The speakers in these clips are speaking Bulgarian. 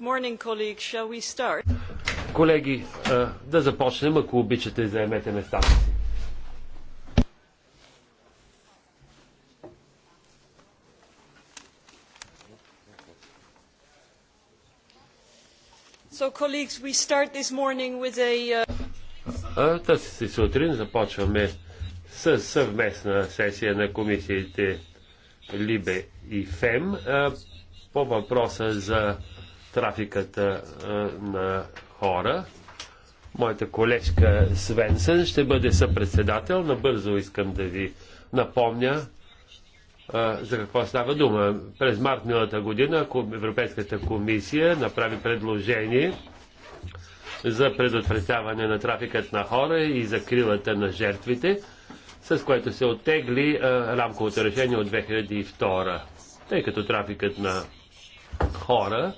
Morning, Колеги, да започнем, ако обичате, заемете местата си. So, colleagues, we start this morning with a... Uh, Тази сутрин започваме с съвместна сесия на комисиите Либе и ФЕМ по въпроса за трафиката на хора. Моята колежка Свенсен ще бъде съпредседател. Набързо искам да ви напомня за какво става дума. През март миналата година Европейската комисия направи предложение за предотвратяване на трафикът на хора и за крилата на жертвите, с което се оттегли а, рамковото решение от 2002. Тъй като трафикът на хора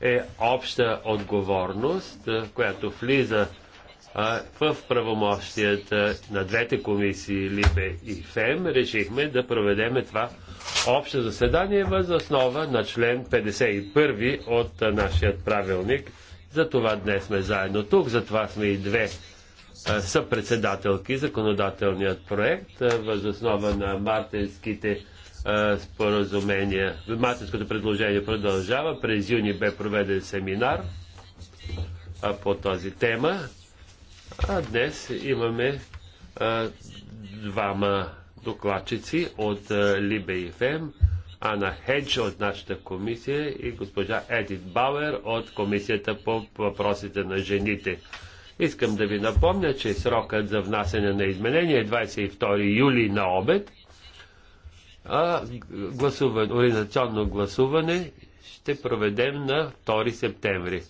е обща отговорност, която влиза в правомощията на двете комисии Либе и ФЕМ, решихме да проведеме това общо заседание въз основа на член 51 от нашия правилник. За това днес сме заедно тук, затова сме и две съпредседателки, законодателният проект, въз основа на мартинските споразумение. Мартинското предложение продължава. През юни бе проведен семинар по този тема. А днес имаме двама докладчици от Либе и ФЕМ, Ана Хедж от нашата комисия и госпожа Едит Бауер от комисията по въпросите на жените. Искам да ви напомня, че срокът за внасене на изменения е 22 юли на обед – а гласуване, организационно гласуване ще проведем на 2 септември.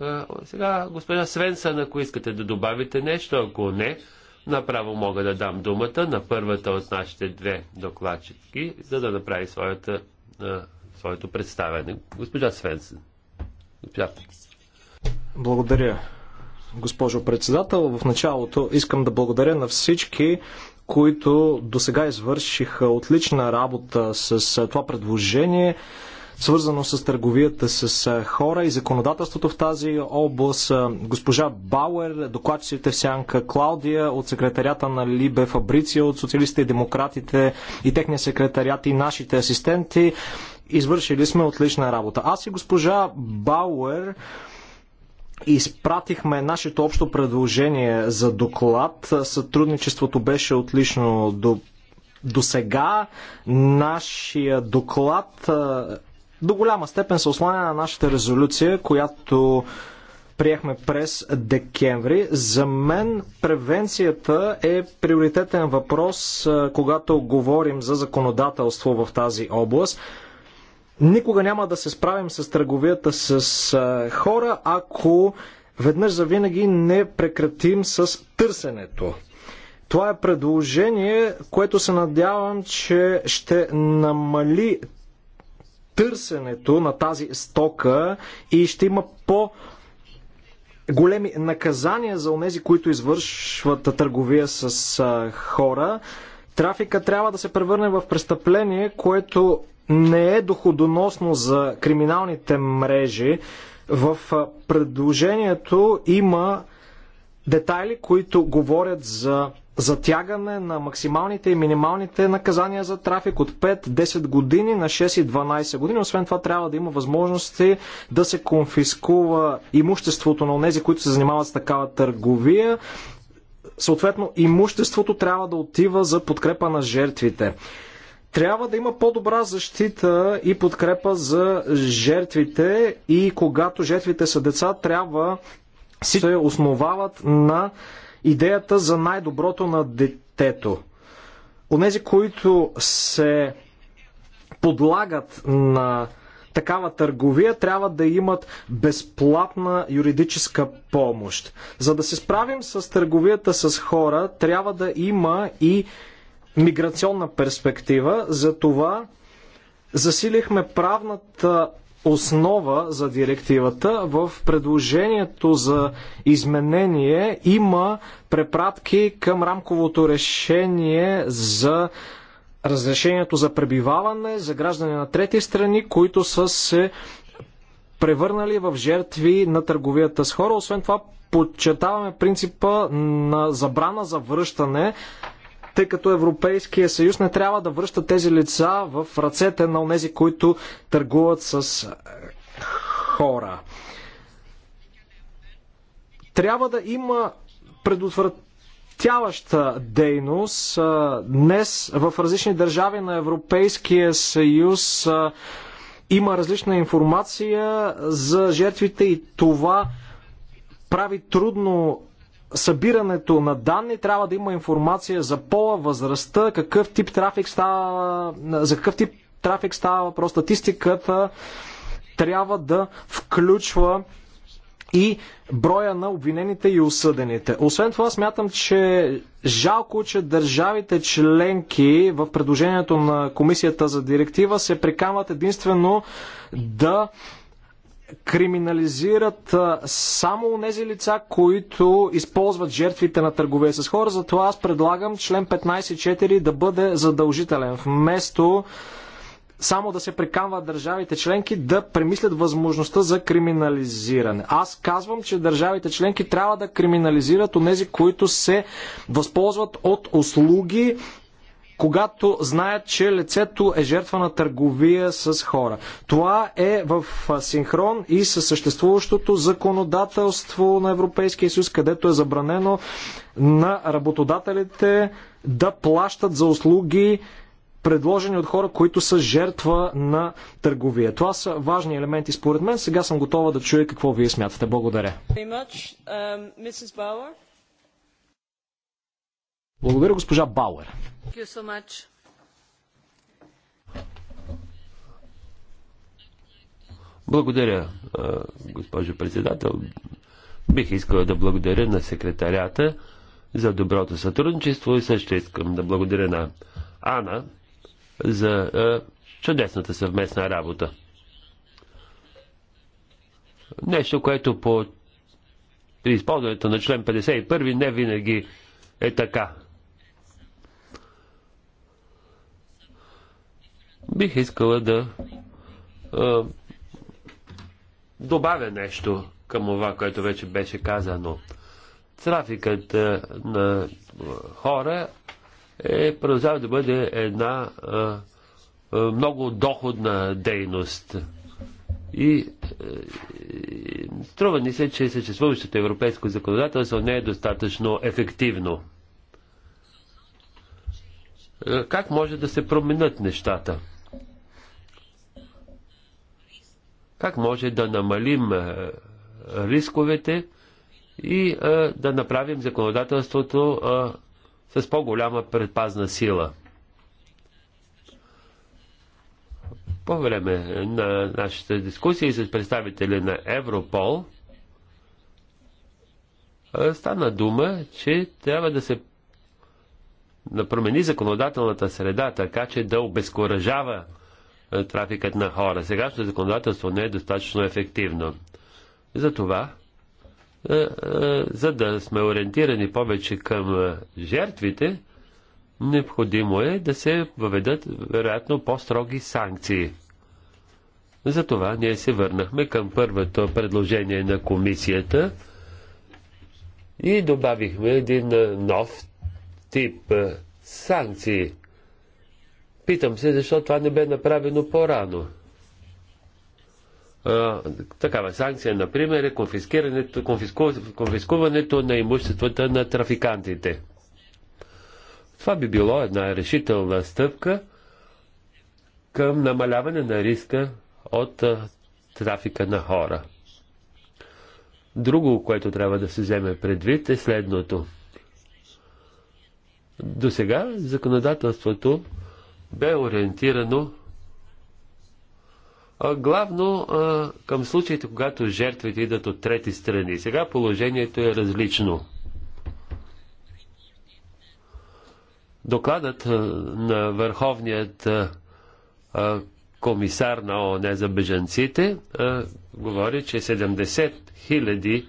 А, сега, господа Свенсън, ако искате да добавите нещо, ако не, направо мога да дам думата на първата от нашите две докладчики, за да направи своята, а, своето представяне. Госпожа Свенсън. Госпожа. Благодаря, госпожо председател. В началото искам да благодаря на всички които до сега извършиха отлична работа с това предложение, свързано с търговията с хора и законодателството в тази област. Госпожа Бауер, докладчиците в Сянка, Клаудия от секретарята на Либе Фабриция, от социалистите и демократите и техния секретарят и нашите асистенти. Извършили сме отлична работа. Аз и госпожа Бауер изпратихме нашето общо предложение за доклад. Сътрудничеството беше отлично до, до сега. Нашия доклад до голяма степен се осланя на нашата резолюция, която приехме през декември. За мен превенцията е приоритетен въпрос, когато говорим за законодателство в тази област. Никога няма да се справим с търговията с хора, ако веднъж за винаги не прекратим с търсенето. Това е предложение, което се надявам, че ще намали търсенето на тази стока и ще има по големи наказания за онези, които извършват търговия с хора. Трафика трябва да се превърне в престъпление, което не е доходоносно за криминалните мрежи. В предложението има детайли, които говорят за затягане на максималните и минималните наказания за трафик от 5-10 години на 6 и 12 години. Освен това трябва да има възможности да се конфискува имуществото на тези, които се занимават с такава търговия. Съответно, имуществото трябва да отива за подкрепа на жертвите. Трябва да има по-добра защита и подкрепа за жертвите и когато жертвите са деца, трябва се основават на идеята за най-доброто на детето. Онези, които се подлагат на такава търговия, трябва да имат безплатна юридическа помощ. За да се справим с търговията с хора, трябва да има и миграционна перспектива. За това засилихме правната основа за директивата. В предложението за изменение има препратки към рамковото решение за разрешението за пребиваване за граждани на трети страни, които са се превърнали в жертви на търговията с хора. Освен това, подчертаваме принципа на забрана за връщане тъй като Европейския съюз не трябва да връща тези лица в ръцете на онези, които търгуват с е, хора. Трябва да има предотвратяваща дейност. Е, днес в различни държави на Европейския съюз е, има различна информация за жертвите и това прави трудно събирането на данни трябва да има информация за пола, възрастта, какъв тип трафик става, за какъв тип трафик става въпрос. Статистиката трябва да включва и броя на обвинените и осъдените. Освен това, смятам, че жалко, че държавите членки в предложението на комисията за директива се прикамват единствено да криминализират само тези лица, които използват жертвите на търгове с хора. Затова аз предлагам член 15.4 да бъде задължителен, вместо само да се приканват държавите членки да премислят възможността за криминализиране. Аз казвам, че държавите членки трябва да криминализират онези, които се възползват от услуги когато знаят, че лицето е жертва на търговия с хора. Това е в синхрон и с съществуващото законодателство на Европейския съюз, където е забранено на работодателите да плащат за услуги предложени от хора, които са жертва на търговия. Това са важни елементи според мен. Сега съм готова да чуя какво вие смятате. Благодаря. Благодаря, госпожа Бауер. благодаря, госпожо председател. Бих искал да благодаря на секретарята за доброто сътрудничество и също искам да благодаря на Ана за чудесната съвместна работа. Нещо, което по при използването на член 51 не винаги е така. Бих искала да а, добавя нещо към това, което вече беше казано. Трафикът а, на хора е продължава да бъде една а, а, много доходна дейност. и струва ни се, че съществуващото европейско законодателство не е достатъчно ефективно. Как може да се променят нещата? как може да намалим е, рисковете и е, да направим законодателството е, с по-голяма предпазна сила. По време на нашите дискусии с представители на Европол стана дума, че трябва да се промени законодателната среда, така че да обезкуражава е, трафикът на хора. Сегашното законодателство не е достатъчно ефективно. Затова, е, е, за да сме ориентирани повече към жертвите, необходимо е да се въведат, вероятно, по-строги санкции. Затова ние се върнахме към първото предложение на комисията и добавихме един нов тип санкции – Питам се, защо това не бе направено по-рано. такава санкция, например, е конфискирането, конфиску, конфискуването на имуществата на трафикантите. Това би било една решителна стъпка към намаляване на риска от а, трафика на хора. Друго, което трябва да се вземе предвид е следното. До сега законодателството бе ориентирано главно към случаите, когато жертвите идат от трети страни. Сега положението е различно. Докладът на Върховният комисар на ООН за бежанците говори, че 70 хиляди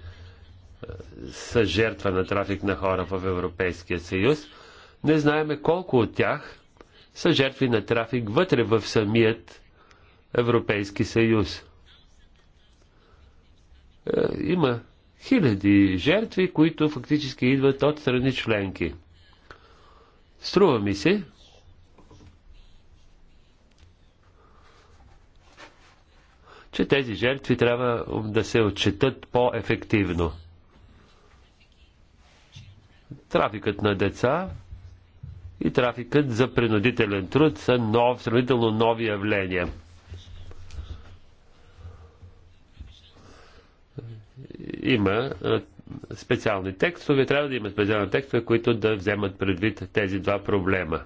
са жертва на трафик на хора в Европейския съюз. Не знаеме колко от тях са жертви на трафик вътре в самият Европейски съюз. Е, има хиляди жертви, които фактически идват от страни членки. Струва ми се, че тези жертви трябва да се отчетат по-ефективно. Трафикът на деца и трафикът за принудителен труд са нов, сравнително нови явления. Има специални текстове, трябва да има специални текстове, които да вземат предвид тези два проблема.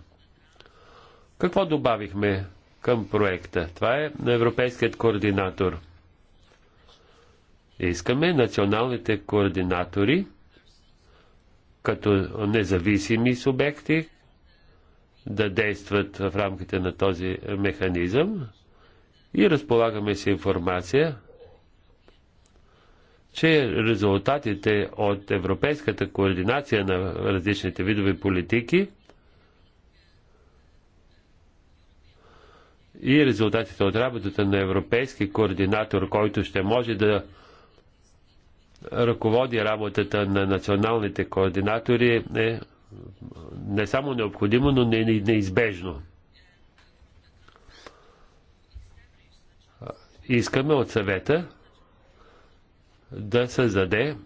Какво добавихме към проекта? Това е на европейският координатор. Искаме националните координатори като независими субекти, да действат в рамките на този механизъм и разполагаме с информация, че резултатите от европейската координация на различните видови политики и резултатите от работата на европейски координатор, който ще може да ръководи работата на националните координатори е не само необходимо, но не, неизбежно. Искаме от съвета да създаде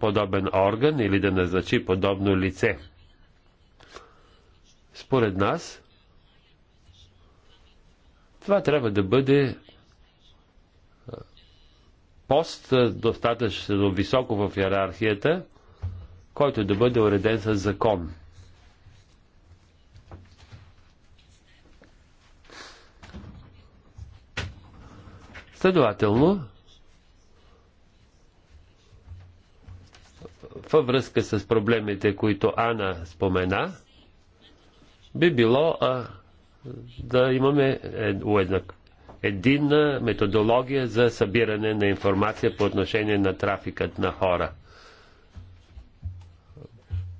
подобен орган или да назначи подобно лице. Според нас, това трябва да бъде пост достатъчно високо в иерархията, който да бъде уреден с закон. Следователно, във връзка с проблемите, които Ана спомена, би било а, да имаме уеднак, единна методология за събиране на информация по отношение на трафикът на хора –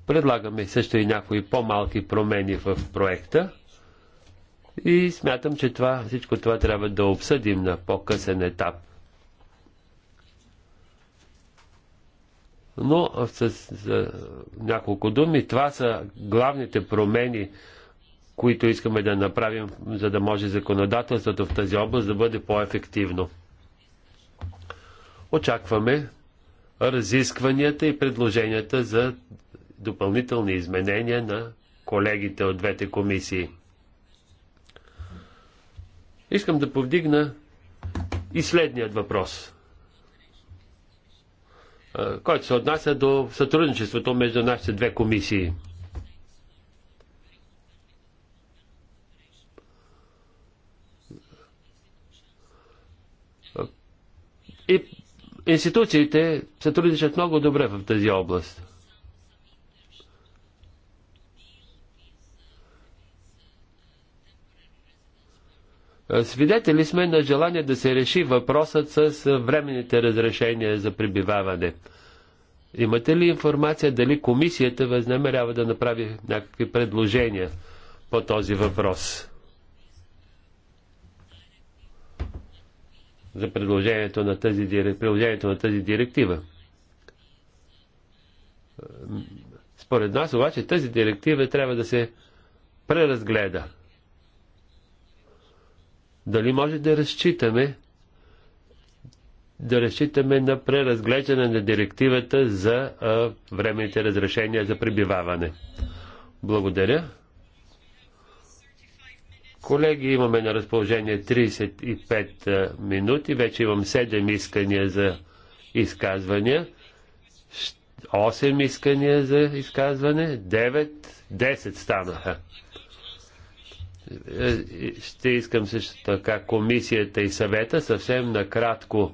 Предлагаме също и някои по-малки промени в проекта и смятам, че това, всичко това трябва да обсъдим на по-късен етап. Но с, с няколко думи, това са главните промени, които искаме да направим, за да може законодателството в тази област да бъде по-ефективно. Очакваме разискванията и предложенията за допълнителни изменения на колегите от двете комисии. Искам да повдигна и следният въпрос, който се отнася до сътрудничеството между нашите две комисии. И институциите сътрудничат много добре в тази област. Е, свидетели сме на желание да се реши въпросът с е, временните разрешения за пребиваване. Имате ли информация дали комисията възнамерява да направи някакви предложения по този въпрос? За предложението на тази, приложението на тази директива. Е, според нас обаче тази директива трябва да се преразгледа. Дали може да разчитаме да разчитаме на преразглеждане на директивата за а, времените разрешения за пребиваване. Благодаря. Колеги, имаме на разположение 35 минути. Вече имам 7 искания за изказвания. 8 искания за изказване. 9, 10 станаха. Ще искам също така комисията и съвета съвсем накратко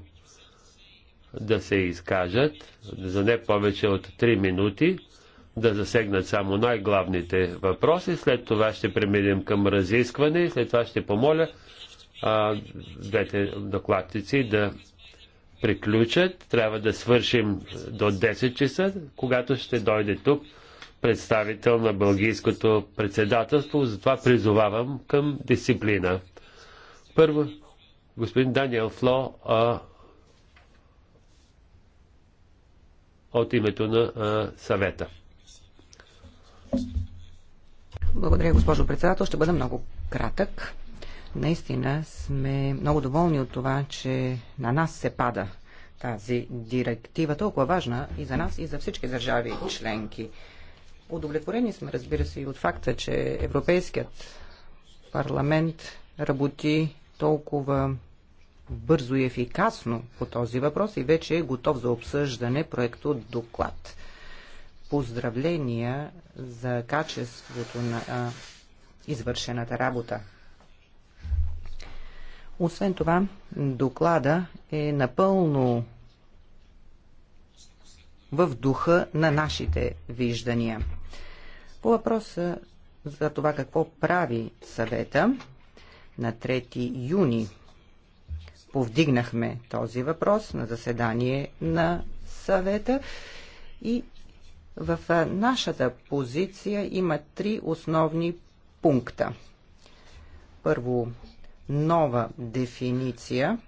да се изкажат за не повече от 3 минути, да засегнат само най-главните въпроси. След това ще преминем към разискване и след това ще помоля а, двете докладчици да приключат. Трябва да свършим до 10 часа, когато ще дойде тук представител на бългийското председателство, затова призовавам към дисциплина. Първо, господин Даниел Фло а, от името на а, съвета. Благодаря, госпожо председател. Ще бъда много кратък. Наистина сме много доволни от това, че на нас се пада тази директива, толкова важна и за нас, и за всички държави членки. Удовлетворени сме, разбира се, и от факта, че Европейският парламент работи толкова бързо и ефикасно по този въпрос и вече е готов за обсъждане проекто доклад. Поздравления за качеството на а, извършената работа. Освен това, доклада е напълно в духа на нашите виждания. По въпроса за това какво прави съвета на 3 юни повдигнахме този въпрос на заседание на съвета и в нашата позиция има три основни пункта. Първо, нова дефиниция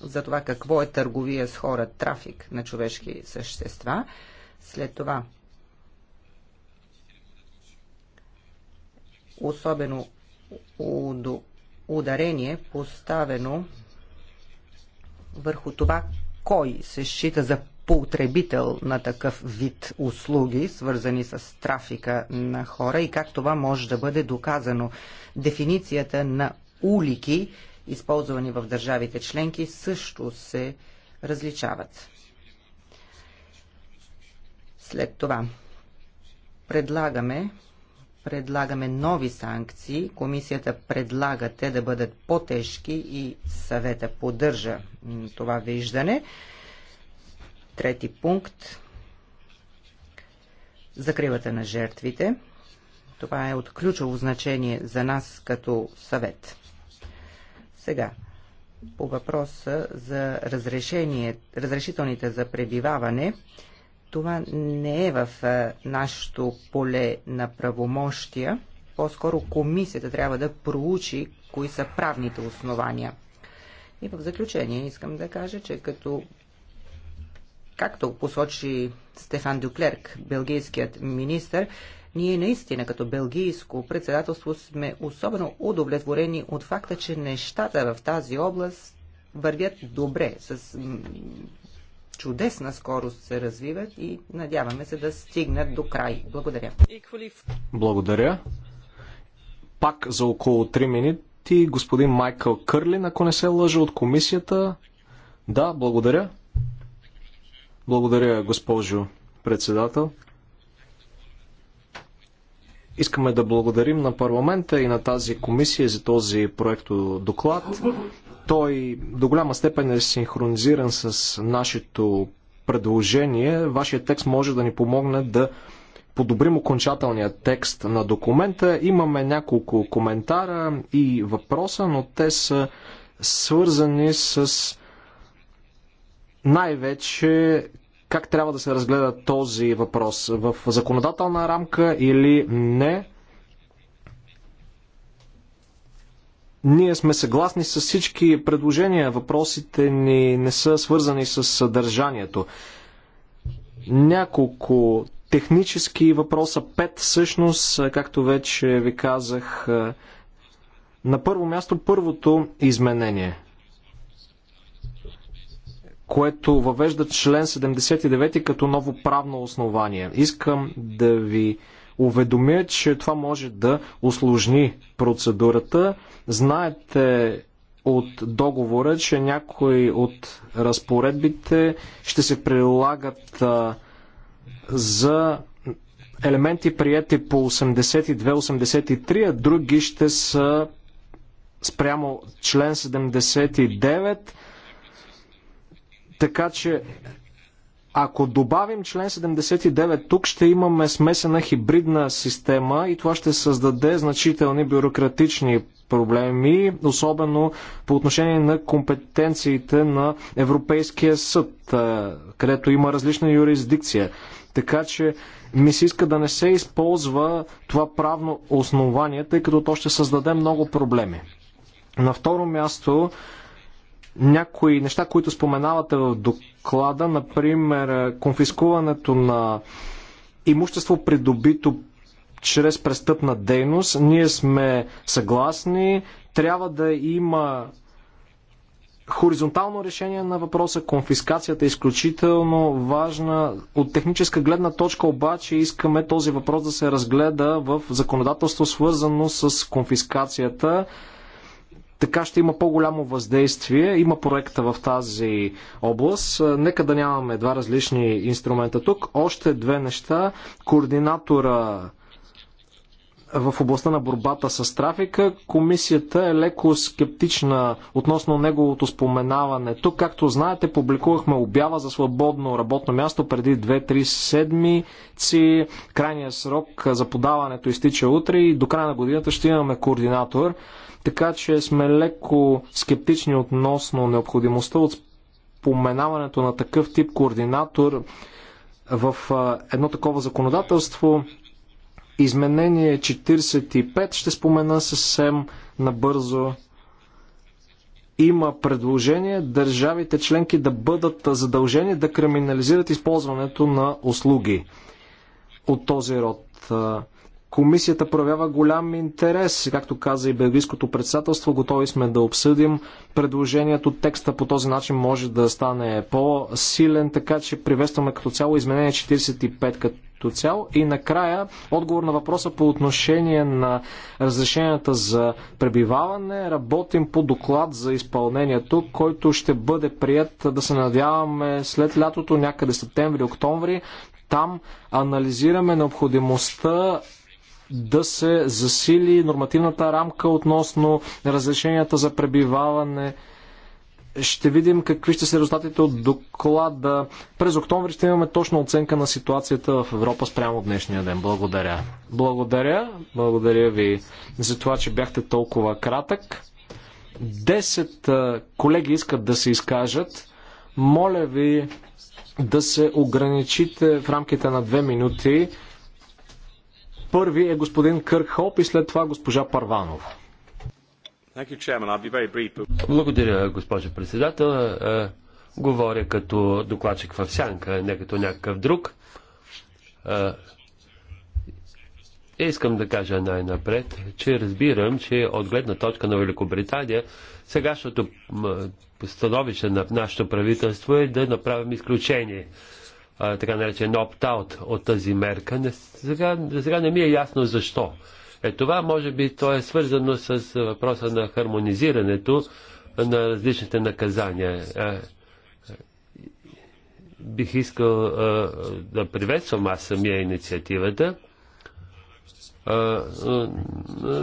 за това какво е търговия с хора, трафик на човешки същества. След това особено ударение поставено върху това кой се счита за потребител на такъв вид услуги, свързани с трафика на хора и как това може да бъде доказано. Дефиницията на улики, използвани в държавите членки, също се различават. След това предлагаме предлагаме нови санкции. Комисията предлага те да бъдат по-тежки и съвета поддържа това виждане. Трети пункт закривата на жертвите. Това е от ключово значение за нас като съвет. Сега, по въпроса за разрешение, разрешителните за пребиваване, това не е в е, нашето поле на правомощия. По-скоро комисията трябва да проучи кои са правните основания. И в заключение искам да кажа, че като както посочи Стефан Дюклерк, белгийският министр, ние наистина като белгийско председателство сме особено удовлетворени от факта, че нещата в тази област вървят добре, с чудесна скорост се развиват и надяваме се да стигнат до край. Благодаря. Благодаря. Пак за около 3 минути господин Майкъл Кърлин, ако не се лъжа от комисията. Да, благодаря. Благодаря, госпожо председател. Искаме да благодарим на парламента и на тази комисия за този проект доклад. Той до голяма степен е синхронизиран с нашето предложение. Вашия текст може да ни помогне да подобрим окончателния текст на документа. Имаме няколко коментара и въпроса, но те са свързани с най-вече как трябва да се разгледа този въпрос в законодателна рамка или не. Ние сме съгласни с всички предложения. Въпросите ни не са свързани с съдържанието. Няколко технически въпроса, пет всъщност, както вече ви казах, на първо място първото изменение, което въвежда член 79 като ново правно основание. Искам да ви уведомя, че това може да усложни процедурата. Знаете от договора, че някои от разпоредбите ще се прилагат за елементи прияти по 82-83, а други ще са спрямо член 79. Така че ако добавим член 79 тук, ще имаме смесена хибридна система и това ще създаде значителни бюрократични проблеми, особено по отношение на компетенциите на Европейския съд, където има различна юрисдикция. Така че ми се иска да не се използва това правно основание, тъй като то ще създаде много проблеми. На второ място, някои неща, които споменавате в доклада, например е, конфискуването на имущество придобито чрез престъпна дейност. Ние сме съгласни, трябва да има хоризонтално решение на въпроса. Конфискацията е изключително важна. От техническа гледна точка обаче искаме този въпрос да се разгледа в законодателство, свързано с конфискацията. Така ще има по-голямо въздействие. Има проекта в тази област. Е, нека да нямаме два различни инструмента тук. Още две неща. Координатора в областта на борбата с трафика. Комисията е леко скептична относно неговото споменаване. Тук, както знаете, публикувахме обява за свободно работно място преди 2-3 седмици. Крайният срок за подаването изтича утре и до края на годината ще имаме координатор. Така че сме леко скептични относно необходимостта от споменаването на такъв тип координатор в едно такова законодателство. Изменение 45 ще спомена съвсем набързо. Има предложение държавите членки да бъдат задължени да криминализират използването на услуги от този род. Комисията проявява голям интерес. Както каза и Белгийското председателство, готови сме да обсъдим предложението. Текста по този начин може да стане по-силен, така че приветстваме като цяло изменение 45 като цяло. И накрая отговор на въпроса по отношение на разрешенията за пребиваване. Работим по доклад за изпълнението, който ще бъде прият, да се надяваме, след лятото, някъде септември-октомври. Там анализираме необходимостта да се засили нормативната рамка относно разрешенията за пребиваване. Ще видим какви ще са резултатите от доклада. През октомври ще имаме точна оценка на ситуацията в Европа спрямо днешния ден. Благодаря. Благодаря. Благодаря ви за това, че бяхте толкова кратък. Десет колеги искат да се изкажат. Моля ви да се ограничите в рамките на две минути. Първи е господин Кърк Хоп и след това госпожа Парванова. Благодаря, госпожо председател. Е, говоря като докладчик в сянка, не като някакъв друг. Е, искам да кажа най-напред, че разбирам, че от гледна точка на Великобритания сегашното становище на нашето правителство е да направим изключение а, така наречен опт-аут от тази мерка. Не, сега, сега не ми е ясно защо. Е, това може би то е свързано с въпроса на хармонизирането на различните наказания. Е, е бих искал е, да приветствам аз самия инициативата. Е, е,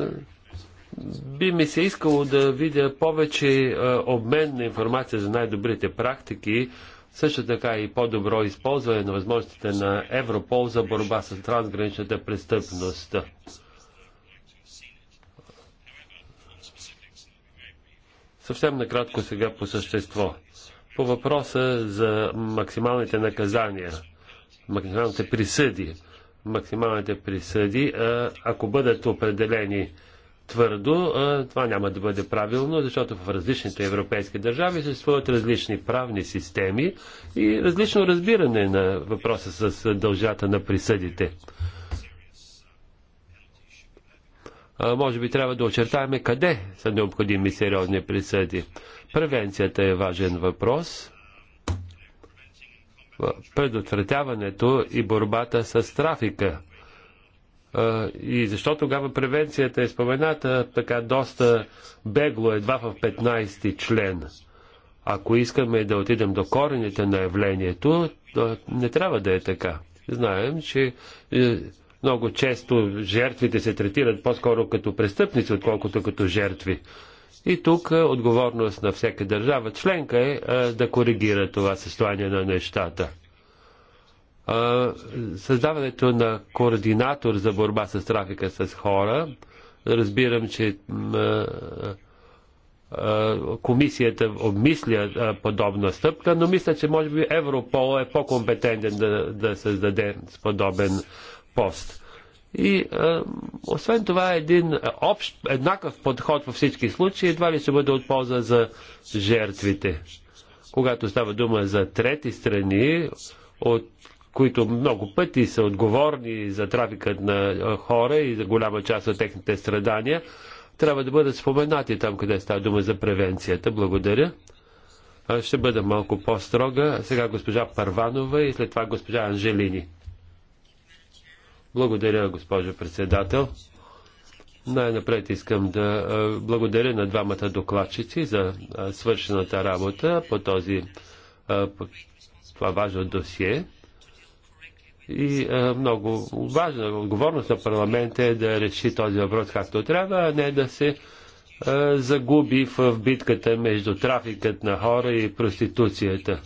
е би ми се искало да видя повече е, обмен на информация за най-добрите практики също така и по-добро използване на възможностите на Европол за борба с трансграничната престъпност. Съвсем накратко сега по същество. По въпроса за максималните наказания, максималните присъди, максималните присъди, ако бъдат определени твърдо, това няма да бъде правилно, защото в различните европейски държави съществуват различни правни системи и различно разбиране на въпроса с дължата на присъдите. Може би трябва да очертаваме къде са необходими сериозни присъди. Превенцията е важен въпрос. Предотвратяването и борбата с трафика – и защо тогава превенцията е спомената така доста бегло, едва в 15 член? Ако искаме да отидем до корените на явлението, то не трябва да е така. Знаем, че е, много често жертвите се третират по-скоро като престъпници, отколкото като жертви. И тук е, отговорност на всяка държава членка е, е да коригира това състояние на нещата. Създаването на координатор за борба с трафика с хора, разбирам, че комисията обмисля подобна стъпка, но мисля, че може би Европол е по-компетентен да, да създаде подобен пост. И е, освен това един общ, еднакъв подход във всички случаи едва ли ще бъде от полза за жертвите. Когато става дума за трети страни, от които много пъти са отговорни за трафикът на хора и за голяма част от техните страдания, трябва да бъдат споменати там, къде става дума за превенцията. Благодаря. Ще бъда малко по-строга. Сега госпожа Парванова и след това госпожа Анжелини. Благодаря, госпожо председател. Най-напред искам да благодаря на двамата докладчици за свършената работа по този по това важно досие. И а, много важна отговорност на парламента е да реши този въпрос както трябва, а не да се а, загуби в битката между трафикът на хора и проституцията.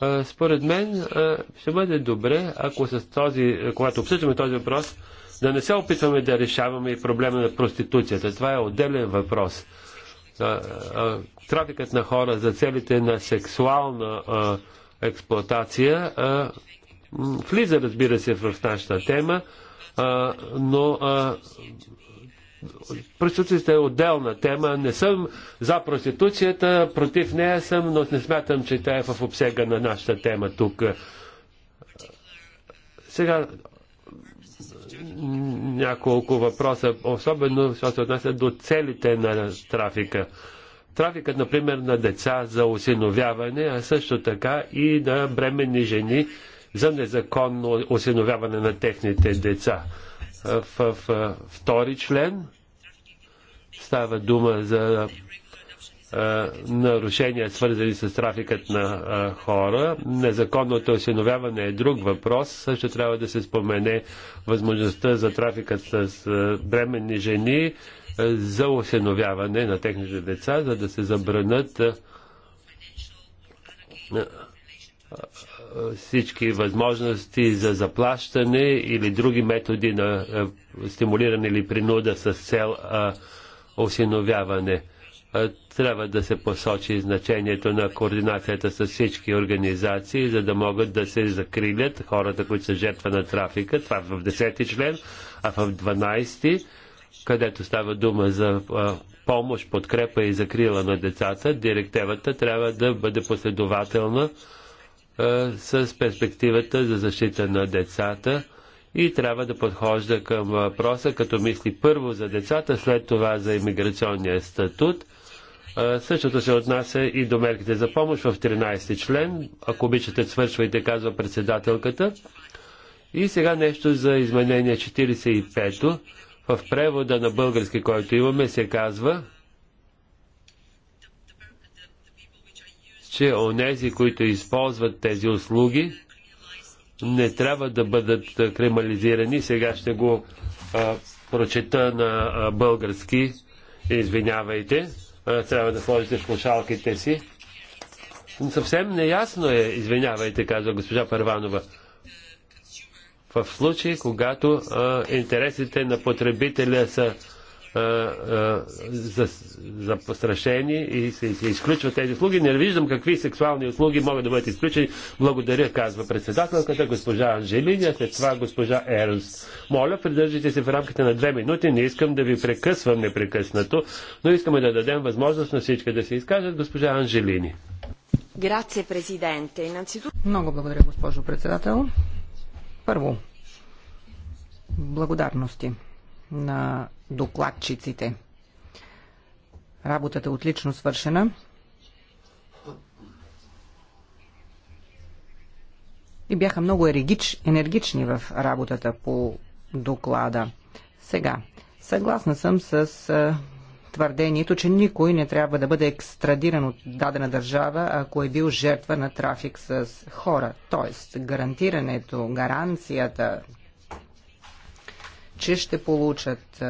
А, според мен а, ще бъде добре, ако с този, когато обсъждаме този въпрос, да не се опитваме да решаваме и проблема на проституцията. Това е отделен въпрос. А, а, трафикът на хора за целите на сексуална а, експлоатация а, влиза, разбира се, в нашата тема, а, но а, проституцията е отделна тема. Не съм за проституцията, против нея съм, но не смятам, че тя е в обсега на нашата тема тук. Сега няколко въпроса, особено що се отнася до целите на трафика. Трафикът, например, на деца за осиновяване, а също така и на бременни жени, за незаконно осиновяване на техните деца. В, в втори член става дума за а, нарушения, свързани с трафикът на а, хора. Незаконното осиновяване е друг въпрос. Също трябва да се спомене възможността за трафикът с а, бременни жени а, за осиновяване на техните деца, за да се забранат а, всички възможности за заплащане или други методи на е, стимулиране или принуда с цел осиновяване. Трябва да се посочи значението на координацията с всички организации, за да могат да се закрилят хората, които са жертва на трафика. Това е в 10-ти член, а в 12-ти, където става дума за помощ, подкрепа и закрила на децата, директивата трябва да бъде последователна с перспективата за защита на децата и трябва да подхожда към въпроса, като мисли първо за децата, след това за иммиграционния статут. Същото се отнася и до мерките за помощ в 13 ти член. Ако обичате, свършвайте, казва председателката. И сега нещо за изменение 45-то. В превода на български, който имаме, се казва че онези, които използват тези услуги, не трябва да бъдат криминализирани. Сега ще го а, прочета на а, български. Извинявайте. А, трябва да сложите слушалките си. Съвсем неясно е, извинявайте, казва госпожа Първанова. В случай, когато а, интересите на потребителя са за за и се, се изключват тези услуги. Не виждам какви сексуални услуги могат да бъдат изключени. Благодаря, казва председателката, госпожа Анжелиня, след това госпожа Ернст. Моля, придържите се в рамките на две минути. Не искам да ви прекъсвам непрекъснато, но искаме да дадем възможност на всички да се изкажат. Госпожа Анжелини. Грация, президенте. Много благодаря, госпожо председател. Първо, благодарности на докладчиците. Работата е отлично свършена. И бяха много ерегич, енергични в работата по доклада. Сега, съгласна съм с твърдението, че никой не трябва да бъде екстрадиран от дадена държава, ако е бил жертва на трафик с хора. Тоест, гарантирането, гаранцията, че ще получат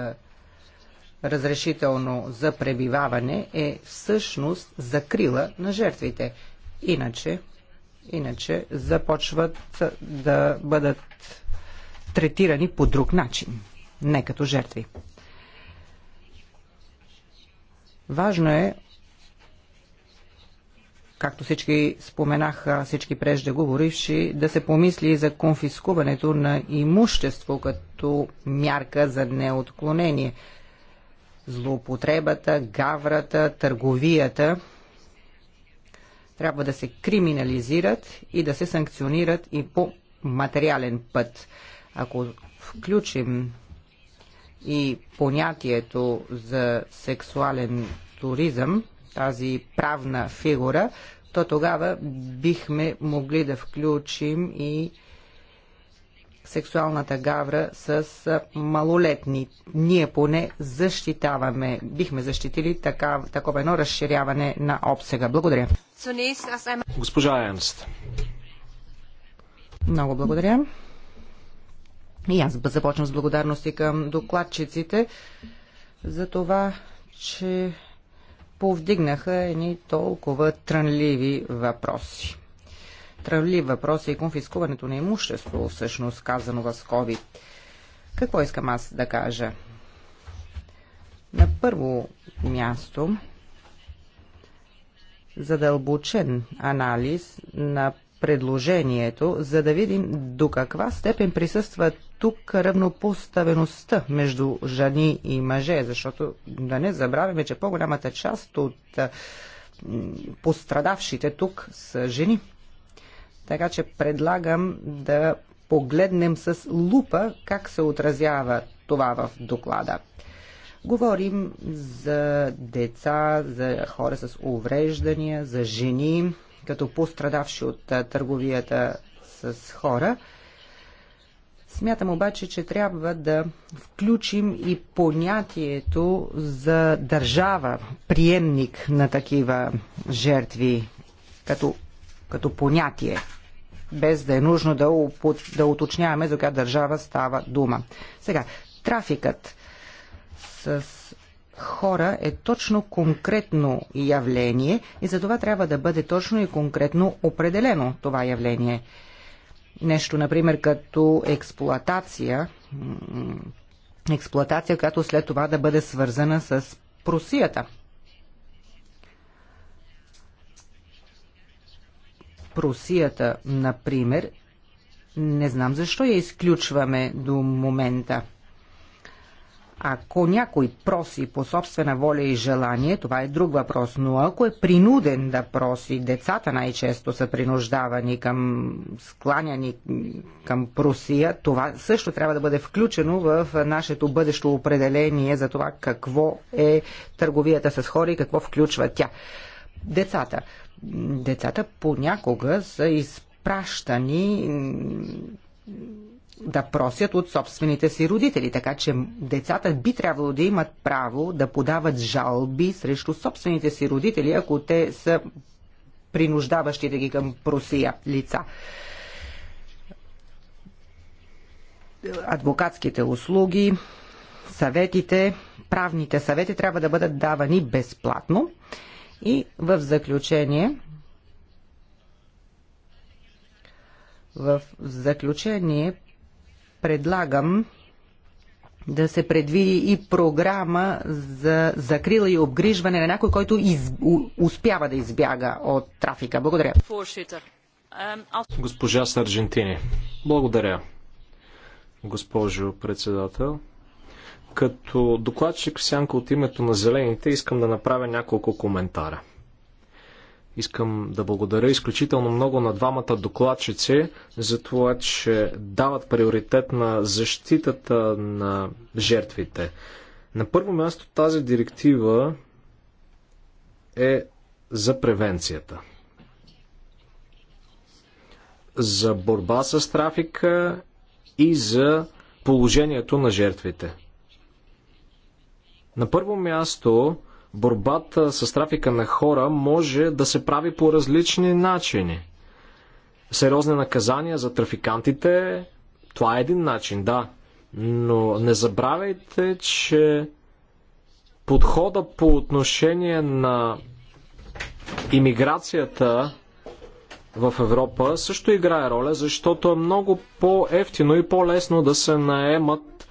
разрешително за пребиваване, е всъщност закрила на жертвите. Иначе, иначе започват да бъдат третирани по друг начин, не като жертви. Важно е както всички споменаха, всички преждеговоривши, да се помисли за конфискуването на имущество като мярка за неотклонение. Злоупотребата, гаврата, търговията трябва да се криминализират и да се санкционират и по материален път. Ако включим и понятието за сексуален туризъм, тази правна фигура, то тогава бихме могли да включим и сексуалната гавра с малолетни. Ние поне защитаваме, бихме защитили така, такова едно разширяване на обсега. Благодаря. Госпожа Енст. Много благодаря. И аз започвам с благодарности към докладчиците за това, че повдигнаха едни толкова трънливи въпроси. Трънлив въпрос е и конфискуването на имущество, всъщност казано в скоби. Какво искам аз да кажа? На първо място, задълбочен анализ на предложението, за да видим до каква степен присъстват тук равнопоставеността между жени и мъже, защото да не забравяме, че по-голямата част от пострадавшите тук са жени. Така че предлагам да погледнем с лупа как се отразява това в доклада. Говорим за деца, за хора с увреждания, за жени, като пострадавши от търговията с хора – Смятам обаче, че трябва да включим и понятието за държава, приемник на такива жертви, като, като понятие, без да е нужно да, опут, да уточняваме за коя държава става дума. Сега, трафикът с хора е точно конкретно явление и за това трябва да бъде точно и конкретно определено това явление – нещо, например, като експлоатация, експлоатация, която след това да бъде свързана с просията. Просията, например, не знам защо я изключваме до момента – ако някой проси по собствена воля и желание, това е друг въпрос, но ако е принуден да проси, децата най-често са принуждавани към скланяни към просия, това също трябва да бъде включено в нашето бъдещо определение за това какво е търговията с хора и какво включва тя. Децата. Децата понякога са изпращани да просят от собствените си родители. Така че децата би трябвало да имат право да подават жалби срещу собствените си родители, ако те са принуждаващите ги към просия лица. Адвокатските услуги, съветите, правните съвети трябва да бъдат давани безплатно. И в заключение, в заключение предлагам да се предвиди и програма за закрила и обгрижване на някой, който из... успява да избяга от трафика. Благодаря. Ehm, Госпожа Саржентини. Благодаря. Госпожо председател. Като докладчик сянка от името на Зелените искам да направя няколко коментара. Искам да благодаря изключително много на двамата докладчици за това, че дават приоритет на защитата на жертвите. На първо място тази директива е за превенцията. За борба с трафика и за положението на жертвите. На първо място борбата с трафика на хора може да се прави по различни начини. Сериозни наказания за трафикантите, това е един начин, да. Но не забравяйте, че подхода по отношение на имиграцията в Европа също играе роля, защото е много по-ефтино и по-лесно да се наемат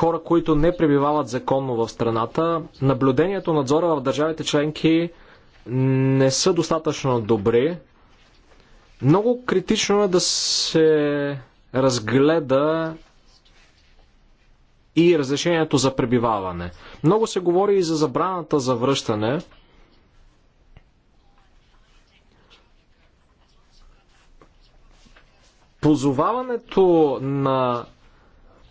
хора, които не пребивават законно в страната. Наблюдението, надзора в държавите членки не са достатъчно добри. Много критично е да се разгледа и разрешението за пребиваване. Много се говори и за забраната за връщане. Позоваването на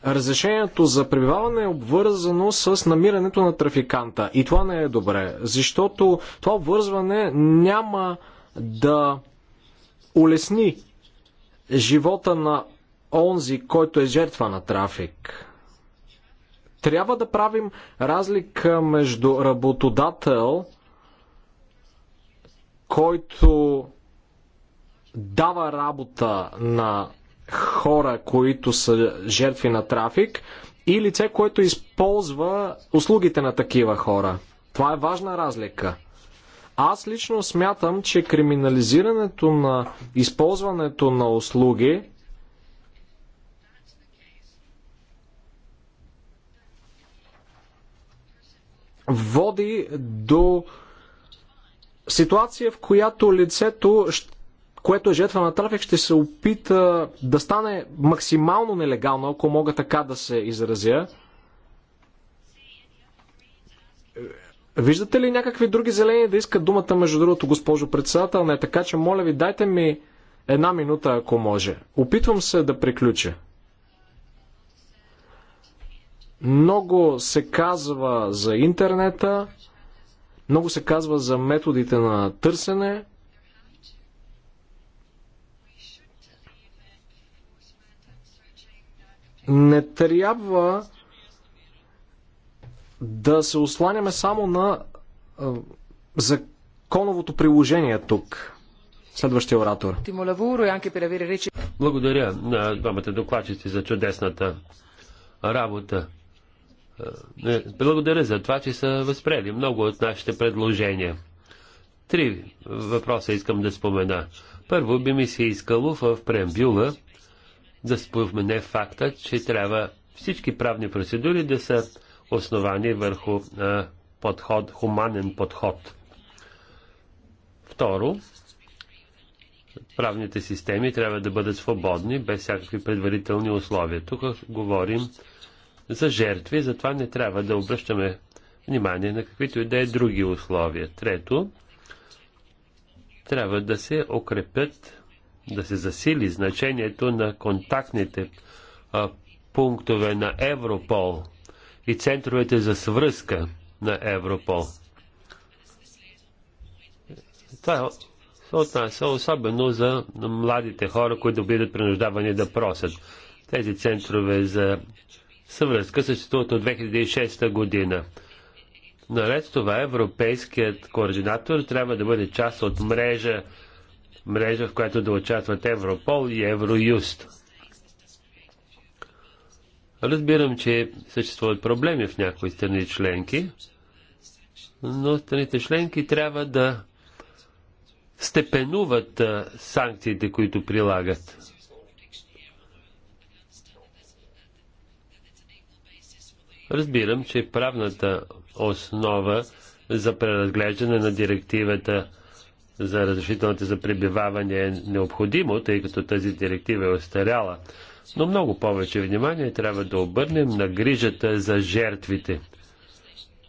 разрешението за пребиваване е обвързано с намирането на трафиканта. И това не е добре, защото това обвързване няма да улесни живота на онзи, който е жертва на трафик. Трябва да правим разлика между работодател, който дава работа на хора, които са жертви на трафик и лице, което използва услугите на такива хора. Това е важна разлика. Аз лично смятам, че криминализирането на използването на услуги води до ситуация, в която лицето ще което е жертва на трафик, ще се опита да стане максимално нелегално, ако мога така да се изразя. Виждате ли някакви други зелени да искат думата, между другото, госпожо председател? Не, така че, моля ви, дайте ми една минута, ако може. Опитвам се да приключа. Много се казва за интернета, много се казва за методите на търсене, Не трябва да се осланяме само на законовото приложение тук. Следващия оратор. Благодаря на двамата докладчици за чудесната работа. Е, благодаря за това, че са възприели много от нашите предложения. Три въпроса искам да спомена. Първо би ми се искало в преамбюла да спомене факта, че трябва всички правни процедури да са основани върху подход, хуманен подход. Второ, правните системи трябва да бъдат свободни, без всякакви предварителни условия. Тук говорим за жертви, затова не трябва да обръщаме внимание на каквито и да е други условия. Трето, трябва да се окрепят да се засили значението на контактните а, пунктове на Европол и центровете за свръзка на Европол. Това се отнася особено за младите хора, които бидат принуждавани да просят. Тези центрове за съвръзка съществуват от 2006 година. Наред с това, европейският координатор трябва да бъде част от мрежа мрежа, в която да участват Европол и Евроюст. Разбирам, че съществуват проблеми в някои страни членки, но страните членки трябва да степенуват санкциите, които прилагат. Разбирам, че правната основа за преразглеждане на директивата за разрешителните за пребиваване е необходимо, тъй като тази директива е остаряла. Но много повече внимание трябва да обърнем на грижата за жертвите,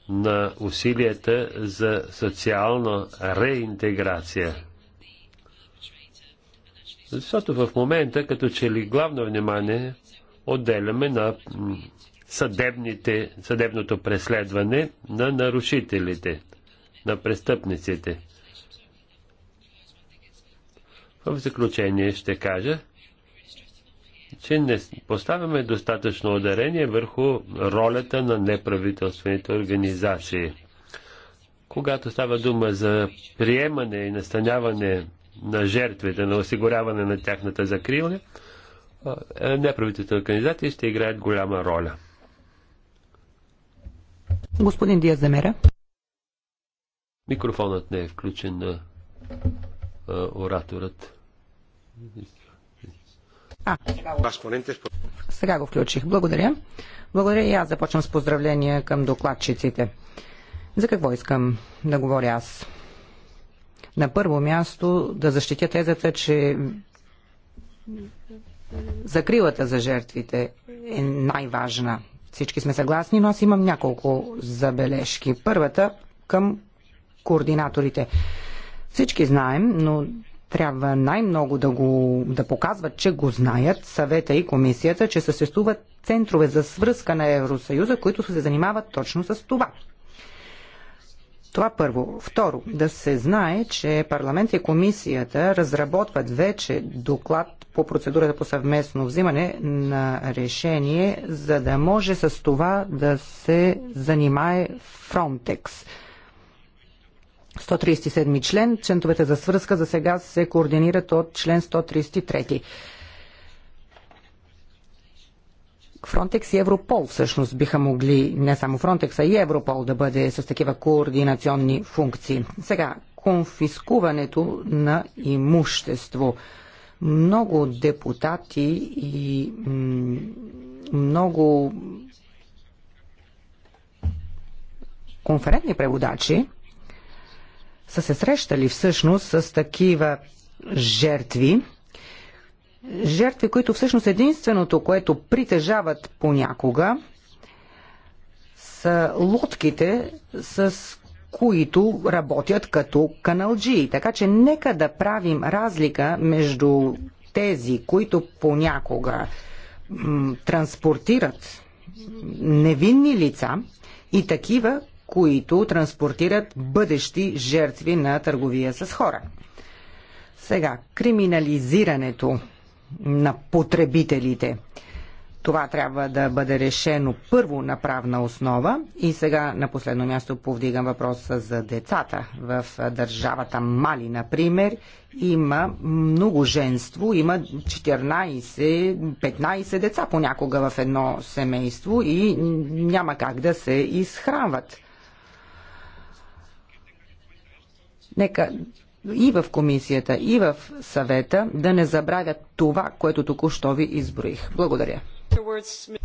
на усилията за социална реинтеграция. Защото в момента, като че ли главно внимание отделяме на съдебните, съдебното преследване на нарушителите, на престъпниците. В заключение ще кажа, че не поставяме достатъчно ударение върху ролята на неправителствените организации. Когато става дума за приемане и настаняване на жертвите, на осигуряване на тяхната закрила, неправителствените организации ще играят голяма роля. Господин Диаземера. Микрофонът не е включен на е, ораторът. А, сега го включих. Благодаря. Благодаря и аз започвам с поздравления към докладчиците. За какво искам да говоря аз? На първо място да защитя тезата, че закрилата за жертвите е най-важна. Всички сме съгласни, но аз имам няколко забележки. Първата към координаторите. Всички знаем, но трябва най-много да, го, да показват, че го знаят съвета и комисията, че съществуват центрове за свръзка на Евросъюза, които се занимават точно с това. Това първо. Второ, да се знае, че парламент и комисията разработват вече доклад по процедурата по съвместно взимане на решение, за да може с това да се занимае Фронтекс. 137 член. Членовете за свръзка за сега се координират от член 133. Фронтекс и Европол всъщност биха могли, не само Фронтекс, а и Европол да бъде с такива координационни функции. Сега, конфискуването на имущество. Много депутати и много конферентни преводачи са се срещали всъщност с такива жертви, жертви, които всъщност единственото, което притежават понякога, са лодките, с които работят като каналджии. Така че нека да правим разлика между тези, които понякога транспортират невинни лица и такива, които транспортират бъдещи жертви на търговия с хора. Сега, криминализирането на потребителите. Това трябва да бъде решено първо на правна основа и сега на последно място повдигам въпроса за децата. В държавата Мали, например, има много женство, има 14-15 деца понякога в едно семейство и няма как да се изхранват. Нека и в комисията, и в съвета да не забравят това, което току-що ви изброих. Благодаря.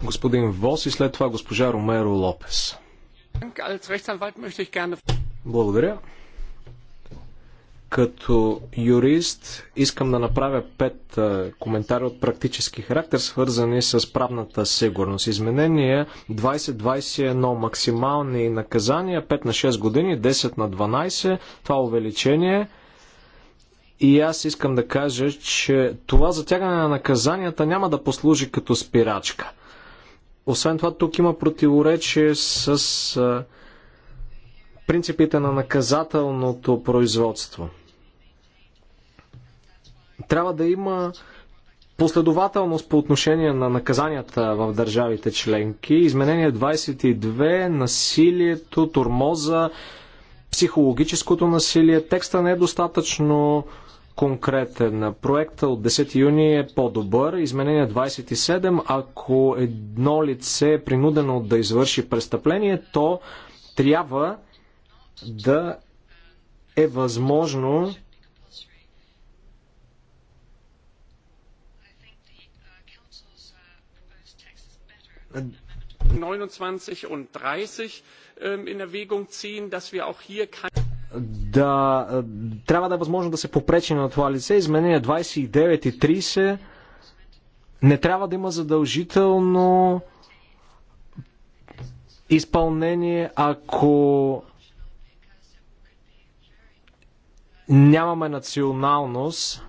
Господин Вос и след това госпожа Ромеро Лопес. Благодаря. Като юрист искам да направя пет коментари от практически характер, свързани с правната сигурност. Изменения 20-21 максимални наказания 5 на 6 години, 10 на 12, това увеличение. И аз искам да кажа, че това затягане на наказанията няма да послужи като спирачка. Освен това, тук има противоречие с принципите на наказателното производство. Трябва да има последователност по отношение на наказанията в държавите членки. Изменение 22, насилието, турмоза, психологическото насилие. Текста не е достатъчно конкретен. Проекта от 10 юни е по-добър. Изменение 27. Ако едно лице е принудено да извърши престъпление, то трябва да е възможно ähm, да, е, трябва да е възможно да се попречи на това лице. Изменение 29 и 30 не трябва да има задължително изпълнение, ако нямаме националност.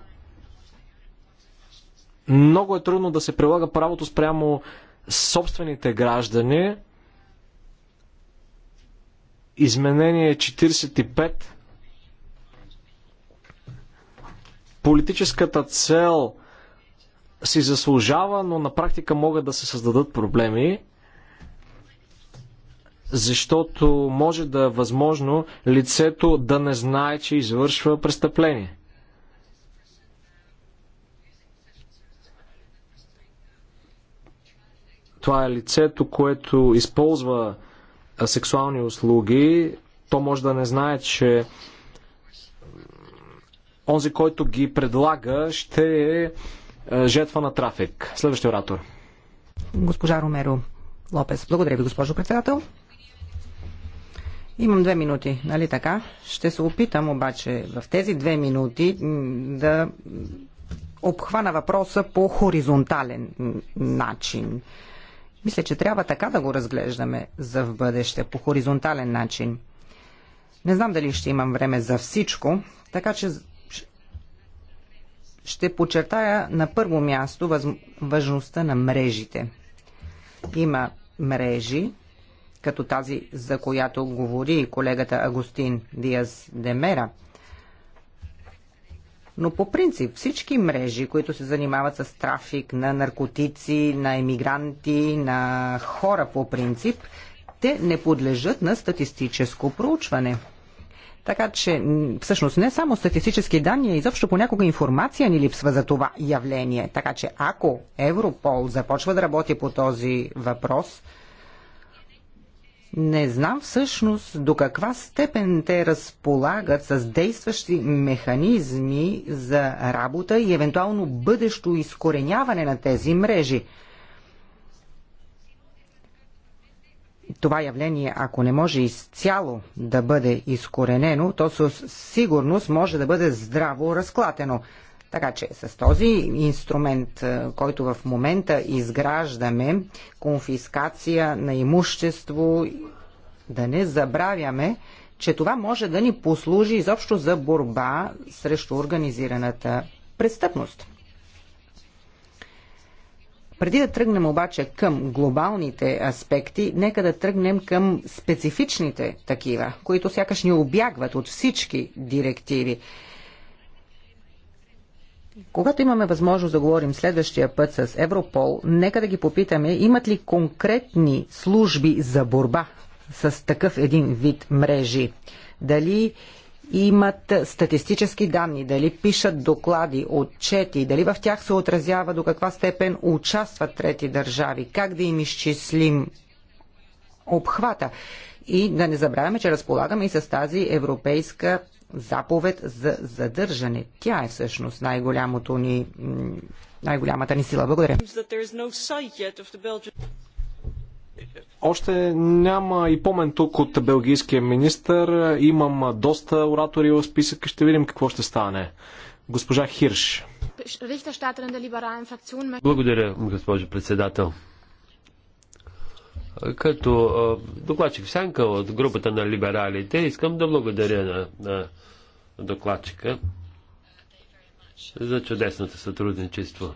Много е трудно да се прилага правото спрямо собствените граждани. Изменение 45. Политическата цел си заслужава, но на практика могат да се създадат проблеми защото може да е възможно лицето да не знае, че извършва престъпление. Това е лицето, което използва сексуални услуги. То може да не знае, че онзи, който ги предлага, ще е жертва на трафик. Следващия оратор. Госпожа Ромеро Лопес. Благодаря ви, госпожо председател. Имам две минути, нали така? Ще се опитам обаче в тези две минути да обхвана въпроса по хоризонтален начин. Мисля, че трябва така да го разглеждаме за в бъдеще, по хоризонтален начин. Не знам дали ще имам време за всичко, така че ще подчертая на първо място важността на мрежите. Има мрежи, като тази, за която говори колегата Агустин Диас Демера. Но по принцип всички мрежи, които се занимават с трафик на наркотици, на емигранти, на хора по принцип, те не подлежат на статистическо проучване. Така че, всъщност, не само статистически данни, а изобщо понякога информация ни липсва за това явление. Така че, ако Европол започва да работи по този въпрос, не знам всъщност до каква степен те разполагат с действащи механизми за работа и евентуално бъдещо изкореняване на тези мрежи. това явление, ако не може изцяло да бъде изкоренено, то със сигурност може да бъде здраво разклатено. Така че с този инструмент, е, който в момента изграждаме, конфискация на имущество, да не забравяме, че това може да ни послужи изобщо за борба срещу организираната престъпност. Преди да тръгнем обаче към глобалните аспекти, нека да тръгнем към специфичните такива, които сякаш ни обягват от всички директиви. Когато имаме възможност да говорим следващия път с Европол, нека да ги попитаме, имат ли конкретни служби за борба с такъв един вид мрежи? Дали имат статистически данни, дали пишат доклади, отчети, дали в тях се отразява до каква степен участват трети държави, как да им изчислим обхвата. И да не забравяме, че разполагаме и с тази европейска заповед за задържане. Тя е всъщност най-голямото ни, най-голямата ни сила. Благодаря. Още няма и помен тук от белгийския министр. Имам доста оратори в списък, Ще видим какво ще стане. Госпожа Хирш. Благодаря, госпожо председател. Като докладчик в сянка от групата на либералите, искам да благодаря на, на докладчика за чудесното сътрудничество.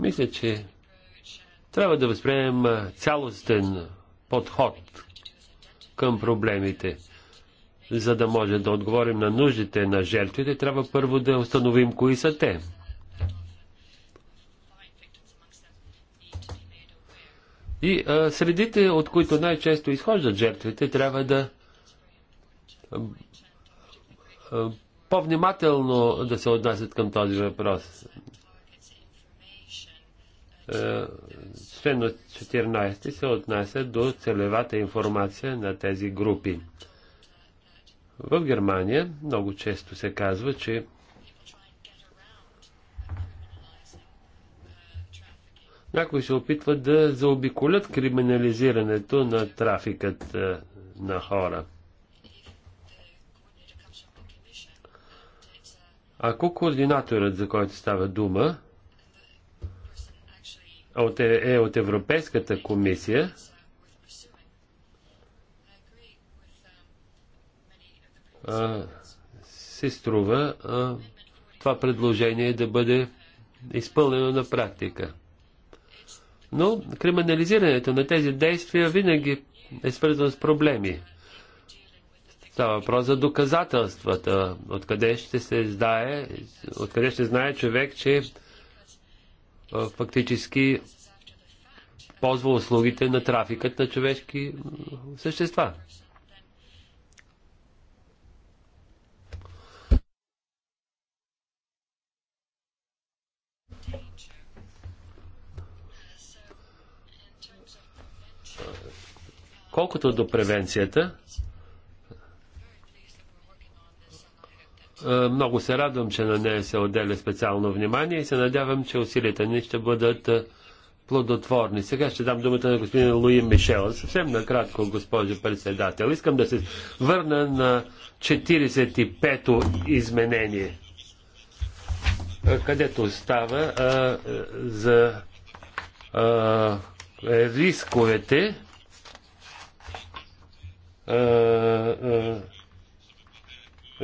Мисля, че трябва да възприемем цялостен подход към проблемите. За да може да отговорим на нуждите на жертвите, трябва първо да установим кои са те. И а, средите, от които най-често изхождат жертвите, трябва да по-внимателно да се отнасят към този въпрос. Член 14 се отнася до целевата информация на тези групи. В Германия много често се казва, че Някои се опитват да заобиколят криминализирането на трафикът е, на хора. Ако координаторът, за който става дума, е, е от Европейската комисия, се струва това предложение да бъде изпълнено на практика. Но криминализирането на тези действия винаги е свързано с проблеми. Става въпрос за доказателствата. Откъде ще се знае, откъде ще знае човек, че фактически ползва услугите на трафикът на човешки същества. Колкото до превенцията, е, много се радвам, че на нея се отделя специално внимание и се надявам, че усилията ни ще бъдат е, плодотворни. Сега ще дам думата на господин Луи Мишел. Съвсем накратко, госпожо председател. Искам да се върна на 45-то изменение, е, където става а, за а, рисковете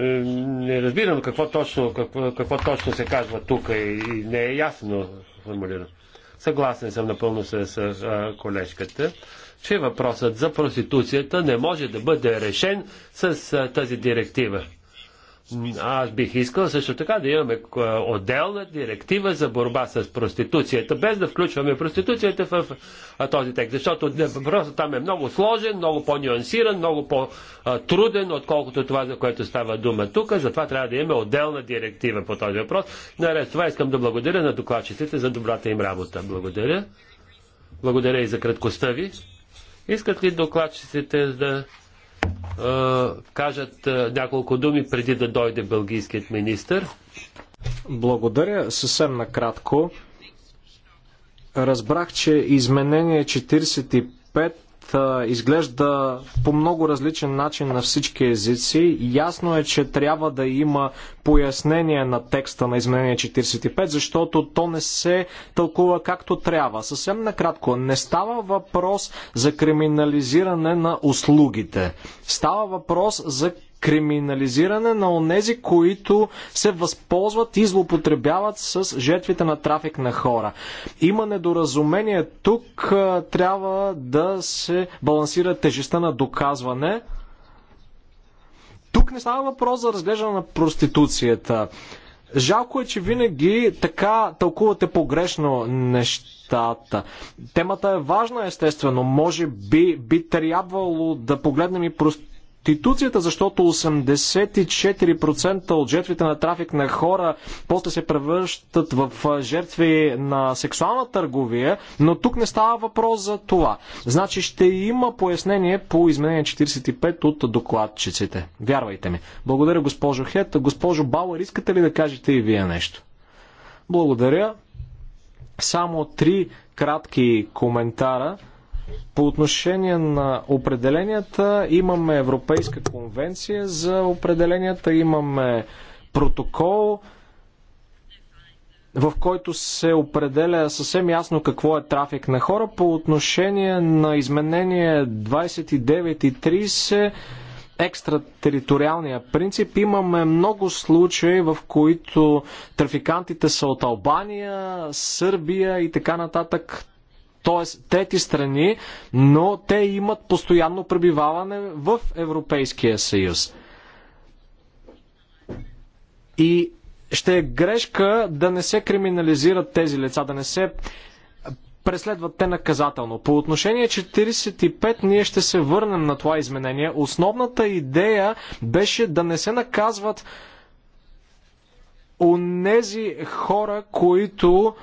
не разбирам какво точно, какво, какво точно се казва тук и, и не е ясно формулирано. Съгласен съм напълно с а, колежката, че въпросът за проституцията не може да бъде решен с а, тази директива. Аз бих искал също така да имаме е, отделна директива за борба с проституцията, без да включваме проституцията в този текст, защото въпросът там е много сложен, много по-нюансиран, много по-труден, отколкото това, за което става дума тук. Затова трябва да имаме отделна директива по този въпрос. Наред това искам да благодаря на докладчиците за добрата им работа. Благодаря. Благодаря и за краткостта ви. Искат ли докладчиците да кажат няколко думи преди да дойде бългийският министр. Благодаря. Съвсем накратко. Разбрах, че изменение 45 изглежда по много различен начин на всички езици. Ясно е, че трябва да има пояснение на текста на изменение 45, защото то не се тълкува както трябва. Съвсем накратко, не става въпрос за криминализиране на услугите. Става въпрос за криминализиране на онези, които се възползват и злоупотребяват с жертвите на трафик на хора. Има недоразумение тук, трябва да се балансира тежестта на доказване. Тук не става въпрос за разглеждане на проституцията. Жалко е, че винаги така тълкувате погрешно нещата. Темата е важна, естествено. Може би би трябвало да погледнем и проституцията проституцията, защото 84% от жертвите на трафик на хора после се превръщат в жертви на сексуална търговия, но тук не става въпрос за това. Значи ще има пояснение по изменение 45 от докладчиците. Вярвайте ми. Благодаря, госпожо Хет. Госпожо Бауер, искате ли да кажете и вие нещо? Благодаря. Само три кратки коментара. По отношение на определенията имаме Европейска конвенция за определенията, имаме протокол, в който се определя съвсем ясно какво е трафик на хора. По отношение на изменение 29 и 30 екстратериториалния принцип. Имаме много случаи, в които трафикантите са от Албания, Сърбия и така нататък т.е. трети страни, но те имат постоянно пребиваване в Европейския съюз. И ще е грешка да не се криминализират тези лица, да не се преследват те наказателно. По отношение 45 ние ще се върнем на това изменение. Основната идея беше да не се наказват онези хора, които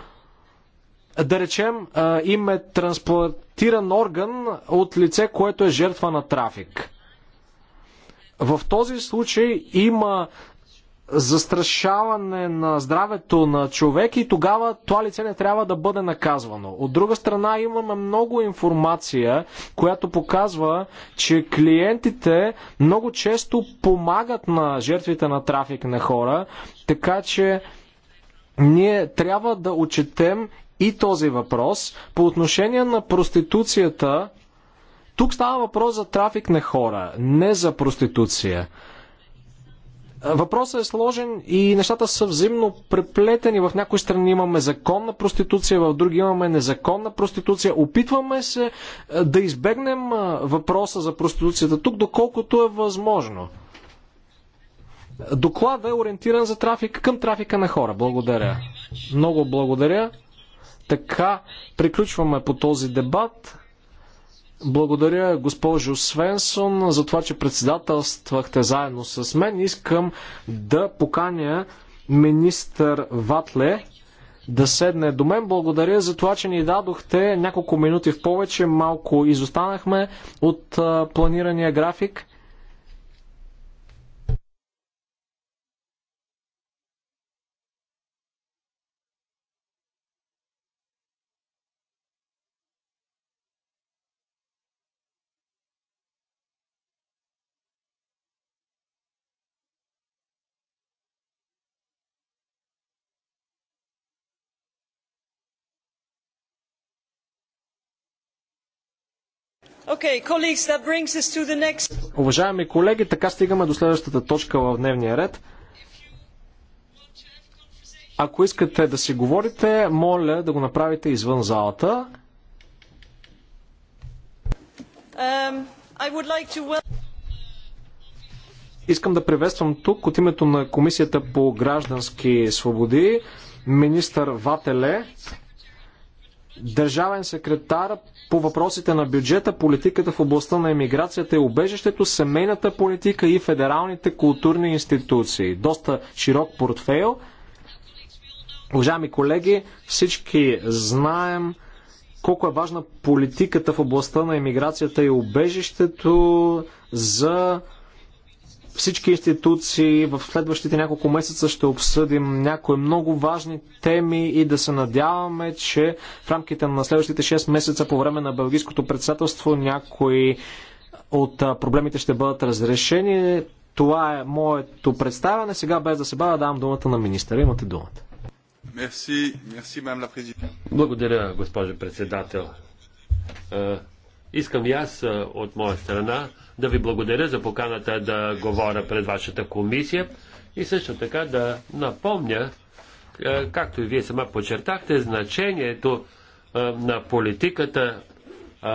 да речем, им е трансплантиран орган от лице, което е жертва на трафик. В този случай има застрашаване на здравето на човек и тогава това лице не трябва да бъде наказвано. От друга страна имаме много информация, която показва, че клиентите много често помагат на жертвите на трафик на хора, така че ние трябва да отчетем и този въпрос. По отношение на проституцията, тук става въпрос за трафик на хора, не за проституция. Въпросът е сложен и нещата са взаимно преплетени. В някои страни имаме законна проституция, в други имаме незаконна проституция. Опитваме се е, да избегнем е, въпроса за проституцията тук, доколкото е възможно. Докладът е ориентиран за трафик, към трафика на хора. Благодаря. Много благодаря. Така приключваме по този дебат. Благодаря, госпожо Свенсон, за това, че председателствахте заедно с мен. Искам да поканя министър Ватле да седне до мен. Благодаря за това, че ни дадохте няколко минути в повече. Малко изостанахме от планирания график. Уважаеми колеги, така стигаме до следващата точка в дневния ред. Ако искате да си говорите, моля да го направите извън залата. Um, Искам да приветствам тук от името на Комисията по граждански свободи министър Вателе, държавен секретар по въпросите на бюджета, политиката в областта на емиграцията и убежището, семейната политика и федералните културни институции. Доста широк портфейл. Уважаеми колеги, всички знаем колко е важна политиката в областта на емиграцията и убежището за всички институции в следващите няколко месеца ще обсъдим някои много важни теми и да се надяваме, че в рамките на следващите 6 месеца по време на Белгийското председателство някои от проблемите ще бъдат разрешени. Това е моето представяне. Сега без да се бавя давам думата на министър. Имате думата. Благодаря, госпожо председател. Искам и аз от моя страна да ви благодаря за поканата да говоря пред вашата комисия и също така да напомня, е, както и вие сама подчертахте, значението е, на политиката е,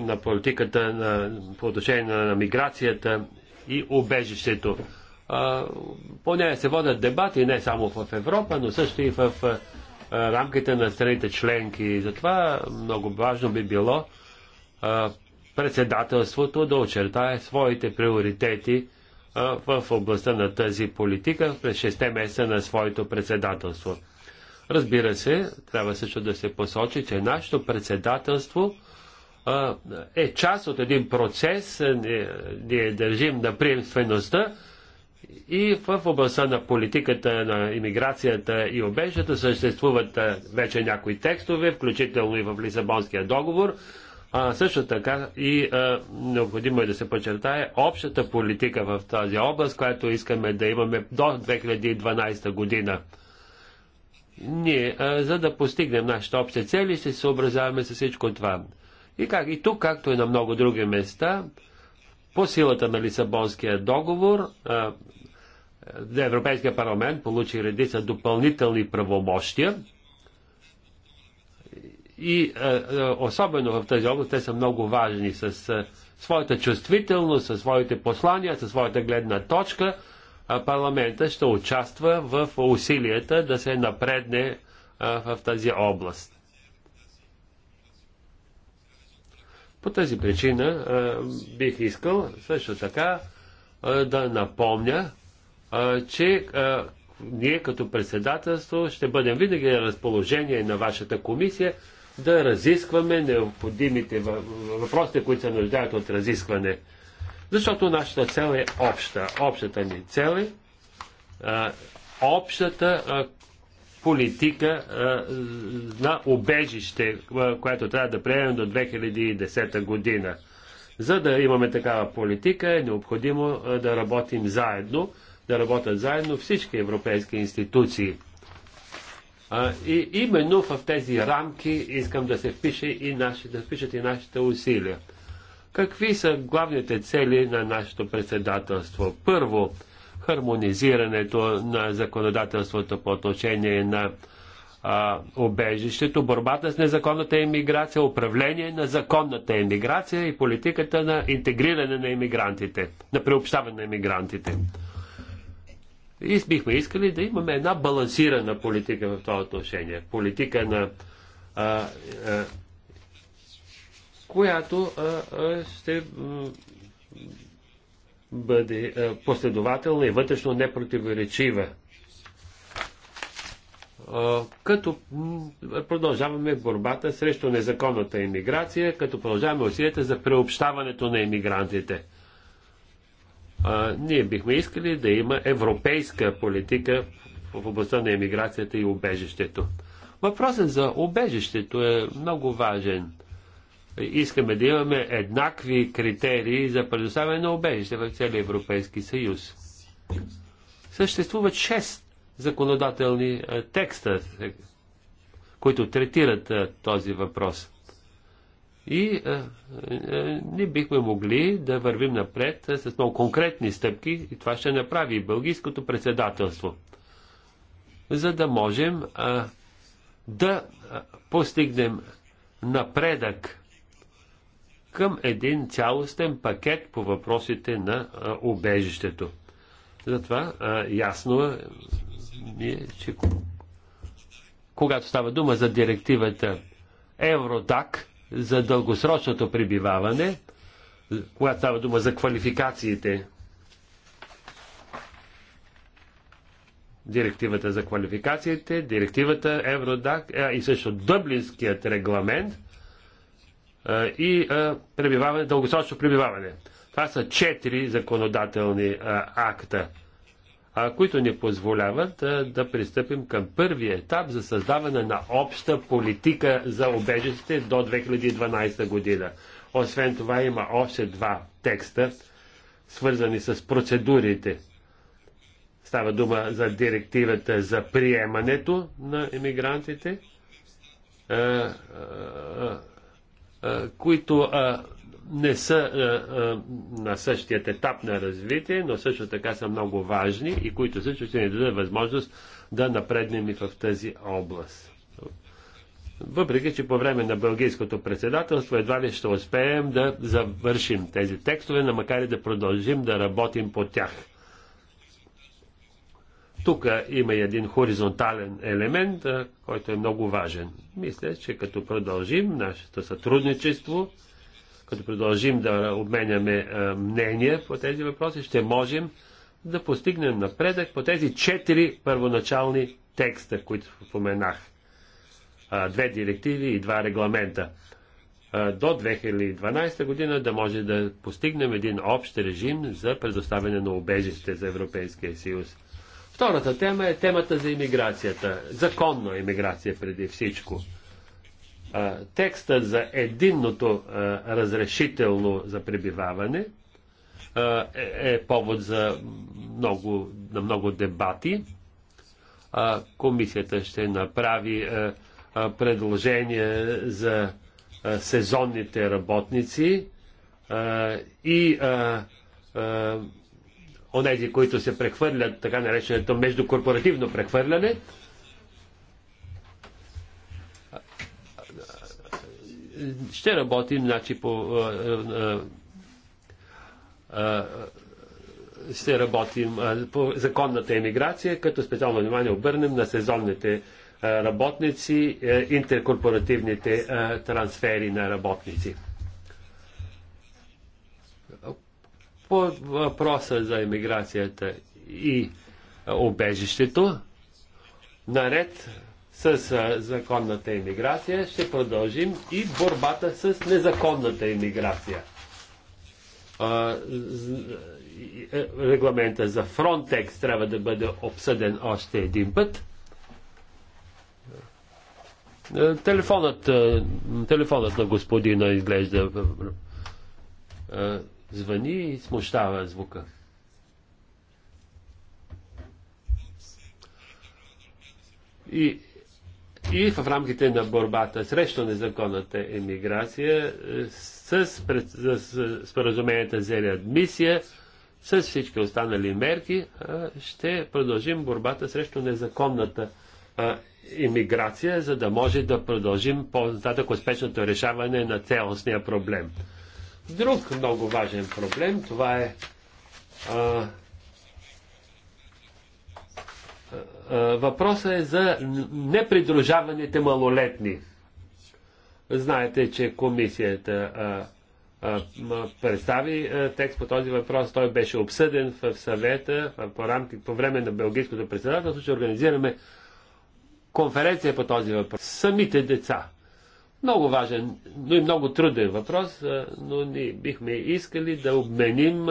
на политиката на, по отношение на, миграцията и убежището. По нея се водят дебати не само в Европа, но също и в рамките на страните членки. И затова много важно би било председателството да очертае своите приоритети в областта на тази политика през 6 месеца на своето председателство. Разбира се, трябва също да се посочи, че нашето председателство е част от един процес, ние, държим на приемствеността и в областта на политиката, на иммиграцията и обежата съществуват вече някои текстове, включително и в Лисабонския договор, а, също така и а, необходимо е да се подчертае общата политика в тази област, която искаме да имаме до 2012 година. Ние, а, за да постигнем нашите общи цели, ще се съобразяваме с всичко това. И, как, и тук, както и на много други места, по силата на Лисабонския договор, а, Европейския парламент получи редица допълнителни правомощия, и е, е, особено в тази област те са много важни с е, своята чувствителност, със своите послания, със своята гледна точка. Парламента ще участва в усилията да се напредне в тази област. По тази причина бих искал също така да напомня, че ние като председателство ще бъдем винаги на разположение на вашата комисия, да разискваме необходимите въпросите, които се нуждаят от разискване. Защото нашата цел е обща. Общата ни цел е а, общата а, политика а, на обежище, която трябва да приемем до 2010 година. За да имаме такава политика е необходимо да работим заедно, да работят заедно всички европейски институции – а, и именно в тези рамки искам да се впише и наши, да впишат и нашите усилия. Какви са главните цели на нашето председателство? Първо, хармонизирането на законодателството по отношение на а, обежището, борбата с незаконната иммиграция, управление на законната иммиграция и политиката на интегриране на иммигрантите, на приобщаване на иммигрантите. И бихме искали да имаме една балансирана политика в това отношение. Политика на а, а, която а, а, ще бъде а, последователна и вътрешно непротиворечива. като продължаваме борбата срещу незаконната иммиграция, като продължаваме усилията за преобщаването на иммигрантите – а, ние бихме искали да има европейска политика в областта на емиграцията и убежището. Въпросът за убежището е много важен. Искаме да имаме еднакви критерии за предоставяне на убежище в целия Европейски съюз. Съществуват шест законодателни текста, които третират този въпрос. И ние е, бихме могли да вървим напред е, с много конкретни стъпки и това ще направи и Бългийското председателство, за да можем е, да постигнем напредък към един цялостен пакет по въпросите на убежището. Затова е, ясно е, че когато става дума за директивата Евродак за дългосрочното прибиваване, когато става дума за квалификациите. Директивата за квалификациите, директивата Евродак и също Дъблинският регламент и пребиваване, дългосрочно прибиваване. Това са четири законодателни акта които ни позволяват да пристъпим към първия етап за създаване на обща политика за обежище до 2012 година. Освен това има още два текста, свързани с процедурите. Става дума за директивата за приемането на емигрантите, които не са е, е, на същият етап на развитие, но също така са много важни и които също ще ни дадат възможност да напреднем и в тази област. Въпреки, че по време на бългийското председателство едва ли ще успеем да завършим тези текстове, на макар и да продължим да работим по тях. Тук има един хоризонтален елемент, е, който е много важен. Мисля, че като продължим нашето сътрудничество, като продължим да обменяме е, мнения по тези въпроси, ще можем да постигнем напредък по тези четири първоначални текста, които споменах. Е, две директиви и два регламента. Е, до 2012 година да може да постигнем един общ режим за предоставяне на убежище за Европейския съюз. Втората тема е темата за иммиграцията. Законна иммиграция преди всичко текста за единното разрешително за пребиваване е, е повод за много, на много дебати. Комисията ще направи предложение за сезонните работници и онези, които се прехвърлят, така нареченото междукорпоративно прехвърляне, ще работим значи, по, а, а, ще работим по законната емиграция, като специално внимание обърнем на сезонните работници, е, интеркорпоративните трансфери на работници. По въпроса за емиграцията и убежището наред с а, законната иммиграция, ще продължим и борбата с незаконната иммиграция. Е, регламента за Фронтекс трябва да бъде обсъден още един път. Е, телефонът, е, телефонът на господина изглежда звъни и смущава звука. И и в рамките на борбата срещу незаконната емиграция е, с, с, с споразуменията за реадмисия, с всички останали мерки е, ще продължим борбата срещу незаконната иммиграция, е, за да може да продължим по-нататък успешното решаване на цялостния проблем. Друг много важен проблем, това е а, Въпросът е за непридружаваните малолетни. Знаете, че комисията представи текст по този въпрос. Той беше обсъден в съвета по, рамки, по време на Белгийското председателство. Ще организираме конференция по този въпрос. Самите деца. Много важен, но и много труден въпрос, но ние бихме искали да обменим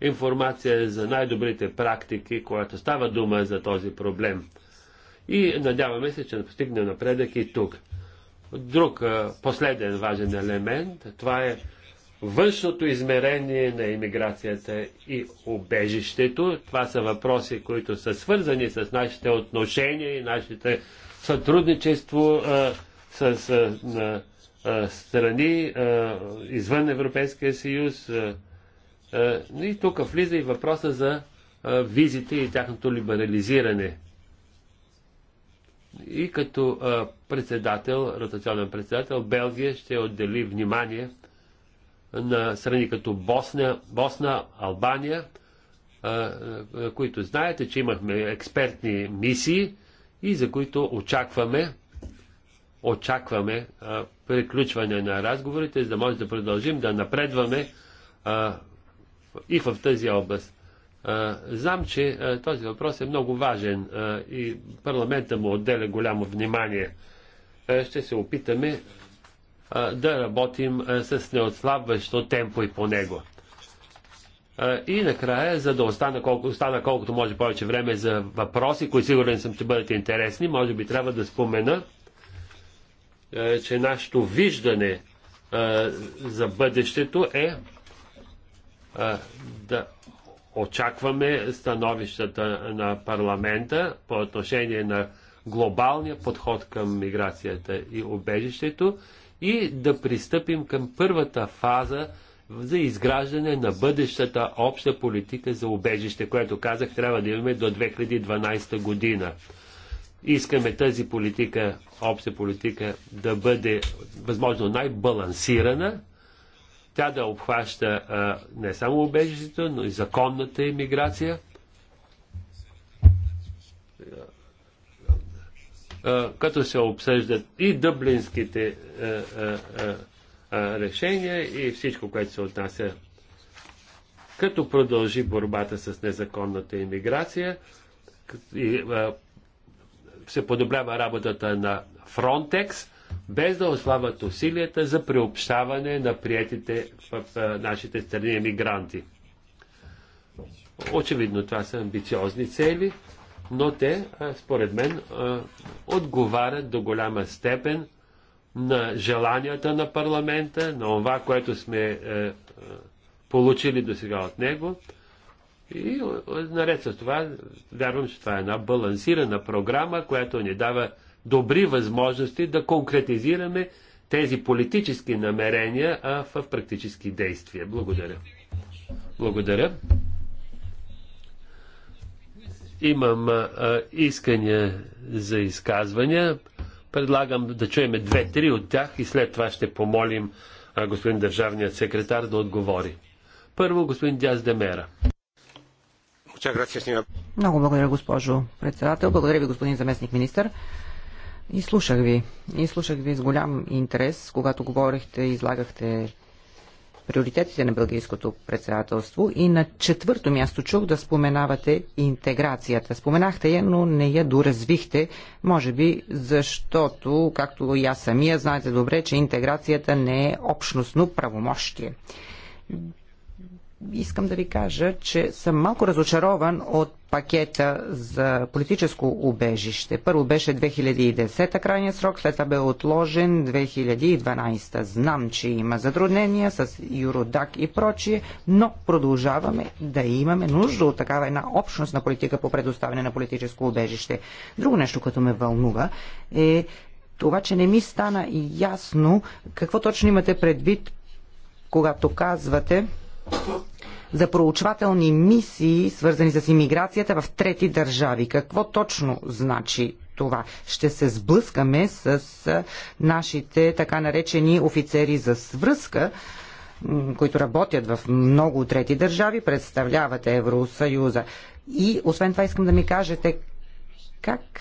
информация за най-добрите практики, която става дума за този проблем. И надяваме се, че постигнем напредък и тук. Друг последен важен елемент, това е външното измерение на иммиграцията и обежището. Това са въпроси, които са свързани с нашите отношения и нашите сътрудничество с с на, а, страни а, извън Европейския съюз. А, а, и тук влиза и въпроса за а, визите и тяхното либерализиране. И като а, председател, ротационен председател, Белгия ще отдели внимание на страни като Босна, Босна Албания, които знаете, че имахме експертни мисии и за които очакваме очакваме а, приключване на разговорите, за да може да продължим да напредваме а, и в тази област. А, знам, че а, този въпрос е много важен а, и парламента му отделя голямо внимание. А, ще се опитаме а, да работим а, с неотслабващо темпо и по него. и накрая, за да остана, колко, остана колкото може повече време за въпроси, които сигурен съм, че бъдат интересни, може би трябва да спомена, е, че нашето виждане е, за бъдещето е, е да очакваме становищата на парламента по отношение на глобалния подход към миграцията и убежището и да пристъпим към първата фаза за изграждане на бъдещата обща политика за убежище, което казах трябва да имаме до 2012 година. Искаме тази политика, обща политика, да бъде възможно най-балансирана, тя да обхваща а, не само убежището, но и законната иммиграция. като се обсъждат и дъблинските а, а, а, решения и всичко, което се отнася. Като продължи борбата с незаконната иммиграция и се подобрява работата на Фронтекс, без да ослабват усилията за приобщаване на приятите в нашите страни емигранти. Очевидно това са амбициозни цели, но те, според мен, отговарят до голяма степен на желанията на парламента, на това, което сме е, е, получили до сега от него и е, наред с това, вярвам, че това е една балансирана програма, която ни дава добри възможности да конкретизираме тези политически намерения а в практически действия. Благодаря. Благодаря. Имам а, искания за изказвания. Предлагам да чуем две-три от тях и след това ще помолим а, господин държавният секретар да отговори. Първо господин Дяз Демера. Много благодаря, госпожо председател. Благодаря ви, господин заместник министър. И слушах ви. И слушах ви с голям интерес, когато говорихте и излагахте приоритетите на бългийското председателство. И на четвърто място чух да споменавате интеграцията. Споменахте я, но не я доразвихте, може би защото, както и аз самия, знаете добре, че интеграцията не е общностно правомощие искам да ви кажа, че съм малко разочарован от пакета за политическо убежище. Първо беше 2010 крайния срок, след това бе отложен 2012. Знам, че има затруднения с Юродак и прочие, но продължаваме да имаме нужда от такава една общност на политика по предоставяне на политическо убежище. Друго нещо, което ме вълнува е това, че не ми стана ясно какво точно имате предвид, когато казвате, за проучвателни мисии, свързани с иммиграцията в трети държави. Какво точно значи това? Ще се сблъскаме с нашите така наречени офицери за свръзка, които работят в много трети държави, представляват Евросъюза. И освен това искам да ми кажете как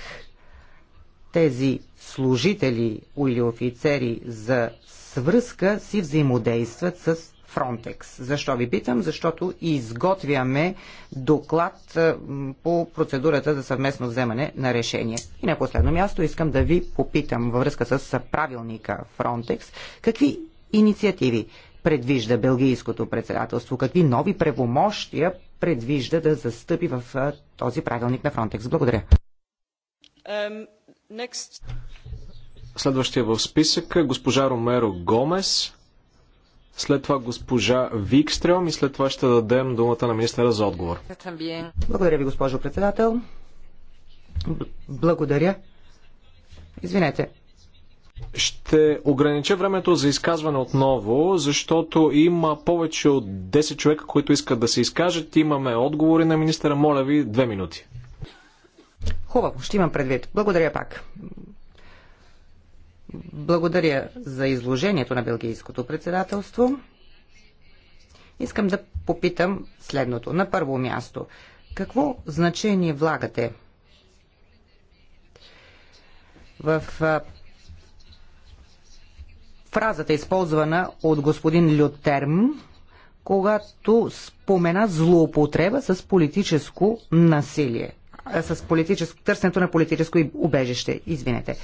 тези служители или офицери за свръзка си взаимодействат с Фронтекс. Защо ви питам? Защото изготвяме доклад е, по процедурата за съвместно вземане на решение. И на последно място искам да ви попитам във връзка с правилника Фронтекс, какви инициативи предвижда Белгийското председателство, какви нови превомощия предвижда да застъпи в е, този правилник на Фронтекс. Благодаря. Um, next. Следващия в списък госпожа Ромеро Гомес след това госпожа Викстрем и след това ще дадем думата на министъра за отговор. Благодаря ви, госпожо председател. Благодаря. Извинете. Ще огранича времето за изказване отново, защото има повече от 10 човека, които искат да се изкажат. Имаме отговори на министъра. Моля ви, две минути. Хубаво, ще имам предвид. Благодаря пак. Благодаря за изложението на Белгийското председателство. Искам да попитам следното. На първо място, какво значение влагате в фразата, използвана от господин Лютерм, когато спомена злоупотреба с политическо насилие, с политическо, търсенето на политическо убежище. Извинете.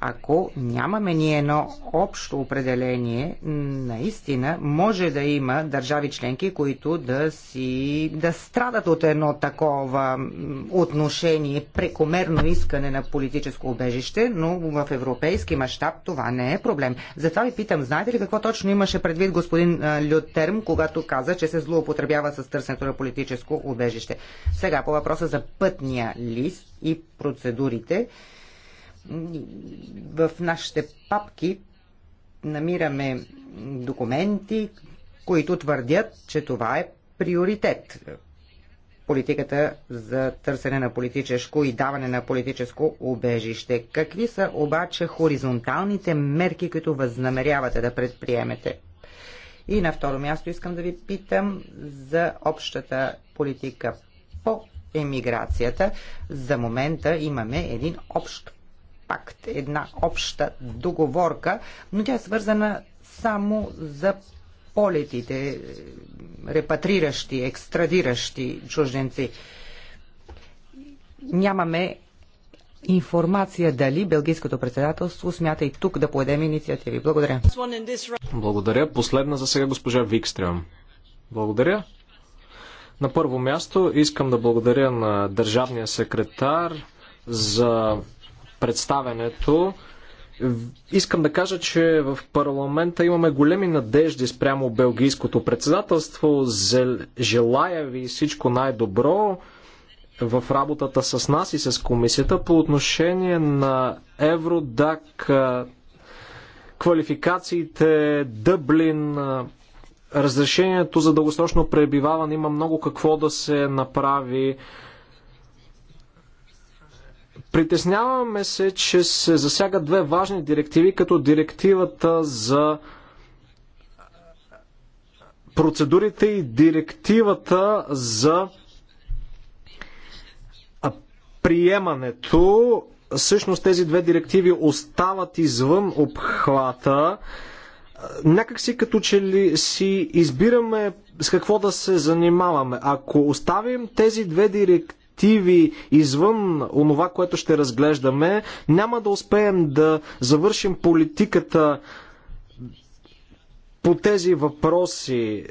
Ако нямаме ни едно общо определение, наистина може да има държави членки, които да си да страдат от едно такова отношение, прекомерно искане на политическо убежище, но в европейски мащаб това не е проблем. Затова ви питам, знаете ли какво точно имаше предвид господин Лютерм, когато каза, че се злоупотребява с търсенето на политическо убежище? Сега по въпроса за пътния лист и процедурите. В нашите папки намираме документи, които твърдят, че това е приоритет. Политиката за търсене на политическо и даване на политическо убежище. Какви са обаче хоризонталните мерки, които възнамерявате да предприемете? И на второ място искам да ви питам за общата политика по емиграцията. За момента имаме един общ пакт, една обща договорка, но тя е свързана само за полетите, репатриращи, екстрадиращи чужденци. Нямаме информация дали Белгийското председателство смята и тук да поедем инициативи. Благодаря. Благодаря. Последна за сега госпожа Викстрем. Благодаря. На първо място искам да благодаря на държавния секретар за представенето. Искам да кажа, че в парламента имаме големи надежди спрямо белгийското председателство. Желая ви всичко най-добро в работата с нас и с комисията по отношение на Евродак, квалификациите, Дъблин, разрешението за дългосрочно пребиваване. Има много какво да се направи. Притесняваме се, че се засягат две важни директиви, като директивата за процедурите и директивата за приемането. Всъщност тези две директиви остават извън обхвата. Някак си като че ли си избираме с какво да се занимаваме. Ако оставим тези две директиви, перспективи извън онова, което ще разглеждаме, няма да успеем да завършим политиката по тези въпроси.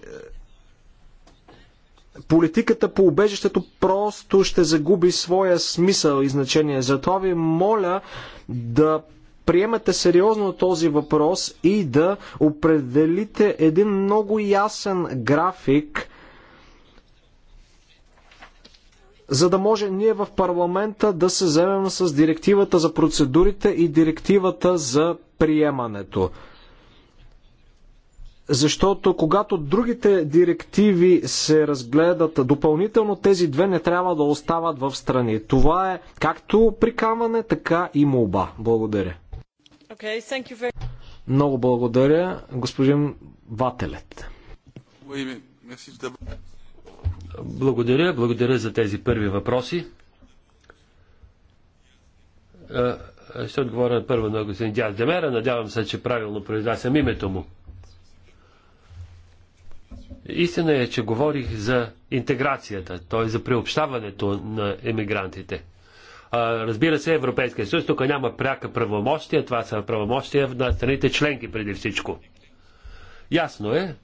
Политиката по убежището просто ще загуби своя смисъл и значение. Затова ви моля да приемате сериозно този въпрос и да определите един много ясен график за да може ние в парламента да се вземем с директивата за процедурите и директивата за приемането. Защото когато другите директиви се разгледат допълнително, тези две не трябва да остават в страни. Това е както прикамване, така и молба. Благодаря. Okay, thank you very... Много благодаря, господин Вателет. Oui, благодаря, благодаря за тези първи въпроси. Ще отговоря първо на господин Дяд Демера. Надявам се, че правилно произнасям името му. Истина е, че говорих за интеграцията, т.е. за приобщаването на емигрантите. Разбира се, Европейския съюз тук няма пряка правомощия, това са правомощия на страните членки преди всичко. Ясно е,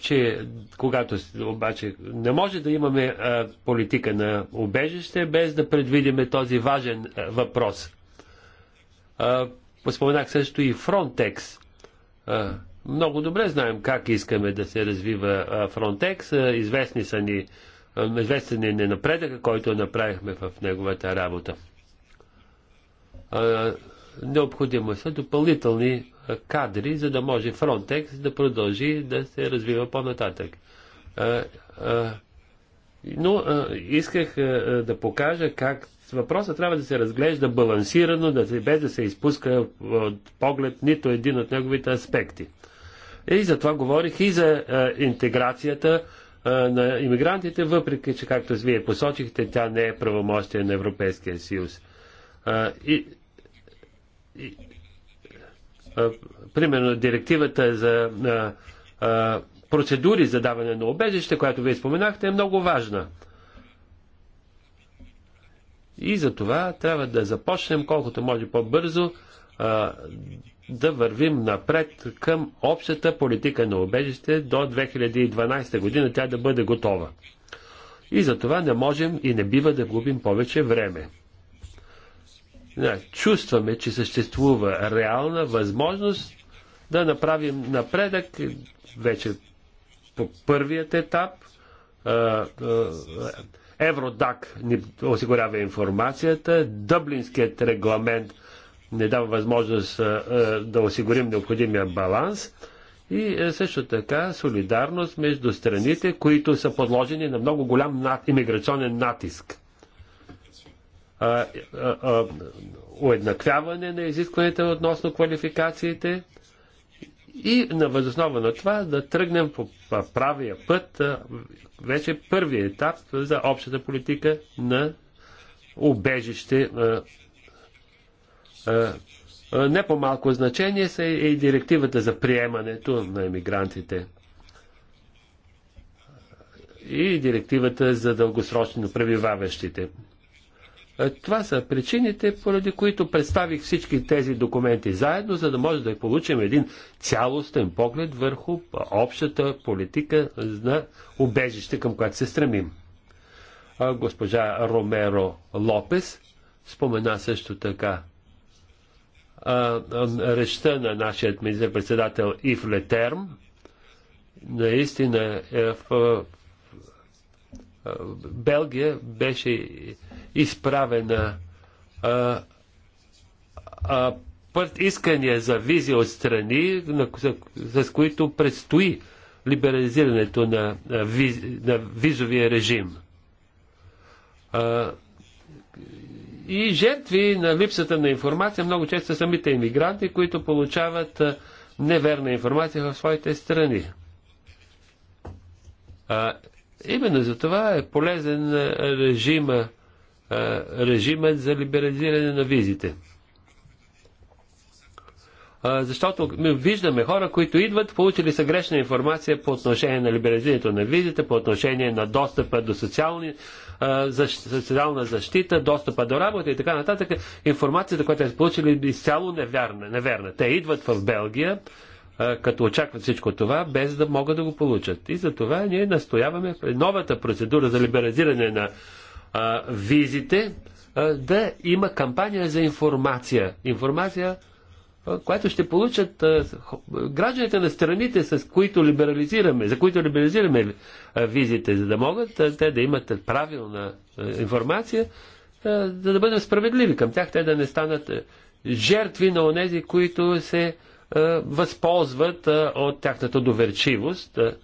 че когато обаче не може да имаме политика на убежище, без да предвидиме този важен въпрос. Споменах също и Frontex. Много добре знаем как искаме да се развива Frontex. Известни са ни, известен е напредъка, който направихме в неговата работа. Необходимо са допълнителни кадри, за да може Frontex да продължи да се развива по-нататък. Но исках да покажа как въпросът трябва да се разглежда балансирано, да се, без да се изпуска от поглед нито един от неговите аспекти. И за това говорих и за интеграцията на иммигрантите, въпреки че, както вие посочихте, тя не е правомощие на Европейския съюз. И, и, примерно директивата за процедури за даване на обежище, която вие споменахте, е много важна. И за това трябва да започнем колкото може по-бързо да вървим напред към общата политика на обежище до 2012 година тя да бъде готова. И за това не можем и не бива да губим повече време да, чувстваме, че съществува реална възможност да направим напредък вече по първият етап. Евродак ни осигурява информацията, Дъблинският регламент не дава възможност да осигурим необходимия баланс и също така солидарност между страните, които са подложени на много голям имиграционен натиск а, а, уеднаквяване на изискванията относно квалификациите и на възоснова на това да тръгнем по правия път, вече първият етап за общата политика на убежище. Не по-малко значение са и директивата за приемането на емигрантите и директивата за дългосрочно пребиваващите. Това са причините, поради които представих всички тези документи заедно, за да може да получим един цялостен поглед върху общата политика на убежище, към която се стремим. Госпожа Ромеро Лопес спомена също така речта на нашия министър-председател Ив Летерм. Наистина в Белгия беше изправена а, а, път искания за визи от страни, на, с, с които предстои либерализирането на, на, виз, на визовия режим. А, и жертви на липсата на информация много често са самите иммигранти, които получават неверна информация в своите страни. А, именно за това е полезен режима режимът за либерализиране на визите. Защото ми виждаме хора, които идват, получили са грешна информация по отношение на либерализирането на визите, по отношение на достъпа до социални, социална защита, достъпа до работа и така нататък. Информацията, която са получили, е изцяло неверна, неверна. Те идват в Белгия, като очакват всичко това, без да могат да го получат. И за това ние настояваме новата процедура за либерализиране на а, визите, а, да има кампания за информация. Информация, а, която ще получат а, гражданите на страните, с които либерализираме, за които либерализираме а, визите, за да могат а, те да имат правилна а, информация, а, за да бъдем справедливи към тях, те да не станат жертви на онези, които се а, възползват а, от тяхната доверчивост. А,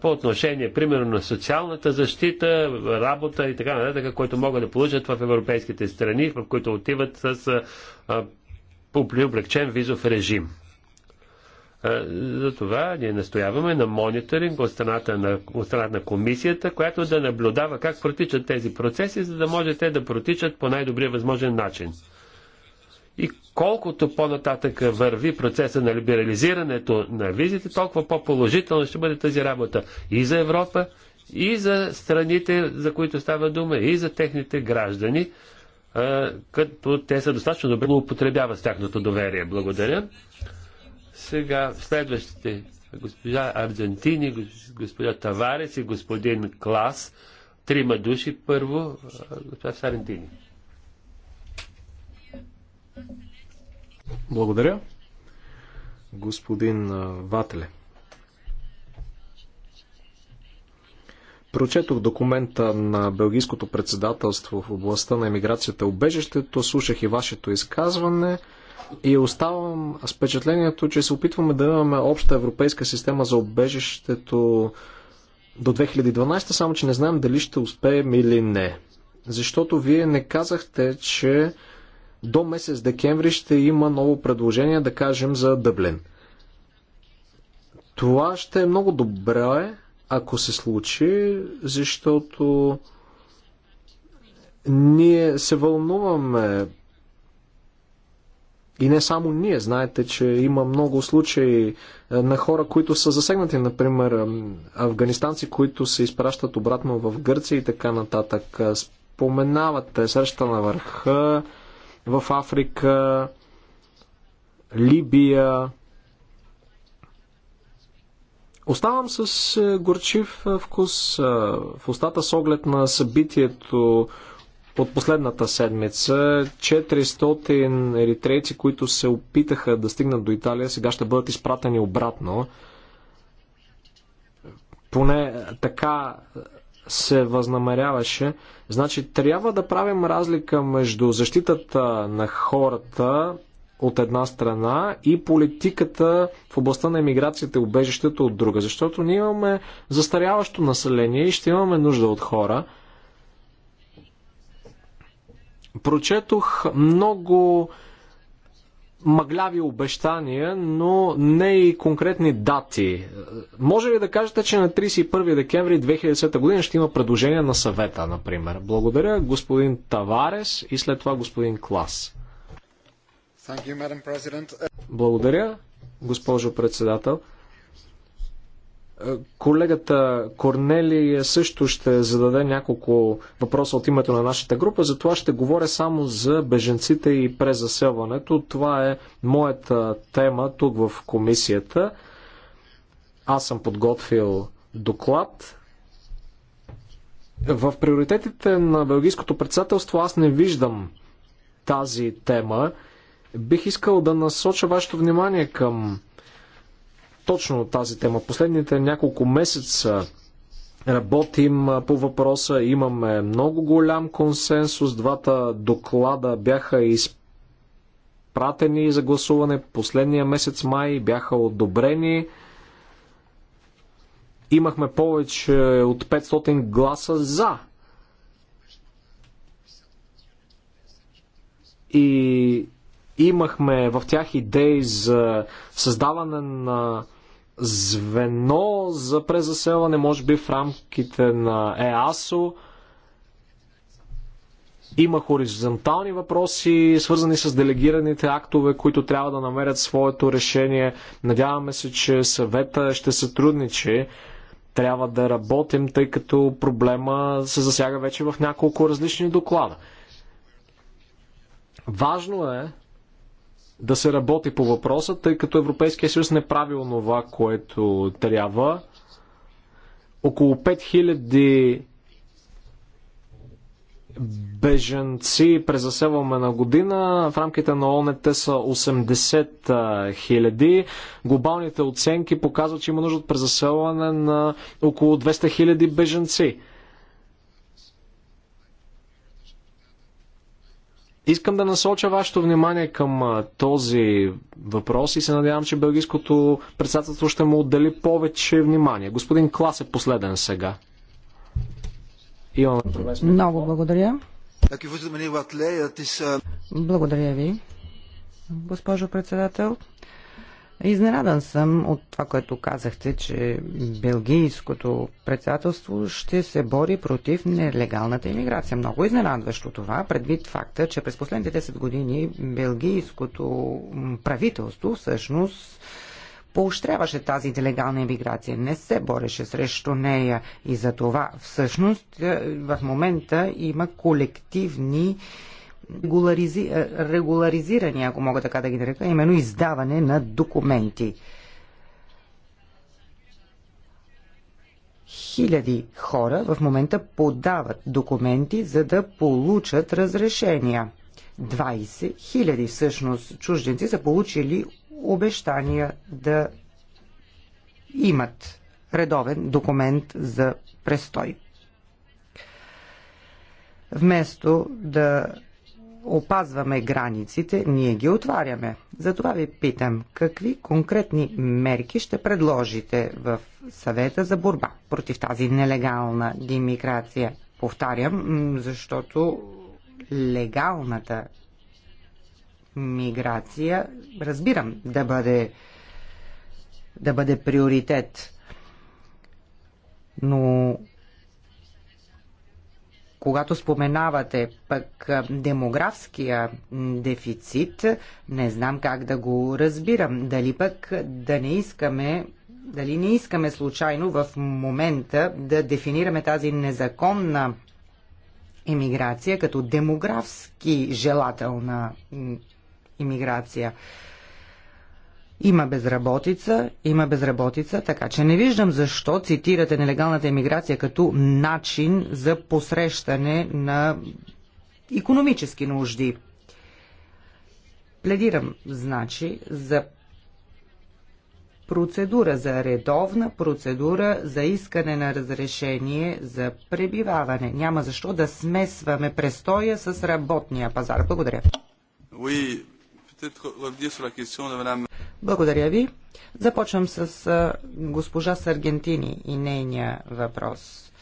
по отношение, примерно, на социалната защита, работа и така нататък, които могат да получат в европейските страни, в които отиват с облегчен визов режим. Затова ние настояваме на мониторинг от страната, на, от страната на комисията, която да наблюдава как протичат тези процеси, за да може те да протичат по най-добрия възможен начин. И колкото по-нататък върви процеса на либерализирането на визите, толкова по-положително ще бъде тази работа и за Европа, и за страните, за които става дума, и за техните граждани, като те са достатъчно добре употребяват с тяхното доверие. Благодаря. Сега следващите госпожа Аргентини, госпожа Таварес и господин Клас. Трима души първо, госпожа Сарентини. Благодаря. Господин Вателе. Прочетох документа на Белгийското председателство в областта на емиграцията и убежището, слушах и вашето изказване и оставам с впечатлението, че се опитваме да имаме обща европейска система за убежището до 2012, само че не знаем дали ще успеем или не. Защото вие не казахте, че до месец декември ще има ново предложение, да кажем, за Дъблин. Това ще е много добре, ако се случи, защото ние се вълнуваме и не само ние. Знаете, че има много случаи е, на хора, които са засегнати, например, афганистанци, които се изпращат обратно в Гърция и така нататък. Споменавате среща на върха, в Африка, Либия. Оставам с е, горчив е, вкус е, в устата с оглед на събитието от последната седмица. 400 еритрейци, които се опитаха да стигнат до Италия, сега ще бъдат изпратени обратно. Поне така се възнамеряваше. Значи трябва да правим разлика между защитата на хората от една страна и политиката в областта на емиграцията и убежището от друга. Защото ние имаме застаряващо население и ще имаме нужда от хора. Прочетох много мъгляви обещания, но не и конкретни дати. Може ли да кажете, че на 31 декември 2010 година ще има предложение на съвета, например? Благодаря господин Таварес и след това господин Клас. Благодаря, госпожо председател. Колегата Корнели също ще зададе няколко въпроса от името на нашата група, затова ще говоря само за беженците и презаселването. Това е моята тема тук в комисията. Аз съм подготвил доклад. В приоритетите на Белгийското председателство аз не виждам тази тема. Бих искал да насоча вашето внимание към точно тази тема. Последните няколко месеца работим по въпроса. Имаме много голям консенсус. Двата доклада бяха изпратени за гласуване последния месец май, бяха одобрени. Имахме повече от 500 гласа за. И имахме в тях идеи за създаване на звено за презаселване, може би в рамките на ЕАСО. Има хоризонтални въпроси, свързани с делегираните актове, които трябва да намерят своето решение. Надяваме се, че съвета ще сътрудничи. Трябва да работим, тъй като проблема се засяга вече в няколко различни доклада. Важно е да се работи по въпроса, тъй като Европейския съюз не прави онова, което трябва. Около 5000 беженци презаселваме на година. В рамките на ООН те са 80 000. Глобалните оценки показват, че има нужда от презаселване на около 200 000 беженци. Искам да насоча вашето внимание към този въпрос и се надявам, че Белгийското председателство ще му отдели повече внимание. Господин Клас е последен сега. Имам... Много благодаря. Uh, uh, благодаря ви. Госпожо председател, Изненадан съм от това, което казахте, че Белгийското председателство ще се бори против нелегалната иммиграция. Много изненадващо това, предвид факта, че през последните 10 години Белгийското правителство всъщност поощряваше тази нелегална иммиграция, не се бореше срещу нея и за това всъщност е, в момента има колективни регуларизи, е, регуларизирани, ако мога така да ги нарека, именно издаване на документи. Хиляди хора в момента подават документи, за да получат разрешения. 20 хиляди всъщност чужденци са получили обещания да имат редовен документ за престой. Вместо да опазваме границите, ние ги отваряме. Затова ви питам, какви конкретни мерки ще предложите в съвета за борба против тази нелегална демиграция? Повтарям, защото легалната миграция, разбирам, да бъде, да бъде приоритет, но когато споменавате пък демографския дефицит, не знам как да го разбирам. Дали пък да не искаме дали не искаме случайно в момента да дефинираме тази незаконна емиграция като демографски желателна имиграция. Има безработица, има безработица, така че не виждам защо цитирате нелегалната емиграция като начин за посрещане на економически нужди. Пледирам, значи, за процедура за редовна процедура за искане на разрешение за пребиваване. Няма защо да смесваме престоя с работния пазар. Благодаря. Благодаря ви. Започвам с госпожа Саргентини и нейния въпрос.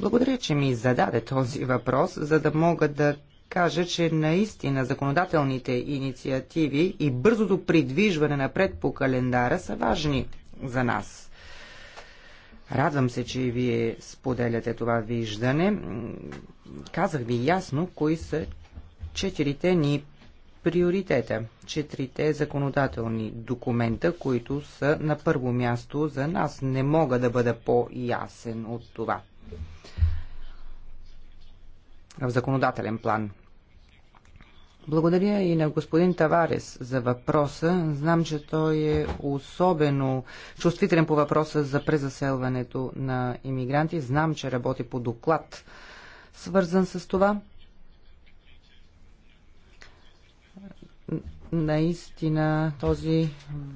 Благодаря, че ми зададе този въпрос, за да мога да кажа, че наистина законодателните инициативи и бързото придвижване напред по календара са важни за нас. Радвам се, че и вие споделяте това виждане. Казах ви ясно кои са четирите ни приоритета, четирите законодателни документа, които са на първо място за нас. Не мога да бъда по-ясен от това. В законодателен план. Благодаря и на господин Таварес за въпроса. Знам, че той е особено чувствителен по въпроса за презаселването на иммигранти. Знам, че работи по доклад, свързан с това. наистина този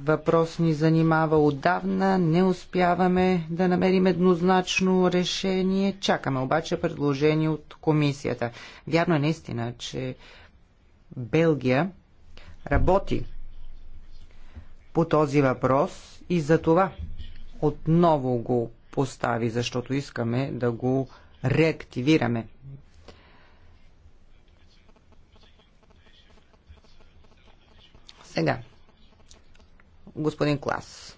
въпрос ни занимава отдавна. Не успяваме да намерим еднозначно решение. Чакаме обаче предложение от комисията. Вярно е наистина, че Белгия работи по този въпрос и за това отново го постави, защото искаме да го реактивираме. Сега, господин Клас,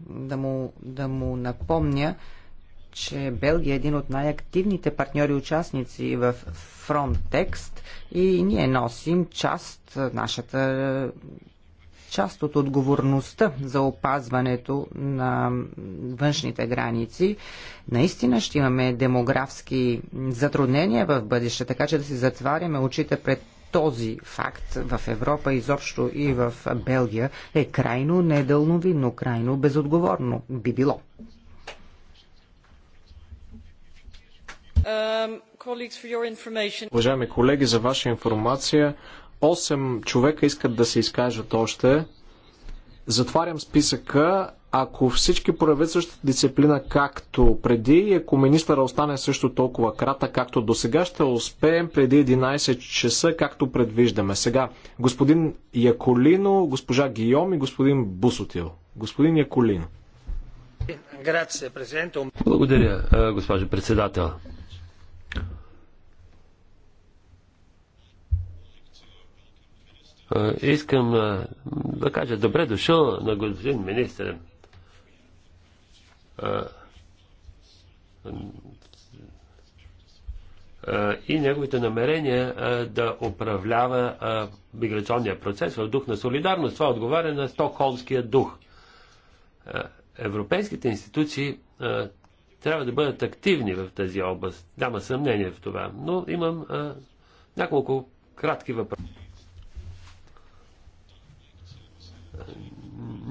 да му, да му напомня, че Белгия е един от най-активните партньори участници в Frontex и ние носим част, нашата част от отговорността за опазването на външните граници. Наистина ще имаме демографски затруднения в бъдеще, така че да си затваряме очите пред този факт в Европа изобщо и в Белгия е крайно недълновидно, крайно безотговорно би било. Um, Уважаеми колеги, за ваша информация, 8 човека искат да се изкажат още. Затварям списъка ако всички проявят същата дисциплина както преди и ако министъра остане също толкова крата, както до сега, ще успеем преди 11 часа, както предвиждаме. Сега, господин Яколино, госпожа Гийом и господин Бусотил. Господин Яколино. Благодаря, госпожо председател. Искам да кажа добре дошъл на господин министър и неговите намерения да управлява миграционния процес в дух на солидарност. Това отговаря на стокхолмския дух. Европейските институции трябва да бъдат активни в тази област. Няма съмнение в това. Но имам няколко кратки въпроси.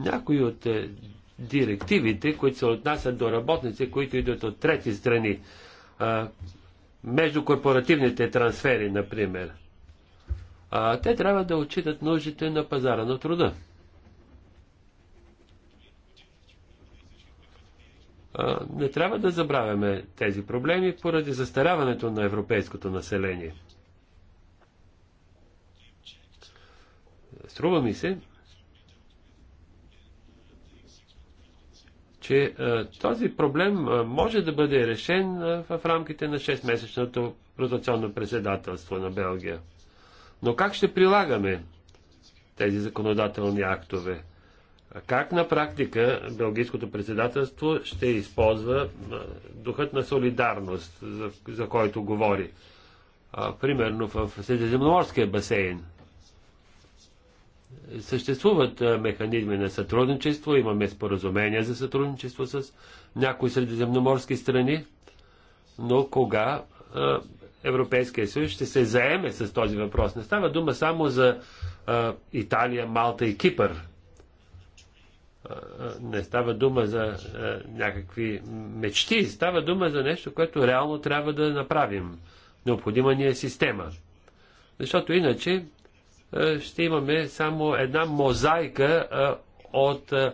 Някои от е, директивите, които се отнасят до работници, които идват от трети страни. Междукорпоративните трансфери, например. А, те трябва да отчитат нуждите на пазара на труда. А, не трябва да забравяме тези проблеми поради застаряването на европейското население. Струва ми се, че е, този проблем е, може да бъде решен е, в рамките на 6-месечното ротационно председателство на Белгия. Но как ще прилагаме тези законодателни актове? Как на практика Белгийското председателство ще използва духът на солидарност, за, за който говори? А, примерно в Средиземноморския басейн. Съществуват механизми на сътрудничество, имаме споразумения за сътрудничество с някои средиземноморски страни, но кога Европейския съюз ще се заеме с този въпрос? Не става дума само за Италия, Малта и Кипър. Не става дума за някакви мечти, става дума за нещо, което реално трябва да направим. Необходима ни е система. Защото иначе е, ще имаме само една мозайка е, от е,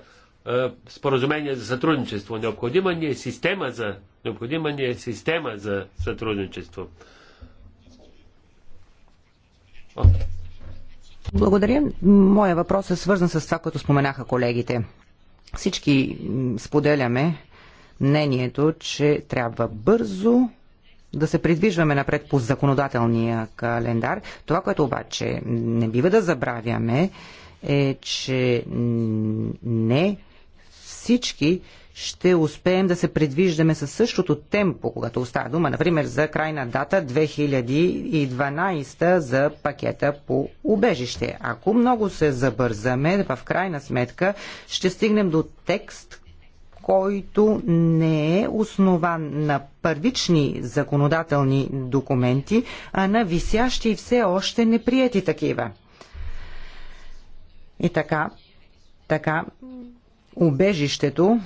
споразумение за сътрудничество. Необходима ни е система за, необходима ни е система за сътрудничество. Благодаря. Моя въпрос е свързан с това, което споменаха колегите. Всички споделяме мнението, че трябва бързо да се придвижваме напред по законодателния календар. Това, което обаче не бива да забравяме, е, че не всички ще успеем да се предвиждаме със същото темпо, когато остава дума, например, за крайна дата 2012 за пакета по убежище. Ако много се забързаме, в крайна сметка ще стигнем до текст, който не е основан на първични законодателни документи, а на висящи и все още неприяти такива. И така, така, убежището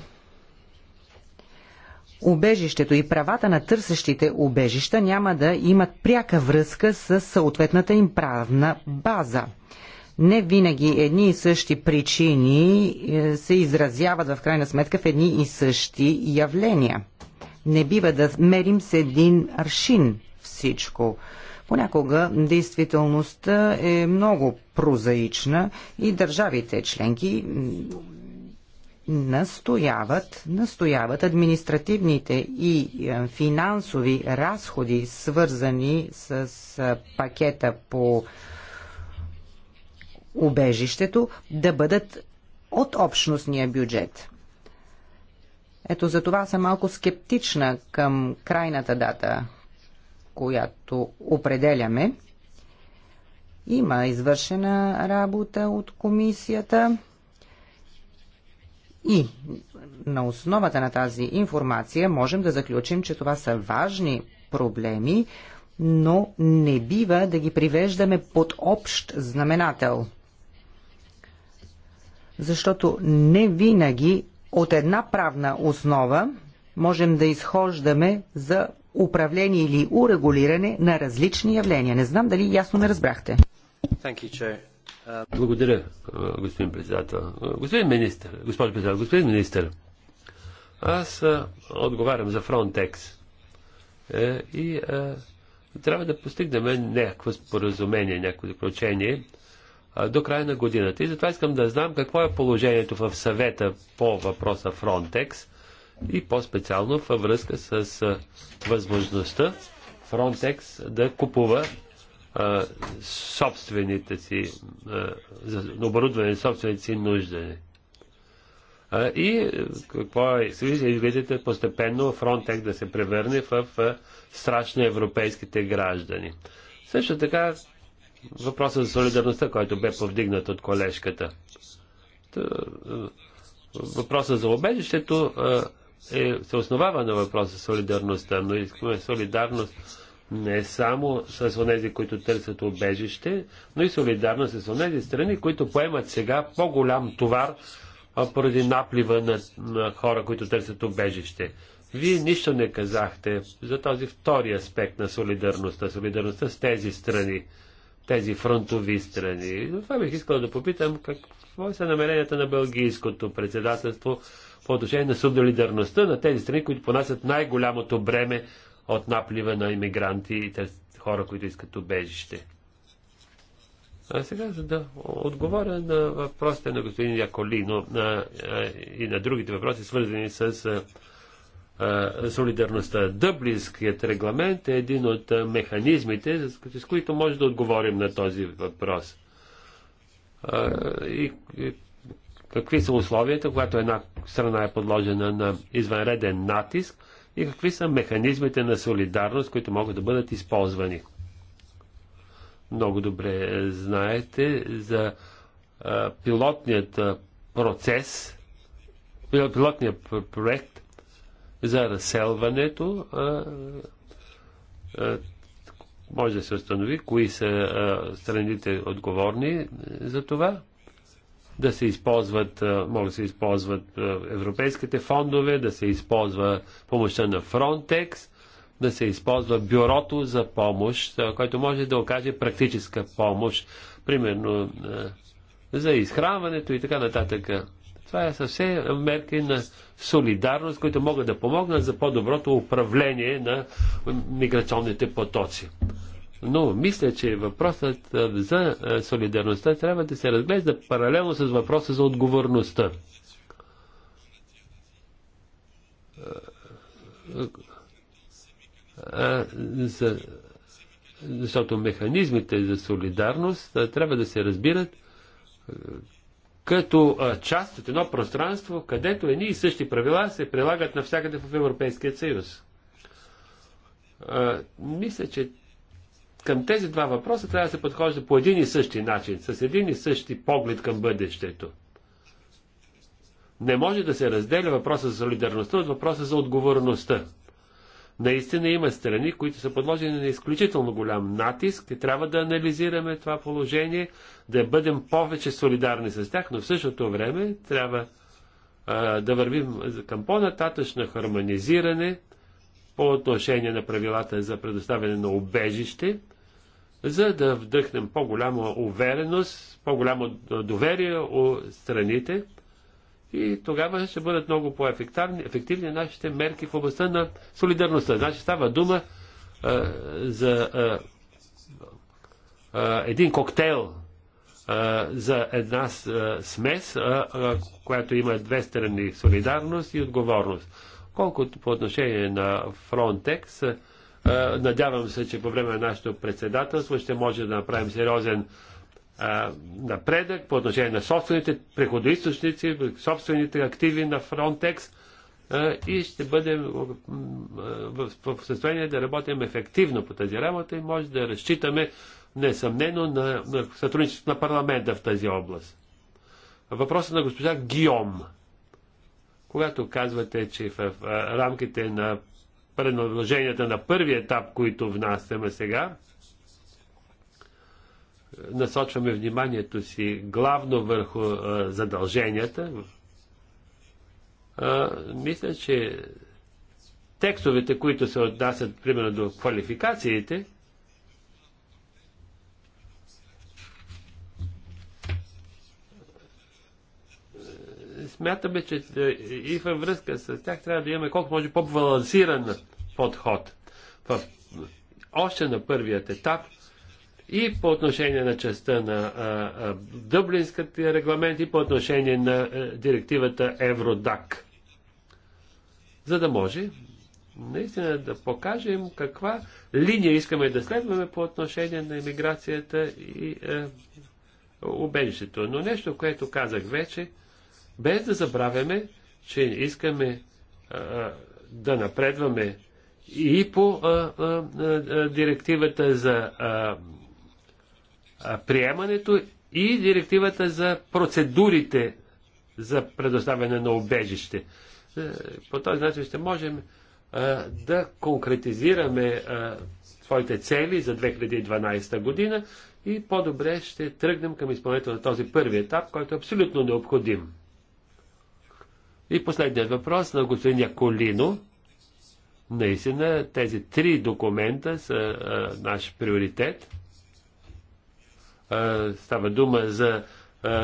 Убежището и правата на търсещите убежища няма да имат пряка връзка с съответната им правна база не винаги едни и същи причини е, се изразяват в крайна сметка в едни и същи явления. Не бива да мерим с един аршин всичко. Понякога действителността е много прозаична и държавите членки настояват, настояват административните и е, финансови разходи, свързани с е, пакета по убежището да бъдат от общностния бюджет. Ето за това съм малко скептична към крайната дата, която определяме. Има извършена работа от комисията и на основата на тази информация можем да заключим, че това са важни проблеми, но не бива да ги привеждаме под общ знаменател – защото не винаги от една правна основа можем да изхождаме за управление или урегулиране на различни явления. Не знам дали ясно ме разбрахте. Uh, Благодаря, господин председател. Господин министр, госпожо председател, господин министр, аз отговарям за Frontex е, и трябва да постигнем някакво споразумение, някакво заключение до края на годината. И затова искам да знам какво е положението в съвета по въпроса Frontex и по-специално във връзка с възможността Frontex да купува а, собствените си, а, за оборудване на собствените си нуждане. А, и какво е, виждате постепенно Frontex да се превърне в страшно европейските граждани. Също така въпроса за солидарността, който бе повдигнат от колежката. Е, въпроса за обежището е, е, се основава на въпроса за солидарността, но искаме солидарност не само с онези, които търсят обежище, но и солидарност с онези страни, които поемат сега по-голям товар поради наплива на, на хора, които търсят обежище. Вие нищо не казахте за този втори аспект на солидарността, солидарността с тези страни тези фронтови страни. Но това бих искал да попитам какво са намеренията на бългийското председателство по отношение на субдолидарността на тези страни, които понасят най-голямото бреме от наплива на иммигранти и тези хора, които искат убежище. А сега, за да отговоря на въпросите на господин Яколино на, и на другите въпроси, свързани с солидарността. Дъблинският регламент е един от механизмите, с които може да отговорим на този въпрос. И какви са условията, когато една страна е подложена на извънреден натиск и какви са механизмите на солидарност, които могат да бъдат използвани. Много добре знаете за пилотният процес, пилотният проект, за разселването. А, а, може да се установи кои са а, страните отговорни за това. Да се използват, а, могат да се използват а, европейските фондове, да се използва помощта на Frontex, да се използва бюрото за помощ, а, което може да окаже практическа помощ, примерно а, за изхранването и така нататък. Това е съвсем мерки на солидарност, които могат да помогнат за по-доброто управление на миграционните потоци. Но мисля, че въпросът за солидарността трябва да се разглежда паралелно с въпроса за отговорността. За, защото механизмите за солидарност трябва да се разбират като част от едно пространство, където едни и същи правила се прилагат навсякъде в Европейския съюз. Мисля, че към тези два въпроса трябва да се подхожда по един и същи начин, с един и същи поглед към бъдещето. Не може да се разделя въпроса за солидарността от въпроса за отговорността. Наистина има страни, които са подложени на изключително голям натиск и трябва да анализираме това положение, да бъдем повече солидарни с тях, но в същото време трябва а, да вървим към по-нататъчно хармонизиране по отношение на правилата за предоставяне на обежище, за да вдъхнем по-голяма увереност, по-голямо доверие у страните, и тогава ще бъдат много по-ефективни нашите мерки в областта на солидарността. Значи става дума а, за а, а, един коктейл, а, за една а, смес, а, а, която има две страни солидарност и отговорност. Колкото по отношение на Frontex, а, надявам се, че по време на нашето председателство ще може да направим сериозен напредък по отношение на собствените преходоисточници, собствените активи на Frontex и ще бъдем в състояние да работим ефективно по тази работа и може да разчитаме несъмнено на, сътрудничество на парламента в тази област. Въпросът на госпожа Гиом. Когато казвате, че в рамките на предложенията на първи етап, които внасяме сега, насочваме вниманието си главно върху а, задълженията, а, мисля, че текстовете, които се отнасят примерно до квалификациите, смятаме, че е, и във връзка с тях трябва да имаме колко може по-балансиран подход. В, още на първият етап – и по отношение на частта на Дъблинската регламент и по отношение на директивата Евродак. За да може наистина да покажем каква линия искаме да следваме по отношение на иммиграцията и е, убежището. Но нещо, което казах вече, без да забравяме, че искаме е, да напредваме и по а, а, а, директивата за а, приемането и директивата за процедурите за предоставяне на обежище. Е, по този начин ще можем е, да конкретизираме е, своите цели за 2012 година и по-добре ще тръгнем към изпълнението на този първи етап, който е абсолютно необходим. И последният въпрос на господин Яколино. Наистина тези три документа са а, наш приоритет. Става дума за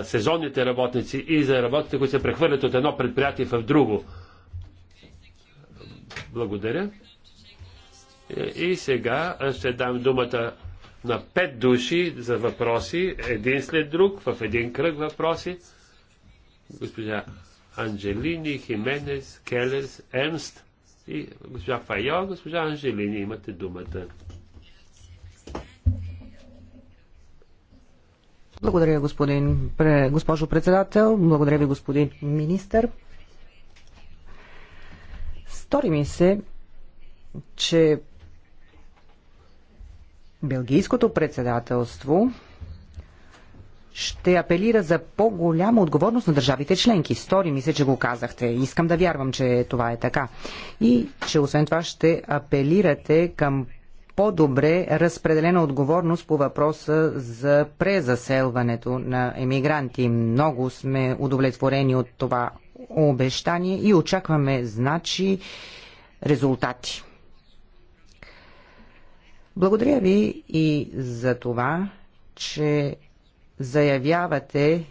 сезонните работници и за работите, които се прехвърлят от едно предприятие в друго. Благодаря. И сега ще дам думата на пет души за въпроси, един след друг, в един кръг въпроси. Госпожа Анджелини, Хименес, Келес, Емст и госпожа Файо, госпожа Анджелини, имате думата. Благодаря, господин, госпожо председател. Благодаря ви, господин министър. Стори ми се, че Белгийското председателство ще апелира за по-голяма отговорност на държавите членки. Стори ми се, че го казахте. Искам да вярвам, че това е така. И че освен това ще апелирате към по-добре разпределена отговорност по въпроса за презаселването на емигранти. Много сме удовлетворени от това обещание и очакваме, значи, резултати. Благодаря ви и за това, че заявявате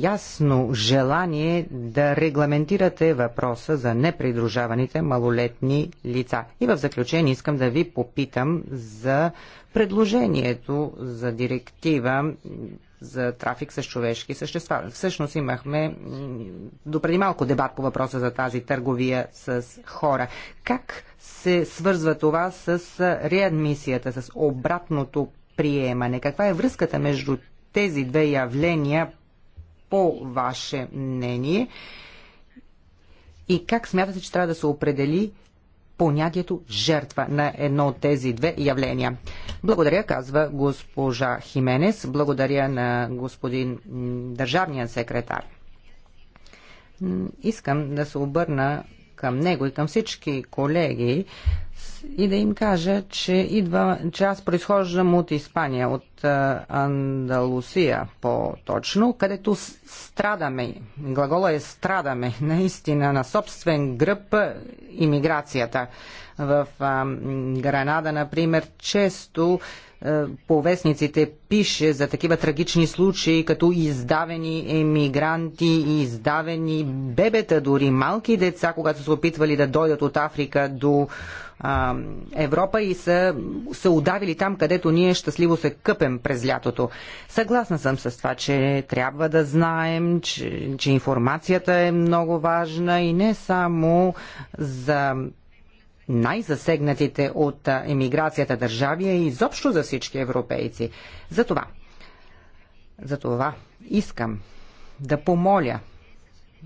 ясно желание да регламентирате въпроса за непридружаваните малолетни лица. И в заключение искам да ви попитам за предложението за директива за трафик с човешки същества. Всъщност имахме допреди малко дебат по въпроса за тази търговия с хора. Как се свързва това с реадмисията, с обратното приемане? Каква е връзката между тези две явления по ваше мнение и как смятате, че трябва да се определи понятието жертва на едно от тези две явления. Благодаря, казва госпожа Хименес, благодаря на господин държавния секретар. Искам да се обърна към него и към всички колеги и да им кажа, че, идва, че аз произхождам от Испания, от Андалусия по-точно, където страдаме, глагола е страдаме, наистина на собствен гръб имиграцията. В Гранада, например, често е, по вестниците пише за такива трагични случаи, като издавени емигранти, издавени бебета, дори малки деца, когато са опитвали да дойдат от Африка до а, Европа и са се удавили там, където ние щастливо се къпем през лятото. Съгласна съм с това, че трябва да знаем, че, че информацията е много важна и не само за най-засегнатите от емиграцията държави, е изобщо за всички европейци. Затова, затова искам да помоля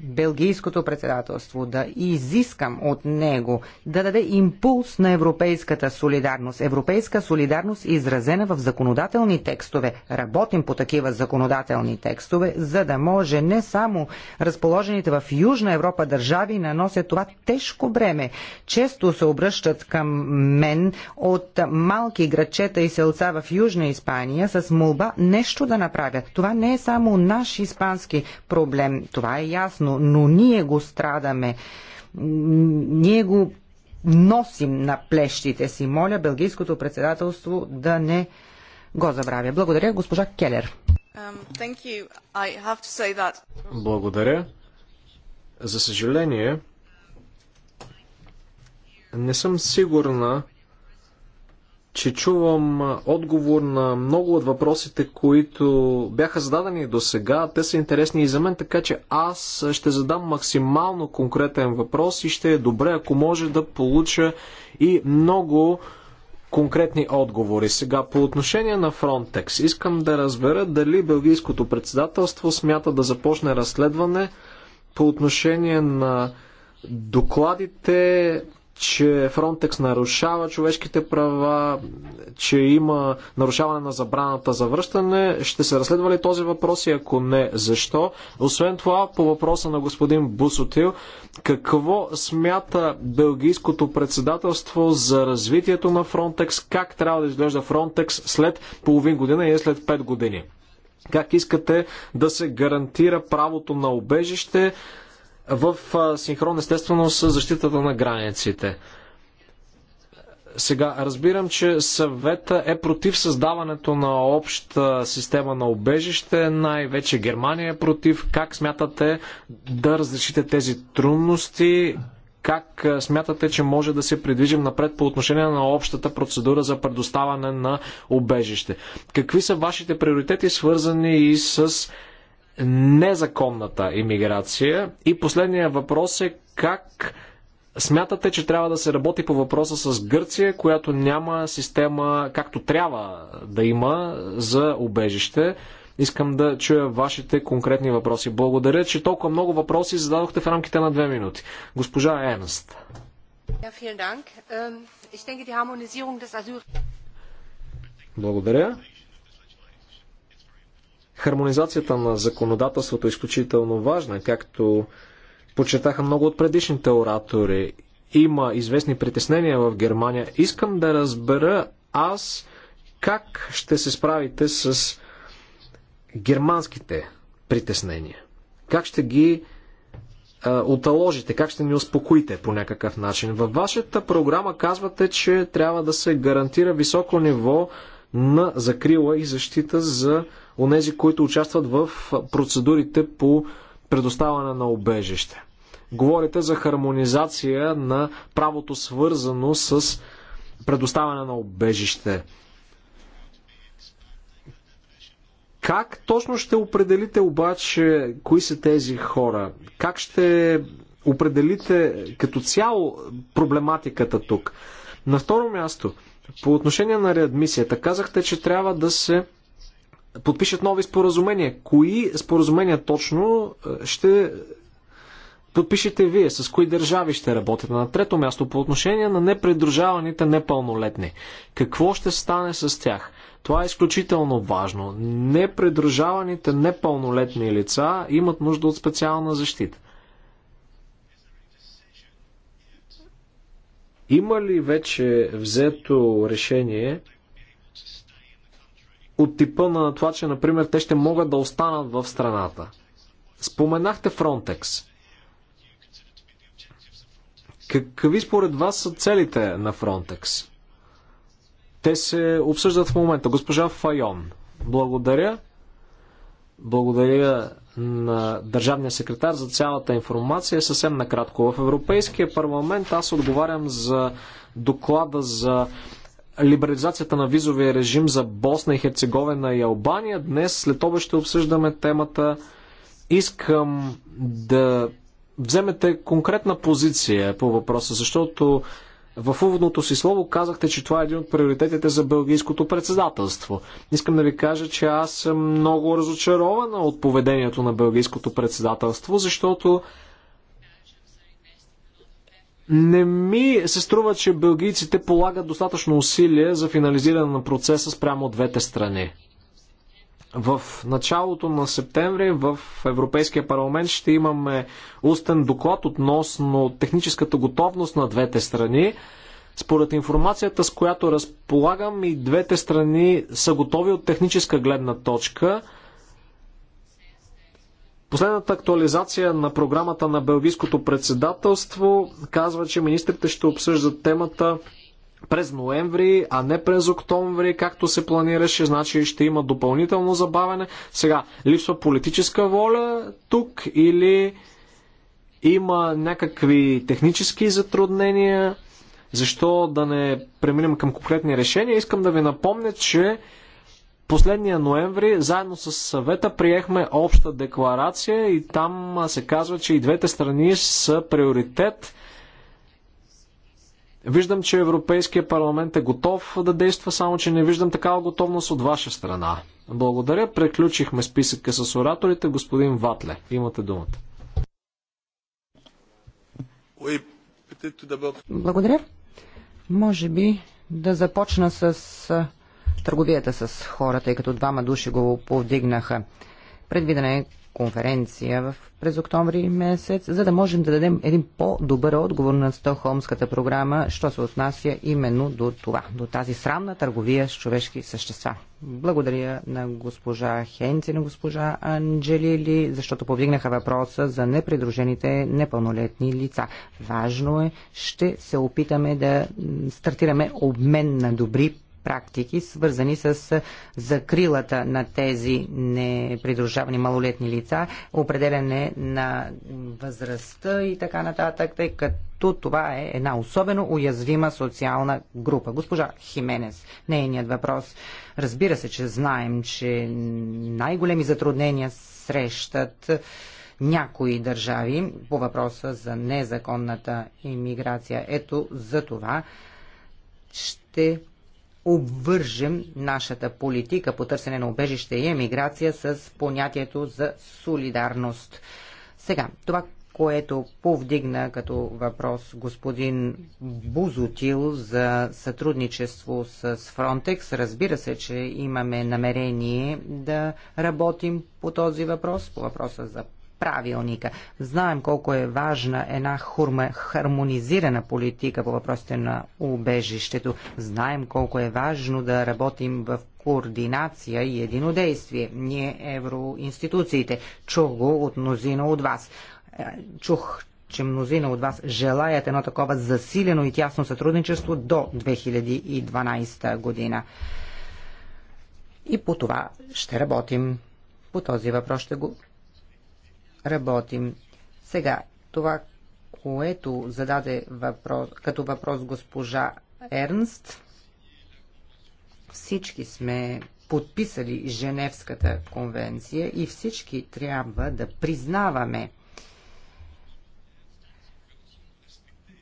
Белгийското председателство, да изискам от него да даде импулс на европейската солидарност. Европейска солидарност изразена в законодателни текстове. Работим по такива законодателни текстове, за да може не само разположените в Южна Европа държави наносят това тежко бреме. Често се обръщат към мен от малки грачета и селца в Южна Испания с молба нещо да направят. Това не е само наш испански проблем. Това е ясно ясно, но ние го страдаме. Ние го носим на плещите си. Моля Белгийското председателство да не го забравя. Благодаря, госпожа Келер. Um, Благодаря. За съжаление, не съм сигурна че чувам отговор на много от въпросите, които бяха зададени до сега. Те са интересни и за мен, така че аз ще задам максимално конкретен въпрос и ще е добре, ако може да получа и много конкретни отговори. Сега, по отношение на Frontex, искам да разбера дали Белгийското председателство смята да започне разследване по отношение на докладите че Фронтекс нарушава човешките права, че има нарушаване на забраната за връщане. Ще се разследва ли този въпрос и ако не, защо? Освен това, по въпроса на господин Бусотил, какво смята Белгийското председателство за развитието на Фронтекс? Как трябва да изглежда Фронтекс след половин година и след 5 години? Как искате да се гарантира правото на убежище? в синхрон естествено с защитата на границите. Сега, разбирам, че съвета е против създаването на обща система на обежище, най-вече Германия е против. Как смятате да разрешите тези трудности? Как смятате, че може да се придвижим напред по отношение на общата процедура за предоставане на обежище? Какви са вашите приоритети, свързани и с незаконната иммиграция? И последния въпрос е как смятате, че трябва да се работи по въпроса с Гърция, която няма система, както трябва да има за убежище? Искам да чуя вашите конкретни въпроси. Благодаря, че толкова много въпроси зададохте в рамките на две минути. Госпожа Ернст. Ähm, Благодаря. Хармонизацията на законодателството е изключително важна, както почетаха много от предишните оратори. Има известни притеснения в Германия. Искам да разбера аз как ще се справите с германските притеснения. Как ще ги а, оталожите, как ще ни успокоите по някакъв начин. Във вашата програма казвате, че трябва да се гарантира високо ниво на закрила и защита за онези, които участват в процедурите по предоставяне на обежище. Говорите за хармонизация на правото свързано с предоставяне на обежище. Как точно ще определите обаче кои са тези хора? Как ще определите като цяло проблематиката тук? На второ място, по отношение на реадмисията, казахте, че трябва да се подпишат нови споразумения. Кои споразумения точно е, ще подпишете вие? С кои държави ще работите? На трето място, по отношение на непредружаваните непълнолетни. Какво ще стане с тях? Това е изключително важно. Непредружаваните непълнолетни лица имат нужда от специална защита. Има ли вече взето решение от типа на това, че, например, те ще могат да останат в страната. Споменахте Фронтекс. Какви според вас са целите на Фронтекс? Те се обсъждат в момента. Госпожа Файон, благодаря. Благодаря на държавния секретар за цялата информация. Съвсем накратко. В Европейския парламент аз отговарям за доклада за либерализацията на визовия режим за Босна и Херцеговина и Албания. Днес след това ще обсъждаме темата. Искам да вземете конкретна позиция по въпроса, защото в уводното си слово казахте, че това е един от приоритетите за бългийското председателство. Искам да ви кажа, че аз съм много разочарована от поведението на бългийското председателство, защото не ми се струва, че белгийците полагат достатъчно усилие за финализиране на процеса спрямо от двете страни. В началото на септември в Европейския парламент ще имаме устен доклад относно техническата готовност на двете страни. Според информацията, с която разполагам, и двете страни са готови от техническа гледна точка – Последната актуализация на програмата на Белгийското председателство казва, че министрите ще обсъждат темата през ноември, а не през октомври, както се планираше, значи ще има допълнително забавене. Сега, липсва политическа воля тук или има някакви технически затруднения? Защо да не преминем към конкретни решения? Искам да ви напомня, че Последния ноември, заедно с съвета, приехме обща декларация и там се казва, че и двете страни са приоритет. Виждам, че Европейския парламент е готов да действа, само че не виждам такава готовност от ваша страна. Благодаря. Преключихме списъка с ораторите. Господин Ватле, имате думата. Благодаря. Може би да започна с търговията с хората, тъй като двама души го повдигнаха. Предвидена е конференция в, през октомври месец, за да можем да дадем един по-добър отговор на Стокхолмската програма, що се отнася именно до това, до тази срамна търговия с човешки същества. Благодаря на госпожа Хенци, на госпожа Анджелили, защото повдигнаха въпроса за непридружените непълнолетни лица. Важно е, ще се опитаме да стартираме обмен на добри практики, свързани с закрилата на тези непридружавани малолетни лица, определене на възрастта и така нататък, тъй като това е една особено уязвима социална група. Госпожа Хименес, нейният въпрос. Разбира се, че знаем, че най-големи затруднения срещат някои държави по въпроса за незаконната иммиграция. Ето за това ще обвържем нашата политика по търсене на убежище и емиграция с понятието за солидарност. Сега, това, което повдигна като въпрос господин Бузотил за сътрудничество с Фронтекс. Разбира се, че имаме намерение да работим по този въпрос, по въпроса за правилника. Знаем колко е важна една хурма, хармонизирана политика по въпросите на убежището. Знаем колко е важно да работим в координация и единодействие. Ние, евроинституциите, чух го от мнозина от вас. Е, чух, че мнозина от вас желаят едно такова засилено и тясно сътрудничество до 2012 година. И по това ще работим. По този въпрос ще го работим. Сега, това, което зададе въпрос, като въпрос госпожа Ернст, всички сме подписали Женевската конвенция и всички трябва да признаваме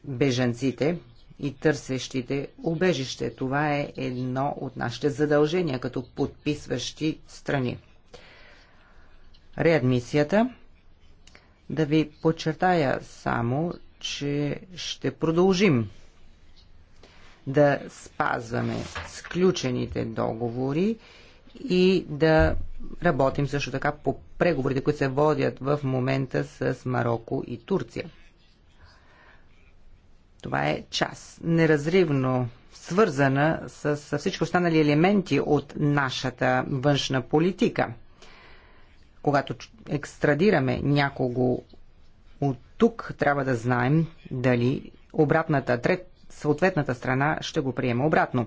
бежанците и търсещите убежище. Това е едно от нашите задължения като подписващи страни. Реадмисията – да ви подчертая само, че ще продължим да спазваме сключените договори и да работим също така по преговорите, които се водят в момента с Марокко и Турция. Това е част, неразривно свързана с, с всички останали елементи от нашата външна политика – когато екстрадираме някого от тук, трябва да знаем дали обратната, трет, съответната страна ще го приеме обратно.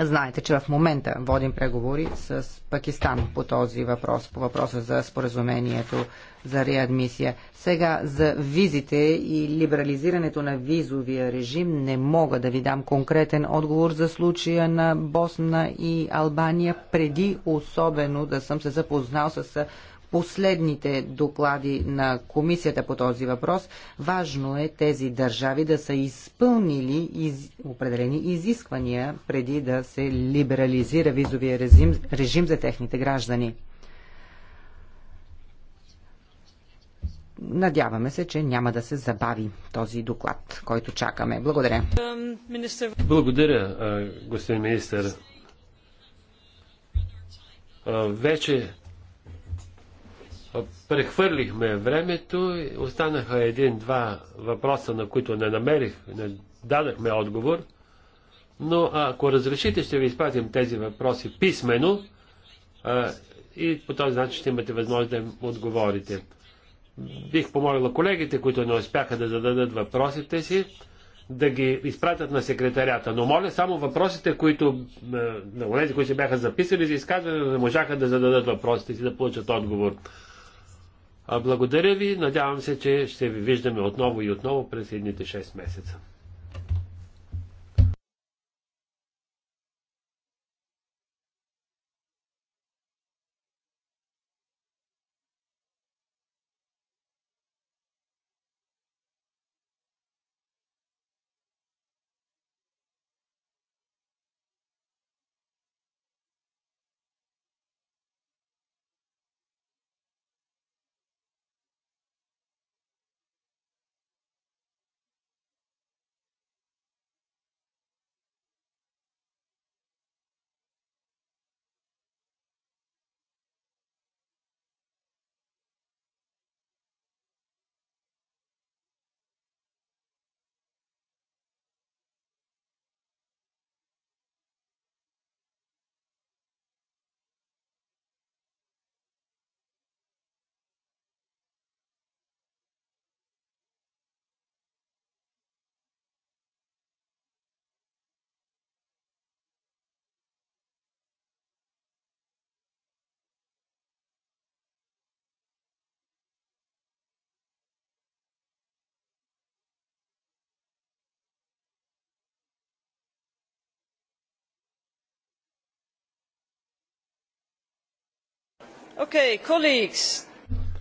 Знаете, че в момента водим преговори с Пакистан по този въпрос, по въпроса за споразумението за реадмисия. Сега за визите и либерализирането на визовия режим не мога да ви дам конкретен отговор за случая на Босна и Албания, преди особено да съм се запознал с последните доклади на комисията по този въпрос, важно е тези държави да са изпълнили из... определени изисквания преди да се либерализира визовия режим, режим за техните граждани. Надяваме се, че няма да се забави този доклад, който чакаме. Благодаря. Благодаря, господин министър. Вече прехвърлихме времето, останаха един-два въпроса, на които не намерих, не дадахме отговор, но ако разрешите, ще ви изпратим тези въпроси писменно а, и по този начин ще имате възможност да им отговорите. Бих помолила колегите, които не успяха да зададат въпросите си, да ги изпратят на секретарята. Но моля само въпросите, които на които се бяха записали за изказване, не можаха да зададат въпросите си, да получат отговор. Благодаря ви, надявам се, че ще ви виждаме отново и отново през едните 6 месеца.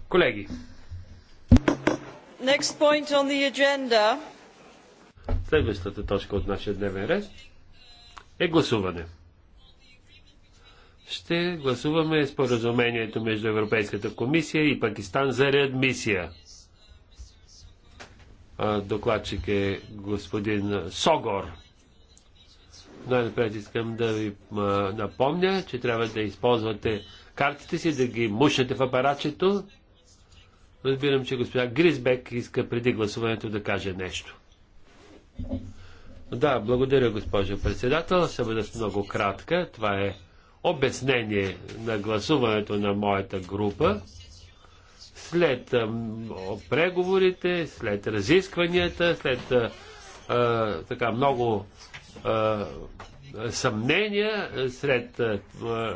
Колеги. Следващата точка от нашия дневен ред е гласуване. Ще гласуваме споразумението между Европейската комисия и Пакистан за реадмисия. Докладчик е господин Согор. Най-напред искам да ви напомня, че трябва да използвате картите си, да ги мушате в апаратчето. Разбирам, че госпожа Гризбек иска преди гласуването да каже нещо. Да, благодаря, госпожо председател. Ще бъда много кратка. Това е обяснение на гласуването на моята група. След преговорите, след разискванията, след а, така много а, съмнения сред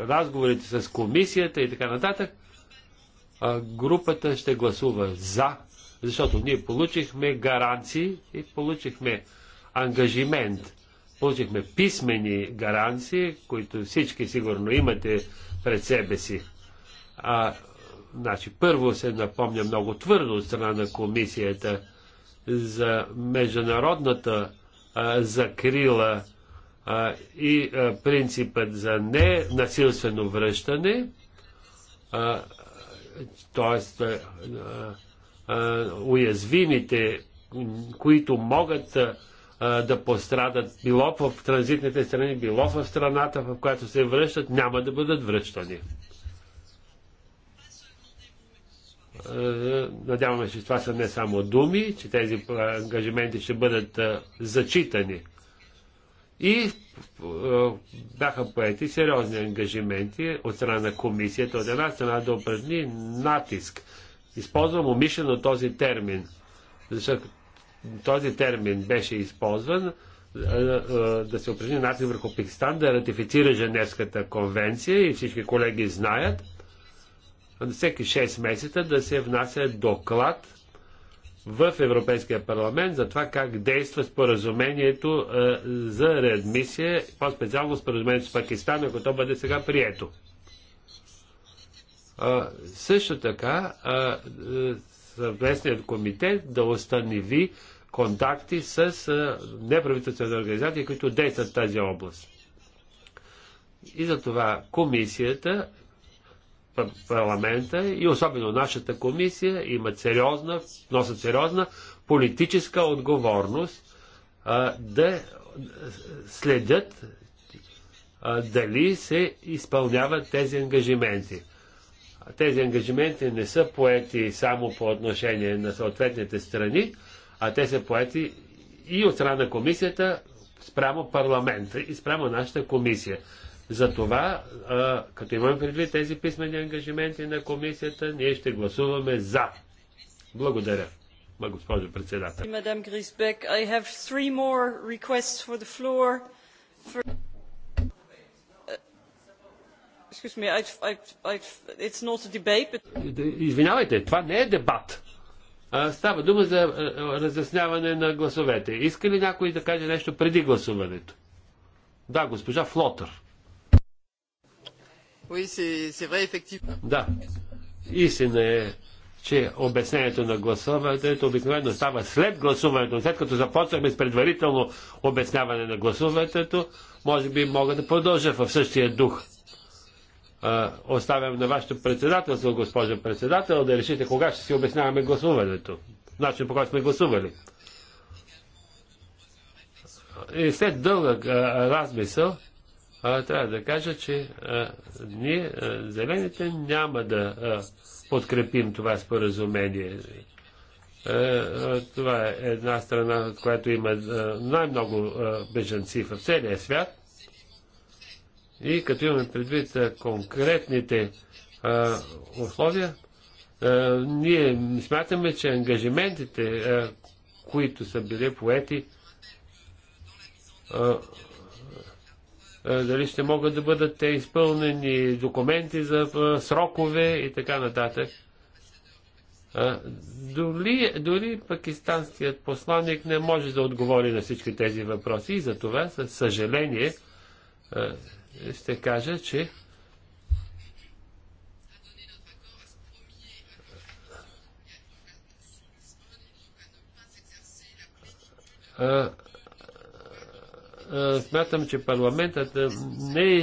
разговорите с комисията и така нататък, групата ще гласува за, защото ние получихме гаранции и получихме ангажимент. Получихме писмени гаранции, които всички сигурно имате пред себе си. А, значи, първо се напомня много твърдо от страна на комисията за международната а, закрила и принципът за ненасилствено връщане, т.е. уязвимите, които могат да пострадат било в транзитните страни, било в страната, в която се връщат, няма да бъдат връщани. Надяваме се, че това са не само думи, че тези ангажименти ще бъдат зачитани. И бяха поети сериозни ангажименти от страна на комисията, от една страна да упражни натиск. Използвам умишлено този термин, защото този термин беше използван да се упражни натиск върху Пакистан да ратифицира Женевската конвенция и всички колеги знаят, всеки 6 месеца да се внася доклад в Европейския парламент за това как действа споразумението е, за реадмисия, по-специално споразумението с Пакистан, ако то бъде сега прието. Също така, е, съвместният комитет да установи контакти с неправителствени организации, които действат в тази област. И за това комисията парламента и особено нашата комисия имат сериозна, носят сериозна политическа отговорност а, да следят а, дали се изпълняват тези ангажименти. Тези ангажименти не са поети само по отношение на съответните страни, а те са поети и от страна на комисията спрямо парламента и спрямо нашата комисия. Затова, като имам предвид тези писмени ангажименти на комисията, ние ще гласуваме за. Благодаря. Госпожо председател. Мадам Грисбек, I have three more requests for the floor. For... Uh, excuse me, I, I, I, it's not a debate, but... Извинявайте, това не е дебат. Става дума за разясняване на гласовете. Иска ли някой да каже нещо преди гласуването? Да, госпожа Флотър. Oui, c'est vrai, effectivement. Да, истина е, че обяснението на гласуването обикновено става след гласуването. След като започнахме с предварително обясняване на гласуването, може би мога да продължа в същия дух. А, оставям на вашето председателство, госпожа председател, да решите кога ще си обясняваме гласуването. Начин по който сме гласували. И след дълъг а, размисъл, а, трябва да кажа, че а, ние, а, зелените, няма да а, подкрепим това споразумение. това е една страна, която има най-много беженци в целия свят. И като имаме предвид конкретните условия, ние смятаме, че ангажиментите, които са били поети, е, дали ще могат да бъдат те изпълнени документи за е, срокове и така нататък. Е, дори, дори пакистанският посланник не може да отговори на всички тези въпроси и за това, със съжаление, ще кажа, че а, е, смятам, че парламентът е, не е,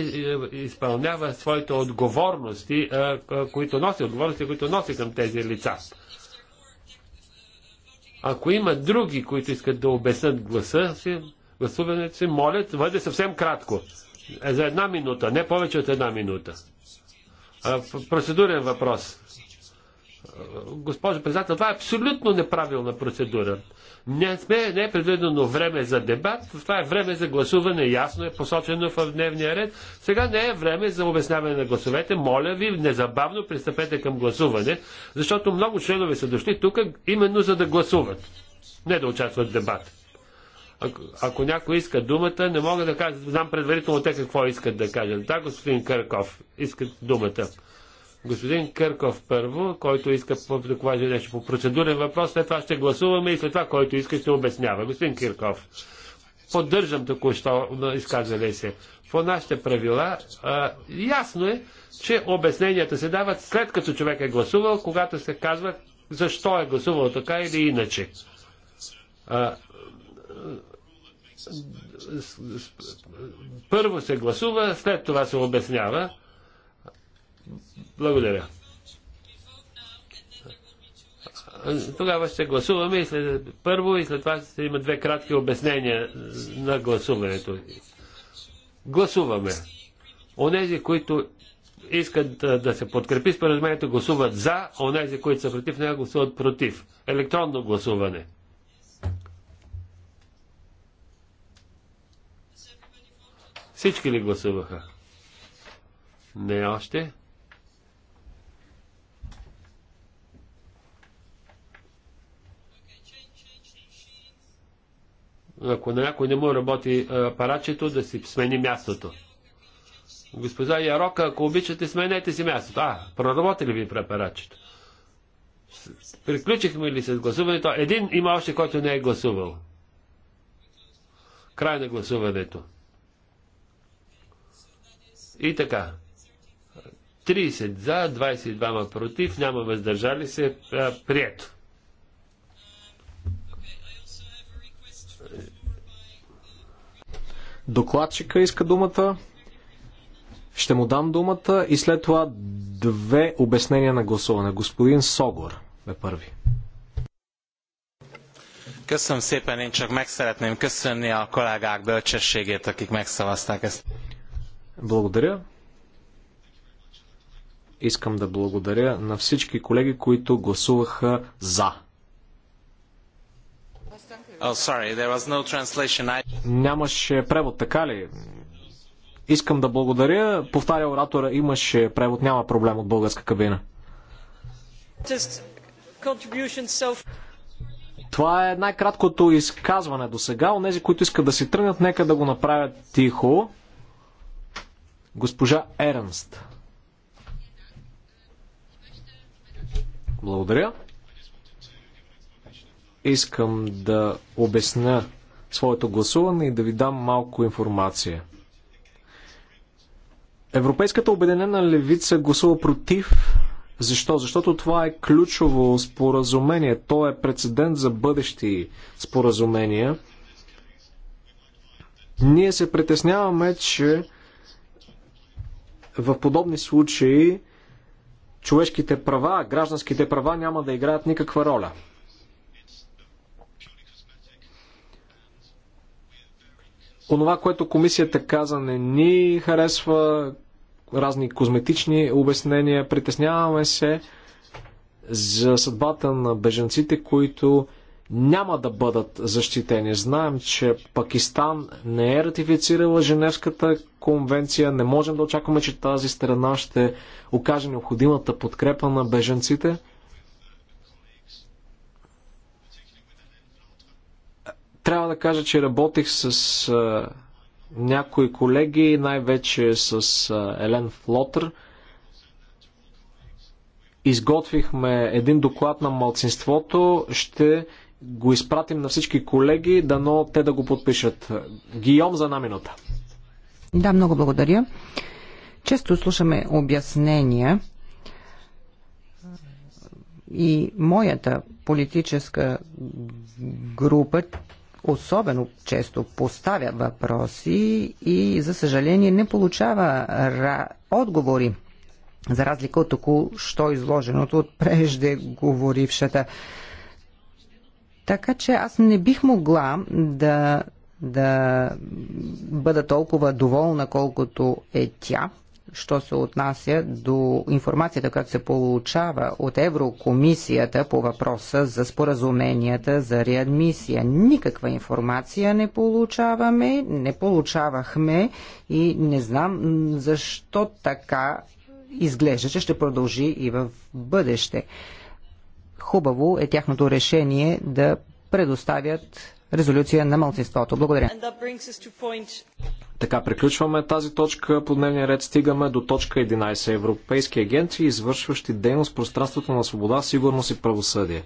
изпълнява своите отговорности, които носи, отговорности, които носи към тези лица. Ако има други, които искат да обяснат гласа си, гласуването си, молят, бъде съвсем кратко. За една минута, не повече от една минута. Процедурен въпрос. Госпожо председател, това е абсолютно неправилна процедура. Не, не, не е предвидено време за дебат, това е време за гласуване, ясно е посочено в дневния ред. Сега не е време за обясняване на гласовете. Моля ви, незабавно пристъпете към гласуване, защото много членове са дошли тук именно за да гласуват, не да участват в дебат. Ако, ако някой иска думата, не мога да кажа, знам предварително те какво искат да кажат. Да, господин Кърков, искат думата. Господин Кърков първо, който иска да каже нещо по процедурен въпрос, след това ще гласуваме и след това, който иска, ще обяснява. Господин Кирков, поддържам току-що изказване се. По нашите правила а, ясно е, че обясненията се дават след като човек е гласувал, когато се казва защо е гласувал така или иначе. А, първо се гласува, след това се обяснява. Благодаря. Тогава ще гласуваме и след, първо и след това ще има две кратки обяснения на гласуването. Гласуваме. Онези, които искат да се подкрепи споразумението, гласуват за, онези, които са против него, гласуват против. Електронно гласуване. Всички ли гласуваха? Не още. Ако на някой не му работи е, апаратчето, да си смени мястото. Госпожа Ярока, ако обичате, сменете си мястото. А, проработили ви препаратчето? Приключихме ли с гласуването? Един има още, който не е гласувал. Край на гласуването. И така. 30 за, 22 против, няма въздържали се. Е, прието. Докладчика иска думата. Ще му дам думата и след това две обяснения на гласуване. Господин Согор е първи. Köszönöm szépen, én csak meg szeretném köszönni a kollégák bölcsességét, akik megszavazták ezt. Благодаря. Искам да благодаря на всички колеги, които гласуваха за Oh, Нямаше превод, така ли? Искам да благодаря. Повтаря оратора, имаше превод, няма проблем от българска кабина. Това е най-краткото изказване до сега. Онези, които искат да си тръгнат, нека да го направят тихо. Госпожа Ернст. Благодаря. Искам да обясня своето гласуване и да ви дам малко информация. Европейската обединена левица гласува против. Защо? Защото това е ключово споразумение. То е прецедент за бъдещи споразумения. Ние се притесняваме, че в подобни случаи човешките права, гражданските права няма да играят никаква роля. онова, което комисията каза, не ни харесва, разни козметични обяснения, притесняваме се за съдбата на беженците, които няма да бъдат защитени. Знаем, че Пакистан не е ратифицирала Женевската конвенция. Не можем да очакваме, че тази страна ще окаже необходимата подкрепа на беженците. Трябва да кажа, че работих с а, някои колеги, най-вече с а, Елен Флотър. Изготвихме един доклад на малцинството. Ще го изпратим на всички колеги, дано те да го подпишат. Гийом за една минута. Да, много благодаря. Често слушаме обяснения и моята политическа група особено често поставя въпроси и, за съжаление, не получава отговори, за разлика от току-що изложеното от преждеговорившата. Така че аз не бих могла да, да бъда толкова доволна, колкото е тя що се отнася до информацията, която се получава от Еврокомисията по въпроса за споразуменията за реадмисия. Никаква информация не получаваме, не получавахме и не знам защо така изглежда, че ще продължи и в бъдеще. Хубаво е тяхното решение да предоставят резолюция на мълцинството. Благодаря. Така приключваме тази точка по дневния ред. Стигаме до точка 11. Европейски агенции, извършващи дейност в пространството на свобода, сигурност и правосъдие.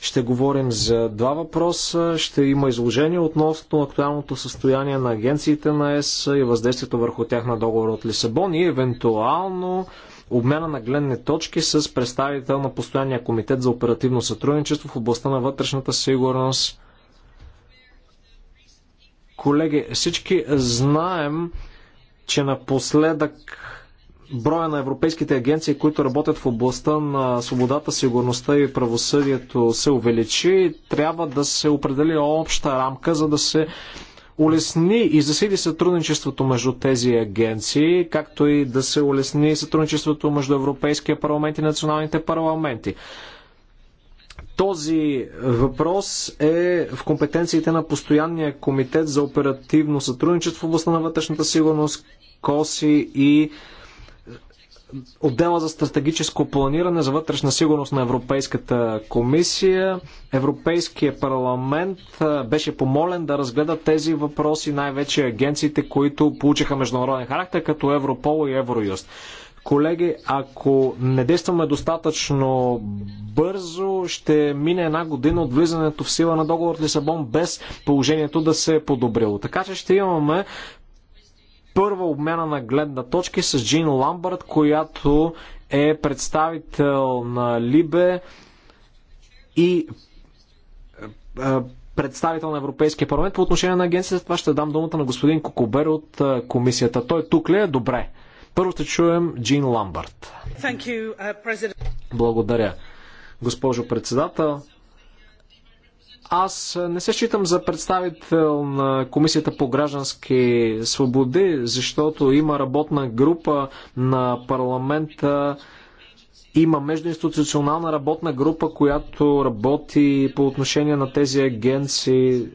Ще говорим за два въпроса. Ще има изложение относно актуалното състояние на агенциите на ЕС и въздействието върху тях на договор от Лисабон и евентуално обмяна на гледни точки с представител на Постоянния комитет за оперативно сътрудничество в областта на вътрешната сигурност – Колеги, всички знаем, че напоследък броя на европейските агенции, които работят в областта на свободата, сигурността и правосъдието се увеличи. Трябва да се определи обща рамка, за да се улесни и засили сътрудничеството между тези агенции, както и да се улесни сътрудничеството между Европейския парламент и националните парламенти. Този въпрос е в компетенциите на Постоянния комитет за оперативно сътрудничество в областта на вътрешната сигурност, КОСИ и отдела за стратегическо планиране за вътрешна сигурност на Европейската комисия. Европейския парламент беше помолен да разгледа тези въпроси, най-вече агенциите, които получиха международен характер, като Европол и Евроюст. Колеги, ако не действаме достатъчно бързо, ще мине една година от влизането в сила на договор Лисабон без положението да се е подобрило. Така че ще имаме първа обмяна на гледна точки с Джин Ламбърт, която е представител на Либе и е, е, представител на Европейския парламент. По отношение на агенцията, това ще дам думата на господин Кокобер от е, комисията. Той тук ли е? Добре. Първо ще чуем Джин Ламбард. Uh, Благодаря. Госпожо председател, аз не се считам за представител на Комисията по граждански свободи, защото има работна група на парламента, има междуинституционална работна група, която работи по отношение на тези агенции.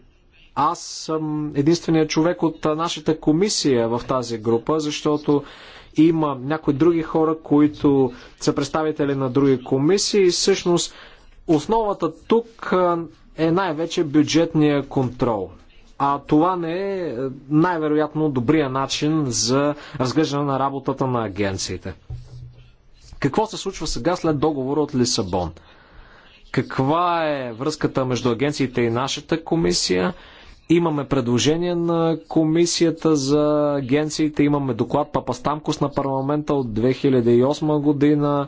Аз съм единственият човек от нашата комисия в тази група, защото има някои други хора, които са представители на други комисии. И всъщност основата тук е най-вече бюджетния контрол. А това не е, е най-вероятно добрия начин за разглеждане на работата на агенциите. Какво се случва сега след договора от Лисабон? Каква е връзката между агенциите и нашата комисия? Имаме предложение на комисията за агенциите, имаме доклад Папа Стамкос на парламента от 2008 година.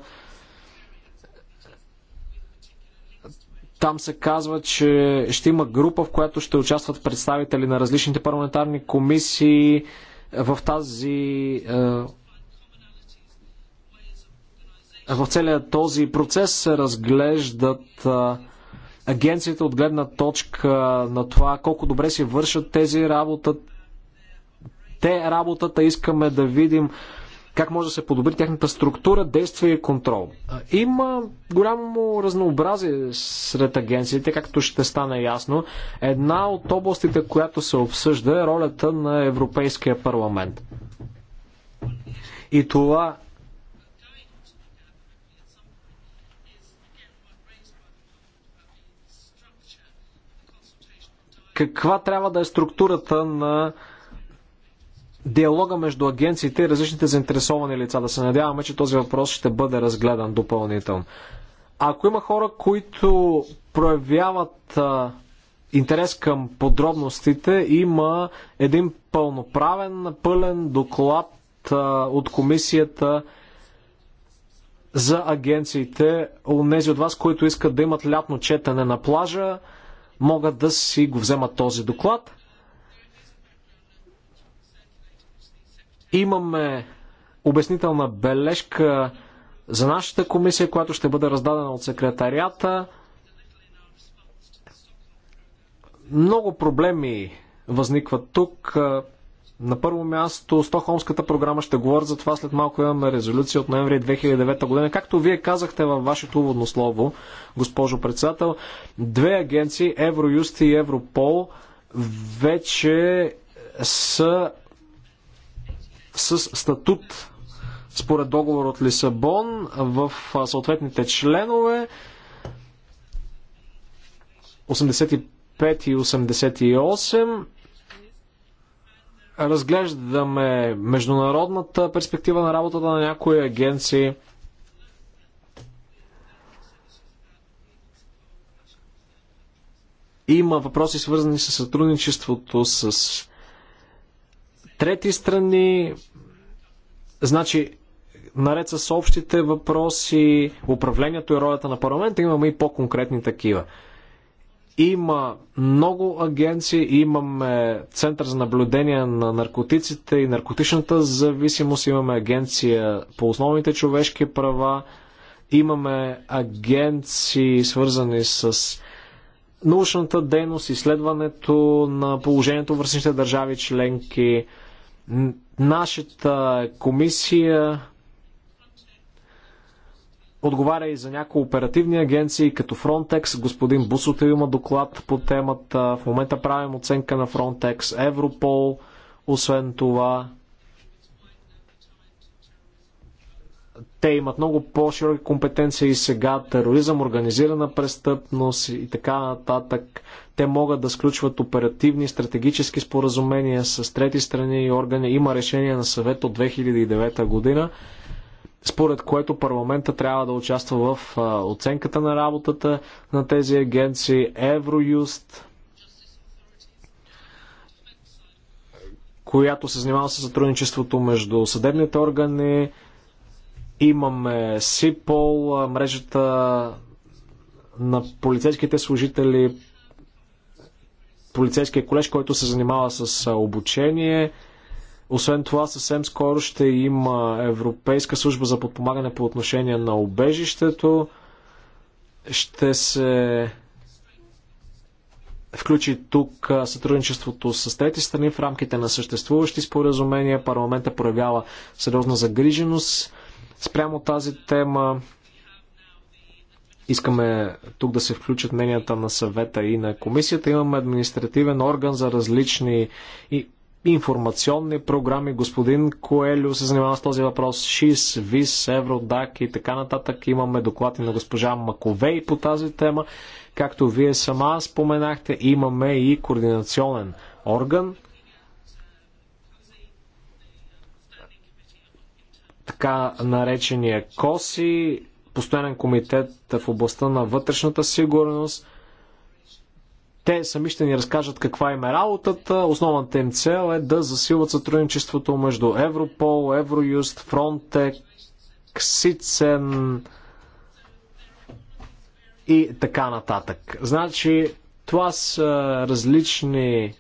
Там се казва, че ще има група, в която ще участват представители на различните парламентарни комисии в тази е, в целия този процес се разглеждат а, е, агенцията от гледна точка на това колко добре си вършат тези работа, те работата, искаме да видим как може да се подобри тяхната структура, действие и контрол. Има голямо разнообразие сред агенциите, както ще стане ясно. Една от областите, която се обсъжда е ролята на Европейския парламент. И това каква трябва да е структурата на диалога между агенциите и различните заинтересовани лица. Да се надяваме, че този въпрос ще бъде разгледан допълнително. А ако има хора, които проявяват а, интерес към подробностите, има един пълноправен, пълен доклад а, от комисията за агенциите. Унези от вас, които искат да имат лятно четене на плажа, могат да си го вземат този доклад. Имаме обяснителна бележка за нашата комисия, която ще бъде раздадена от секретарията. Много проблеми възникват тук. На първо място, Стохолмската програма, ще говоря за това след малко, имаме резолюция от ноември 2009 година. Както вие казахте във вашето уводно слово, госпожо председател, две агенции, Евроюст и Европол, вече са с статут според договор от Лисабон в съответните членове 85 и 88 разглеждаме международната перспектива на работата на някои агенции. Има въпроси свързани с сътрудничеството с трети страни. Значи, наред с общите въпроси, управлението и ролята на парламента, имаме и по-конкретни такива. Има много агенции, имаме Център за наблюдение на наркотиците и наркотичната зависимост, имаме агенция по основните човешки права, имаме агенции свързани с научната дейност, изследването на положението в различните държави членки, нашата комисия отговаря и за някои оперативни агенции, като Frontex. Господин Бусотев има доклад по темата. В момента правим оценка на Frontex, Европол. Освен това, те имат много по-широки компетенции и сега тероризъм, организирана престъпност и така нататък. Те могат да сключват оперативни стратегически споразумения с трети страни и органи. Има решение на съвет от 2009 година според което парламента трябва да участва в оценката на работата на тези агенции, Евроюст, която се занимава с сътрудничеството между съдебните органи. Имаме СИПОЛ, мрежата на полицейските служители, полицейския колеж, който се занимава с обучение. Освен това, съвсем скоро ще има Европейска служба за подпомагане по отношение на убежището. Ще се включи тук сътрудничеството с трети страни в рамките на съществуващи споразумения. Парламента проявява сериозна загриженост спрямо тази тема. Искаме тук да се включат мненията на съвета и на комисията. Имаме административен орган за различни и информационни програми. Господин Коелю се занимава с този въпрос. ШИС, ВИС, Евродак и така нататък. Имаме доклади на госпожа Маковей по тази тема. Както вие сама споменахте, имаме и координационен орган. Така наречения КОСИ, постоянен комитет в областта на вътрешната сигурност – те сами ще ни разкажат каква им е работата. Основната им цел е да засилват сътрудничеството между Европол, Евроюст, Фронтек, Сицен и така нататък. Значи, това са различни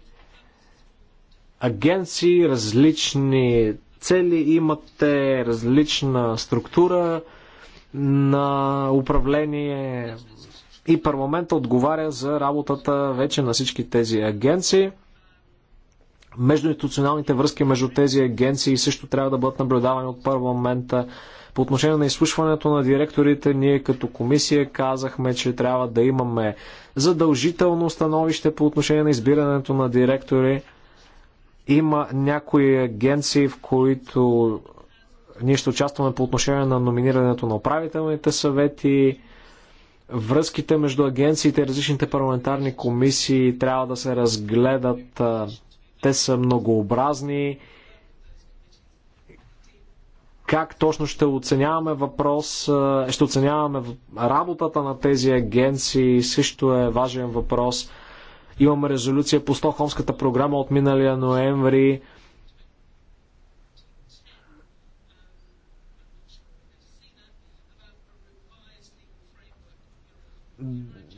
агенции, различни цели имате, различна структура на управление, и парламента отговаря за работата вече на всички тези агенции. Междуинституционалните връзки между тези агенции също трябва да бъдат наблюдавани от парламента. По отношение на изслушването на директорите, ние като комисия казахме, че трябва да имаме задължително становище по отношение на избирането на директори. Има някои агенции, в които ние ще участваме по отношение на номинирането на управителните съвети Връзките между агенциите и различните парламентарни комисии трябва да се разгледат. Те са многообразни. Как точно ще оценяваме въпрос, ще оценяваме работата на тези агенции, също е важен въпрос. Имаме резолюция по Стохомската програма от миналия ноември.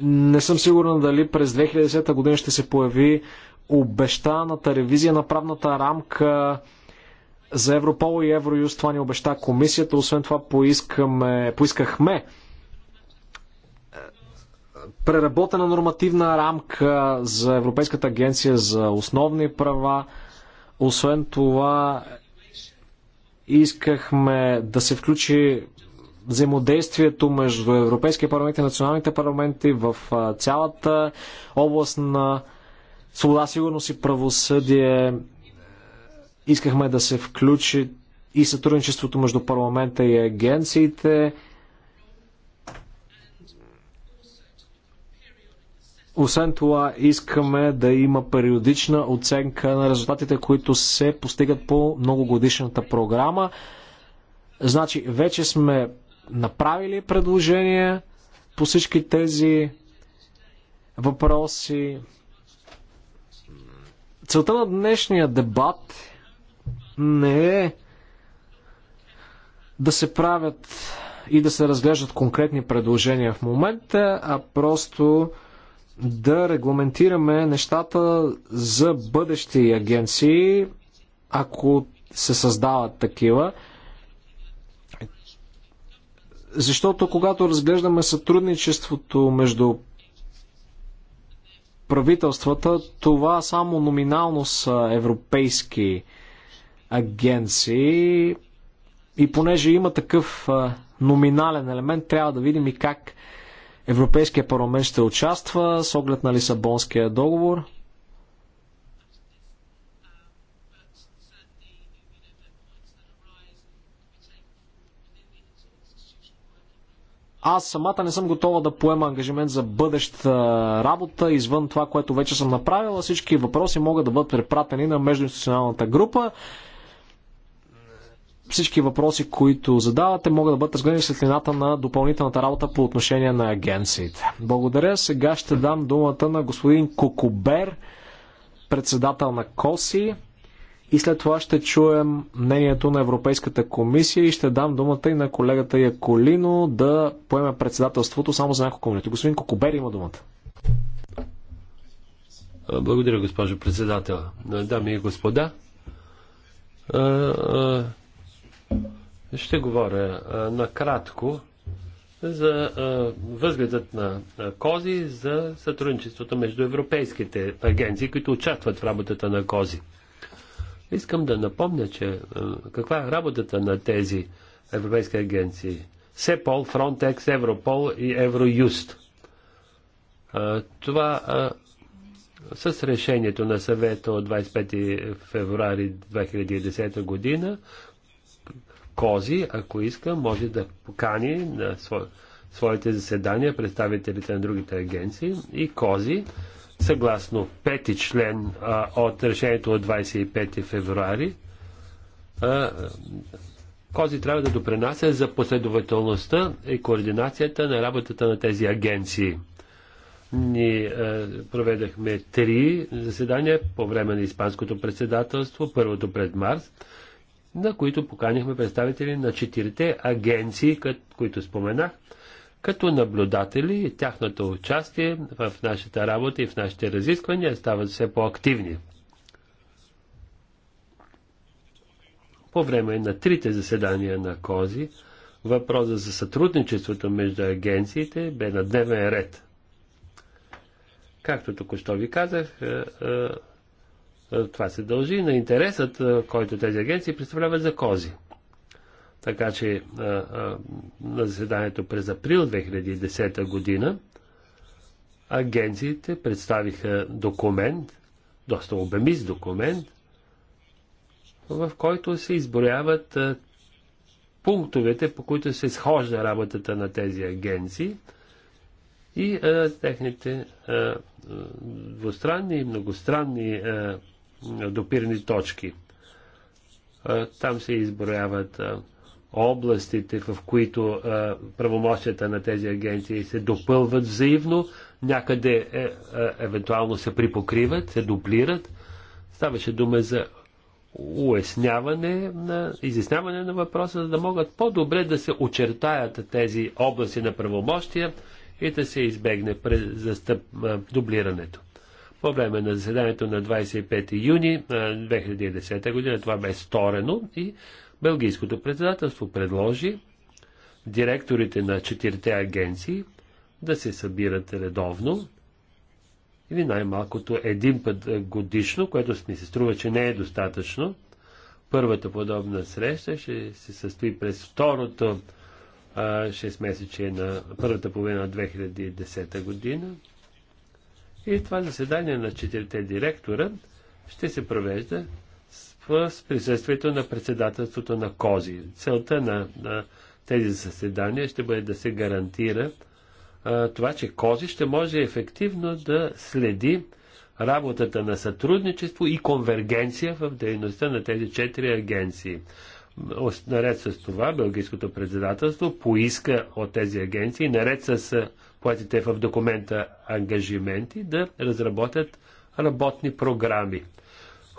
Не съм сигурен дали през 2010 година ще се появи обещаната ревизия на правната рамка за Европол и Евроюз. Това ни обеща комисията. Освен това поискаме, поискахме е, преработена нормативна рамка за Европейската агенция за основни права. Освен това, искахме да се включи взаимодействието между Европейския парламент и националните парламенти в цялата област на свобода, сигурност и правосъдие. Искахме да се включи и сътрудничеството между парламента и агенциите. Освен това, искаме да има периодична оценка на резултатите, които се постигат по многогодишната програма. Значи, вече сме направили предложения по всички тези въпроси. Целта на днешния дебат не е да се правят и да се разглеждат конкретни предложения в момента, а просто да регламентираме нещата за бъдещи агенции, ако се създават такива. Защото когато разглеждаме сътрудничеството между правителствата, това само номинално са европейски агенции и понеже има такъв номинален елемент, трябва да видим и как Европейския парламент ще участва с оглед на Лисабонския договор – Аз самата не съм готова да поема ангажимент за бъдеща работа извън това, което вече съм направила. Всички въпроси могат да бъдат препратени на междуинституционалната група. Всички въпроси, които задавате, могат да бъдат разгледани в светлината на допълнителната работа по отношение на агенциите. Благодаря. Сега ще дам думата на господин Кокубер, председател на КОСИ. И след това ще чуем мнението на Европейската комисия и ще дам думата и на колегата Яколино да поеме председателството само за няколко минути. Господин Кокобер има думата. Благодаря, госпожо председател. Дами и господа, ще говоря накратко за възгледът на Кози за сътрудничеството между европейските агенции, които участват в работата на Кози. Искам да напомня, че е, каква е работата на тези европейски агенции? СЕПОЛ, Фронтекс, Европол и Евроюст. Е, това е, с решението на съвета от 25 февруари 2010 година, Кози, ако иска, може да покани на своите заседания представителите на другите агенции и Кози съгласно пети член а, от решението от 25 февруари, а, Кози трябва да допренася за последователността и координацията на работата на тези агенции. Ние а, проведахме три заседания по време на Испанското председателство, първото пред Марс, на които поканихме представители на четирите агенции, които споменах, като наблюдатели тяхното участие в нашата работа и в нашите разисквания стават все по-активни. По време на трите заседания на КОЗИ въпросът за сътрудничеството между агенциите бе на дневен ред. Както току-що ви казах, е, е, е, това се дължи на интересът, който тези агенции представляват за КОЗИ. Така че а, а, на заседанието през април 2010 година агенциите представиха документ, доста обемист документ, в който се изброяват а, пунктовете, по които се схожда работата на тези агенции и а, техните а, двустранни и многостранни а, допирни точки. А, там се изброяват а, областите, в които а, правомощията на тези агенции се допълват взаимно, някъде е, е, евентуално се припокриват, се дублират. Ставаше дума за уясняване, на, изясняване на въпроса, за да могат по-добре да се очертаят тези области на правомощия и да се избегне през, застъп, а, дублирането. По време на заседанието на 25 юни а, 2010 година това бе сторено и Белгийското председателство предложи директорите на четирите агенции да се събират редовно или най-малкото един път годишно, което ми се струва, че не е достатъчно. Първата подобна среща ще се състои през второто 6 месече на първата половина на 2010 година. И това заседание на четирите директора ще се провежда в присъствието на председателството на КОЗИ. Целта на, на тези заседания ще бъде да се гарантира а, това, че КОЗИ ще може ефективно да следи работата на сътрудничество и конвергенция в дейността на тези четири агенции. Наред с това, Белгийското председателство поиска от тези агенции, наред с платите в документа ангажименти, да разработят работни програми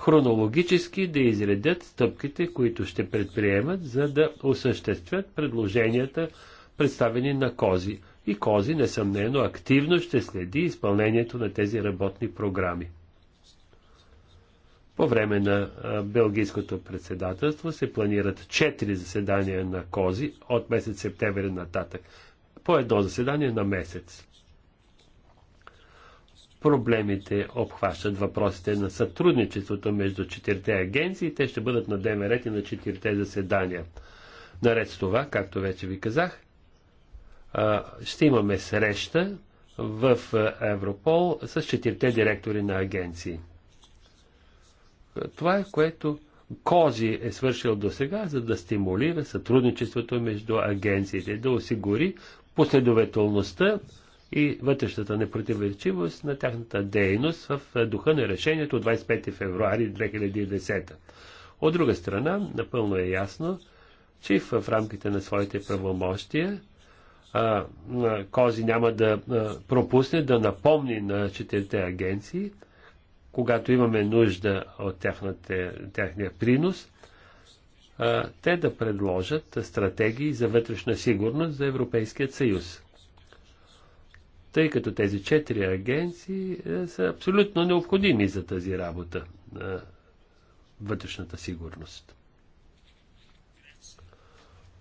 хронологически да изредят стъпките, които ще предприемат, за да осъществят предложенията, представени на Кози. И Кози, несъмнено, активно ще следи изпълнението на тези работни програми. По време на Белгийското председателство се планират 4 заседания на Кози от месец септември нататък. По едно заседание на месец проблемите обхващат въпросите на сътрудничеството между четирите агенции. Те ще бъдат на дневен ред и на четирите заседания. Наред с това, както вече ви казах, ще имаме среща в Европол с четирите директори на агенции. Това е което Кози е свършил до сега, за да стимулира сътрудничеството между агенциите, да осигури последователността и вътрешната непротиворечивост на тяхната дейност в духа на решението от 25 февруари 2010. От друга страна, напълно е ясно, че в рамките на своите правомощия Кози няма да пропусне да напомни на четирите агенции, когато имаме нужда от тяхната, тяхния принос, те да предложат стратегии за вътрешна сигурност за Европейският съюз тъй като тези четири агенции е, са абсолютно необходими за тази работа на вътрешната сигурност.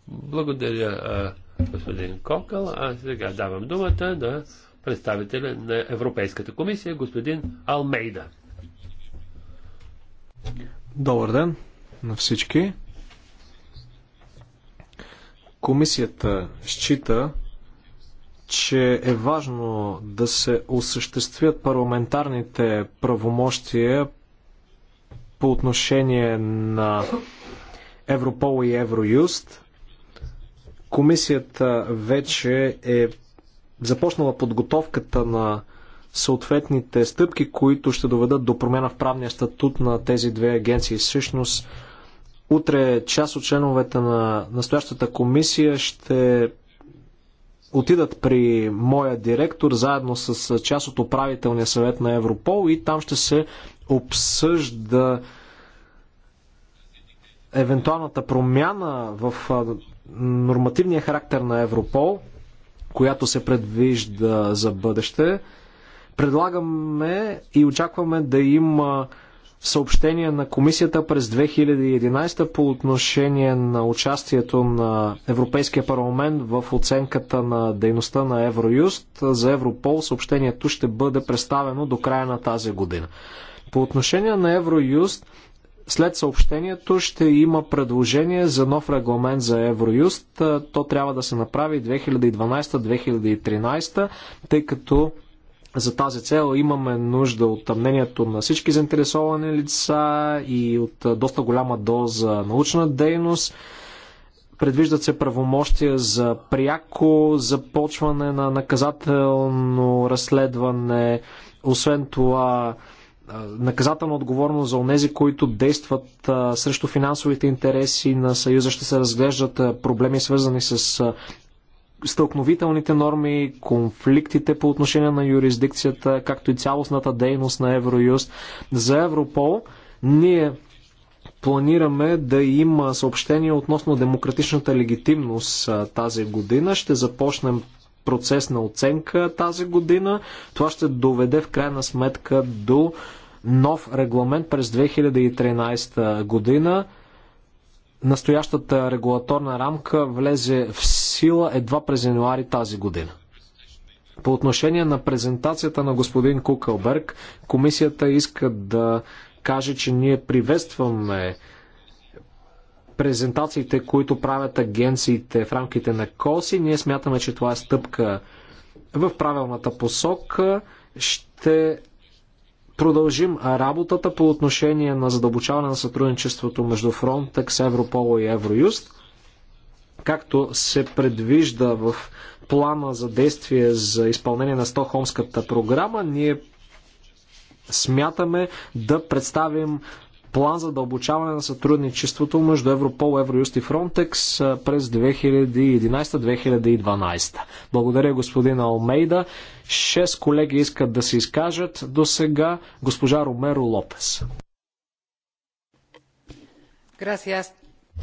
Благодаря, господин Кокъл. А сега давам думата на представителя на Европейската комисия, господин Алмейда. Добър ден на всички. Комисията счита, че е важно да се осъществят парламентарните правомощия по отношение на Европол и Евроюст. Комисията вече е започнала подготовката на съответните стъпки, които ще доведат до промяна в правния статут на тези две агенции. Всъщност, утре част от членовете на настоящата комисия ще отидат при моя директор заедно с част от управителния съвет на Европол и там ще се обсъжда евентуалната промяна в нормативния характер на Европол, която се предвижда за бъдеще. Предлагаме и очакваме да има съобщение на комисията през 2011 по отношение на участието на Европейския парламент в оценката на дейността на Евроюст. За Европол съобщението ще бъде представено до края на тази година. По отношение на Евроюст, след съобщението ще има предложение за нов регламент за Евроюст. То трябва да се направи 2012-2013, тъй като за тази цел имаме нужда от мнението на всички заинтересовани лица и от доста голяма доза научна дейност. Предвиждат се правомощия за пряко започване на наказателно разследване. Освен това, наказателна отговорност за онези, които действат срещу финансовите интереси на Съюза, ще се разглеждат проблеми свързани с стълкновителните норми, конфликтите по отношение на юрисдикцията, както и цялостната дейност на Евроюст. За Европол ние планираме да има съобщение относно демократичната легитимност тази година. Ще започнем процес на оценка тази година. Това ще доведе в крайна сметка до нов регламент през 2013 година. Настоящата регулаторна рамка влезе в сила едва през януари тази година. По отношение на презентацията на господин Кукълберг, комисията иска да каже, че ние приветстваме презентациите, които правят агенциите в рамките на КОСИ. Ние смятаме, че това е стъпка в правилната посока. Ще продължим работата по отношение на задълбочаване на сътрудничеството между Frontex, Европол и Евроюст както се предвижда в плана за действие за изпълнение на Стохомската програма, ние смятаме да представим план за дълбочаване на сътрудничеството между Европол, Евроюст и Фронтекс през 2011-2012. Благодаря господин Алмейда. Шест колеги искат да се изкажат. До сега госпожа Ромеро Лопес.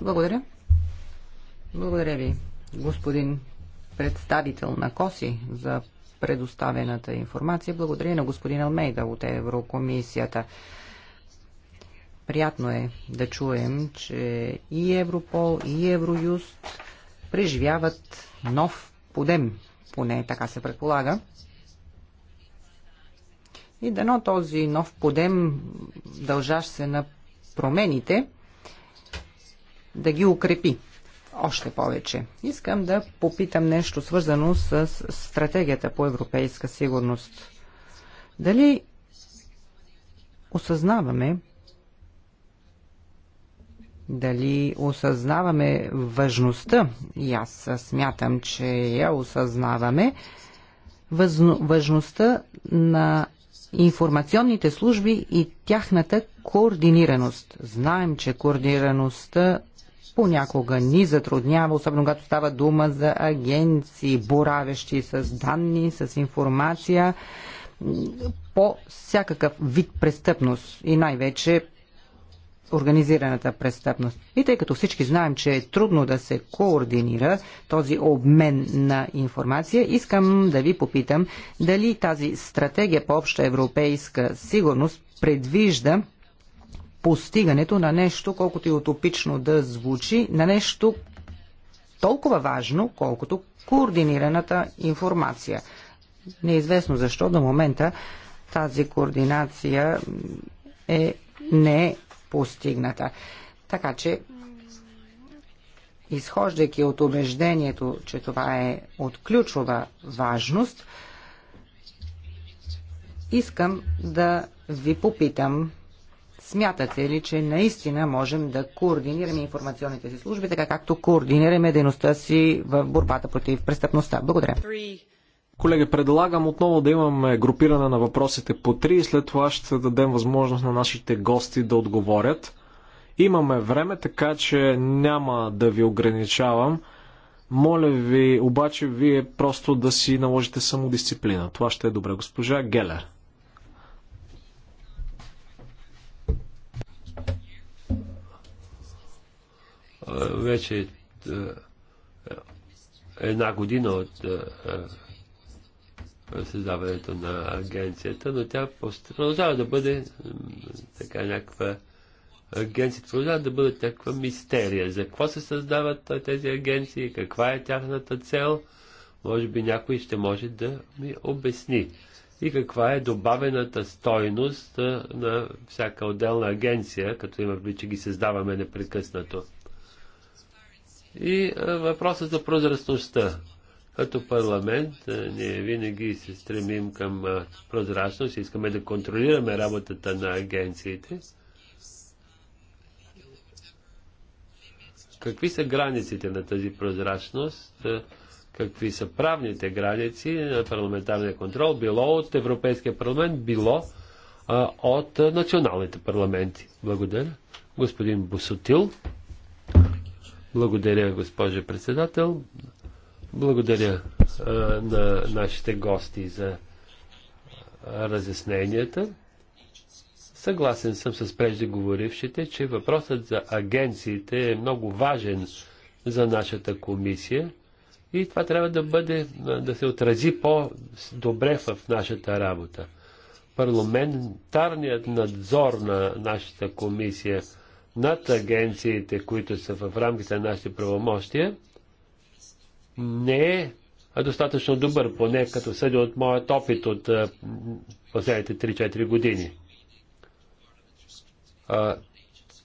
Благодаря. Благодаря ви, господин представител на КОСИ за предоставената информация. Благодаря на господин Алмейда от Еврокомисията. Приятно е да чуем, че и Европол, и Евроюст преживяват нов подем, поне така се предполага. И дано този нов подем, дължащ се на промените, да ги укрепи още повече. Искам да попитам нещо свързано с стратегията по европейска сигурност. Дали осъзнаваме дали осъзнаваме важността, и аз смятам, че я осъзнаваме, възно, важността на информационните служби и тяхната координираност. Знаем, че координираността понякога ни затруднява, особено когато става дума за агенции, боравещи с данни, с информация по всякакъв вид престъпност и най-вече организираната престъпност. И тъй като всички знаем, че е трудно да се координира този обмен на информация, искам да ви попитам дали тази стратегия по обща европейска сигурност предвижда постигането на нещо, колкото и утопично да звучи, на нещо толкова важно, колкото координираната информация. Неизвестно защо до момента тази координация е не е постигната. Така че, изхождайки от убеждението, че това е от ключова важност, искам да ви попитам Смятате ли, че наистина можем да координираме информационните си служби, така както координираме дейността си в борбата против престъпността? Благодаря. Колеги, предлагам отново да имаме групиране на въпросите по три и след това ще дадем възможност на нашите гости да отговорят. Имаме време, така че няма да ви ограничавам. Моля ви, обаче, вие просто да си наложите самодисциплина. Това ще е добре. Госпожа Гелер. вече една година от създаването на агенцията, но тя продължава да бъде така някаква агенция, продължава да бъде някаква мистерия. За какво се създават тези агенции, каква е тяхната цел, може би някой ще може да ми обясни. И каква е добавената стойност на всяка отделна агенция, като има вече ги създаваме непрекъснато. И въпросът за прозрачността. Като парламент ние винаги се стремим към прозрачност, искаме да контролираме работата на агенциите. Какви са границите на тази прозрачност? Какви са правните граници на парламентарния контрол, било от Европейския парламент, било от националните парламенти? Благодаря. Господин Босотил. Благодаря, госпожо председател. Благодаря а, на нашите гости за разясненията. Съгласен съм с преждеговорившите, че въпросът за агенциите е много важен за нашата комисия и това трябва да бъде, да се отрази по-добре в нашата работа. Парламентарният надзор на нашата комисия – над агенциите, които са в рамките на нашите правомощия, не е достатъчно добър, поне като съди от моят опит от последните 3-4 години. А,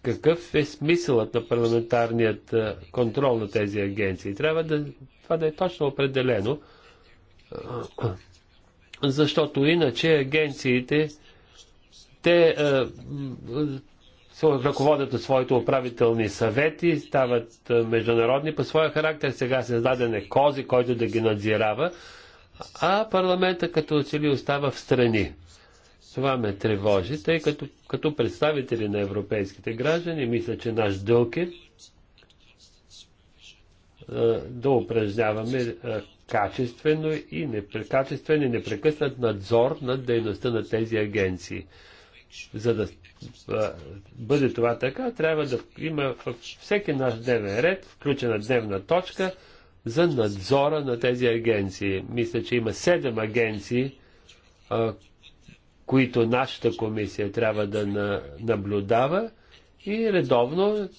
какъв е смисълът на парламентарният контрол на тези агенции? Трябва да, това да е точно определено, защото иначе агенциите те ръководят от своите управителни съвети, стават е, международни по своя характер. Сега създаден е кози, който да ги надзирава, а парламента като цели остава в страни. Това ме тревожи, тъй като, като представители на европейските граждани, мисля, че наш дълг е, е да упражняваме е, качествено и непрекачествен и непрекъснат надзор над дейността на тези агенции, за да е, бъде това така, трябва да има във всеки наш дневен ред включена дневна точка за надзора на тези агенции. Мисля, че има седем агенции, а, е, които нашата комисия трябва да на, наблюдава и редовно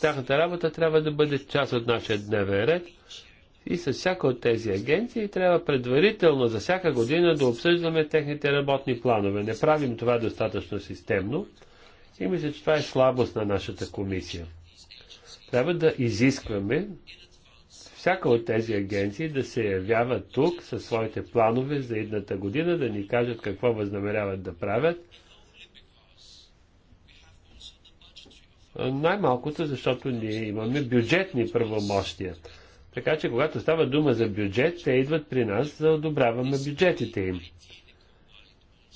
тяхната работа трябва да бъде част от нашия дневен ред. И с всяка от тези агенции трябва предварително за всяка година да обсъждаме техните работни планове. Не правим това достатъчно системно. И мисля, че това е слабост на нашата комисия. Трябва да изискваме всяка от тези агенции да се явява тук със своите планове за едната година, да ни кажат какво възнамеряват да правят. Най-малкото, защото ние имаме бюджетни правомощия. Така че, когато става дума за бюджет, те идват при нас за да одобряваме бюджетите им.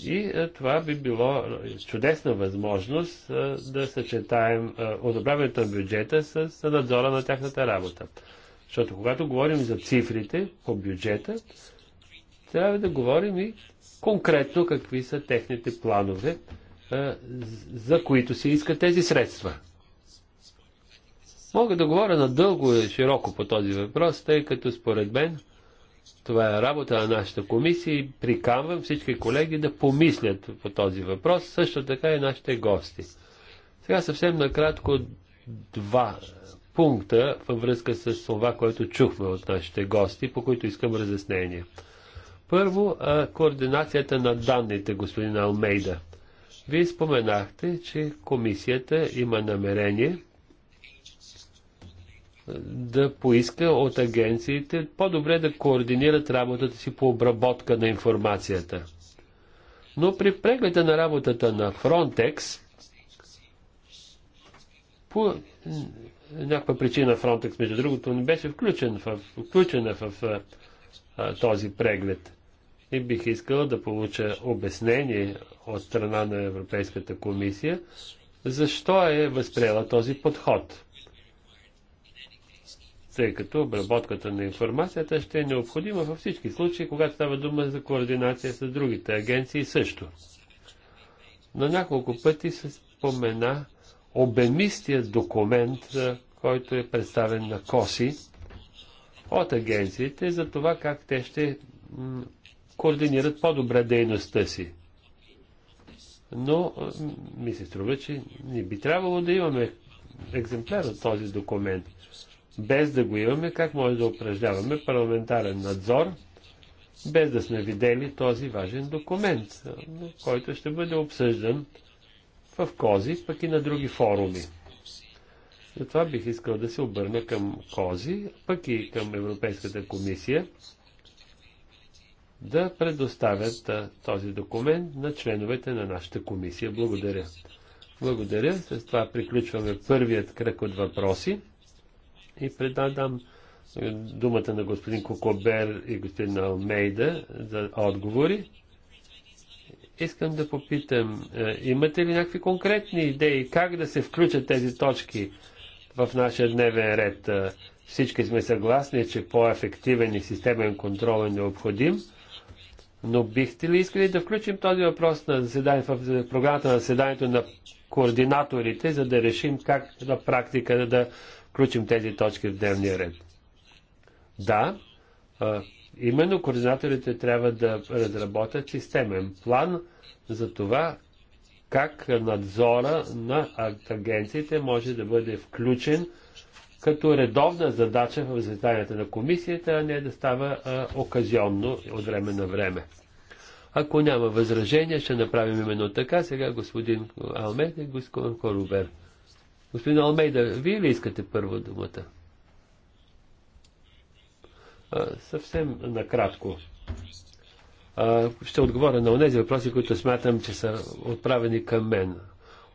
И е, това би било е, чудесна възможност е, да съчетаем одобряването на бюджета с надзора на тяхната работа. Защото когато говорим за цифрите по бюджета, трябва да говорим и конкретно какви са техните планове, за които се искат тези средства. Мога да говоря надълго и широко по този въпрос, тъй като според мен това е работа на нашата комисия и приканвам всички колеги да помислят по този въпрос, също така и нашите гости. Сега съвсем накратко два пункта във връзка с това, което чухме от нашите гости, по които искам разяснение. Първо, координацията на данните, господин Алмейда. Вие споменахте, че комисията има намерение да поиска от агенциите по-добре да координират работата си по обработка на информацията. Но при прегледа на работата на Frontex, по някаква причина Frontex, между другото, не беше включен в, включена в а, този преглед. И бих искал да получа обяснение от страна на Европейската комисия, защо е възприела този подход тъй като обработката на информацията ще е необходима във всички случаи, когато става дума за координация с другите агенции също. На няколко пъти се спомена обемистия документ, който е представен на КОСИ от агенциите за това как те ще координират по-добре дейността си. Но ми се струва, че не би трябвало да имаме екземпляр от този документ без да го имаме, как може да упражняваме парламентарен надзор, без да сме видели този важен документ, който ще бъде обсъждан в Кози, пък и на други форуми. Затова бих искал да се обърна към Кози, пък и към Европейската комисия, да предоставят този документ на членовете на нашата комисия. Благодаря. Благодаря. С това приключваме първият кръг от въпроси и предадам е, думата на господин Кокобер и господин Алмейда за отговори. Искам да попитам, е, имате ли някакви конкретни идеи как да се включат тези точки в нашия дневен ред? Е, всички сме съгласни, че по-ефективен и системен контрол е необходим, но бихте ли искали да включим този въпрос на заседание, в програмата на заседанието на координаторите, за да решим как на практика да включим тези точки в дневния ред. Да, именно координаторите трябва да разработят системен план за това как надзора на агенциите може да бъде включен като редовна задача в заседанията на комисията, а не да става а, оказионно от време на време. Ако няма възражения, ще направим именно така. Сега господин Алмет и господин Корубер. Господин Алмейда, вие ли искате първо думата? А, съвсем накратко. А, ще отговоря на тези въпроси, които смятам, че са отправени към мен.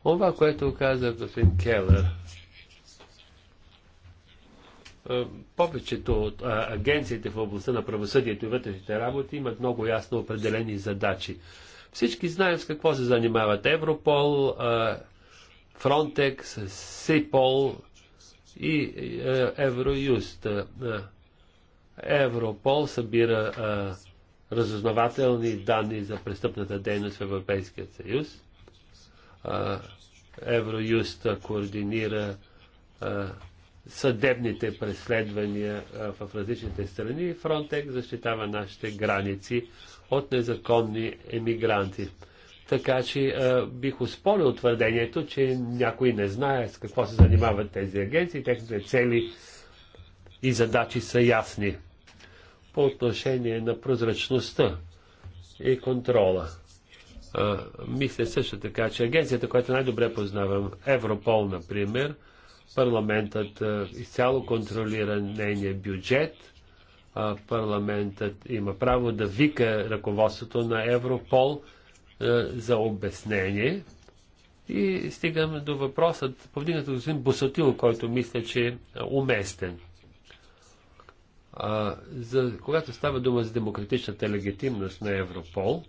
Това, което каза господин Келър, повечето от агенциите в областта на правосъдието и вътрешните работи имат много ясно определени задачи. Всички знаем с какво се занимават Европол, Фронтекс, Сипол и е, Евроюст. Е, е, Европол събира разузнавателни данни за престъпната дейност в Европейския съюз. Евроюст координира съдебните преследвания в различните страни. Фронтек защитава нашите граници от незаконни емигранти. Така че а, бих успорил твърдението, че някой не знае с какво се занимават тези агенции, техните цели и задачи са ясни по отношение на прозрачността и контрола. А, мисля също така, че агенцията, която най-добре познавам, Европол, например, парламентът а, изцяло контролира нейния бюджет, а, парламентът има право да вика ръководството на Европол, е, за обяснение. И стигам до въпросът, повдигнат от господин Босатил, който мисля, че е уместен. А, за, когато става дума за демократичната легитимност на Европол,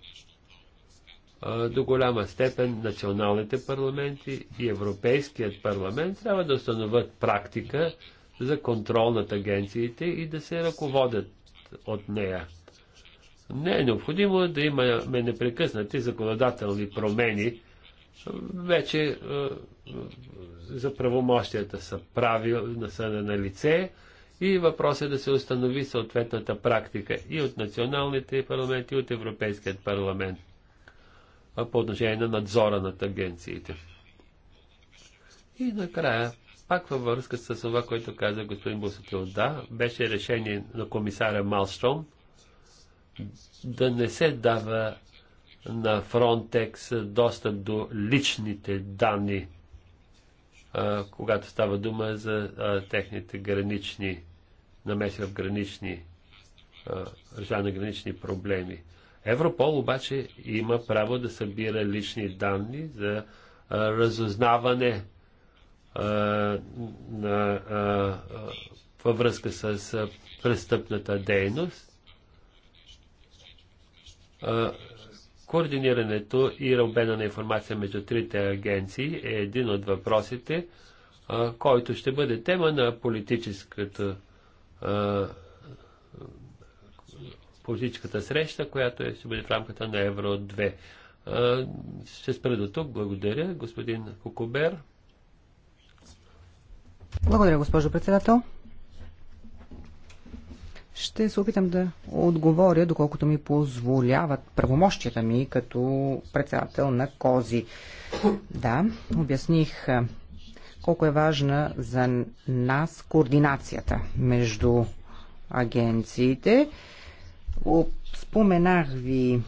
а, до голяма степен националните парламенти и Европейският парламент трябва да установят практика за контрол над агенциите и да се ръководят от нея не е необходимо да имаме непрекъснати законодателни промени. Вече е, е, за правомощията са прави са на лице и въпрос е да се установи съответната практика и от националните парламенти, и от Европейският парламент по отношение на надзора над агенциите. И накрая, пак във връзка с това, което каза господин Бусатил, да, беше решение на комисаря Малстром да не се дава на Frontex достъп до личните данни, когато става дума за техните гранични намеси в гранични решаване на гранични проблеми. Европол обаче има право да събира лични данни за разузнаване на, във връзка с престъпната дейност Координирането и обмена на информация между трите агенции е един от въпросите, който ще бъде тема на политическата, политическата среща, която е- ще бъде в рамката на Евро 2. Ще спра до тук. Благодаря, господин Кокубер. Благодаря, госпожо председател. Ще се опитам да отговоря, доколкото ми позволяват правомощията ми като председател на Кози. Да, обясних колко е важна за нас координацията между агенциите. Споменах ви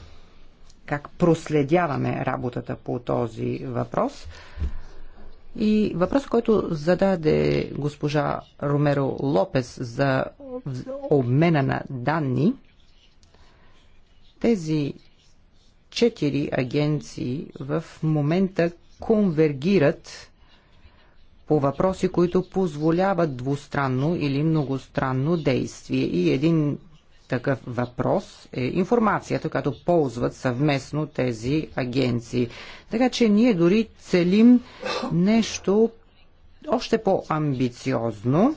как проследяваме работата по този въпрос. И въпросът, който зададе госпожа Ромеро Лопес за обмена на данни, тези четири агенции в момента конвергират по въпроси, които позволяват двустранно или многостранно действие. И един такъв въпрос е информацията, която ползват съвместно тези агенции. Така че ние дори целим нещо още по-амбициозно,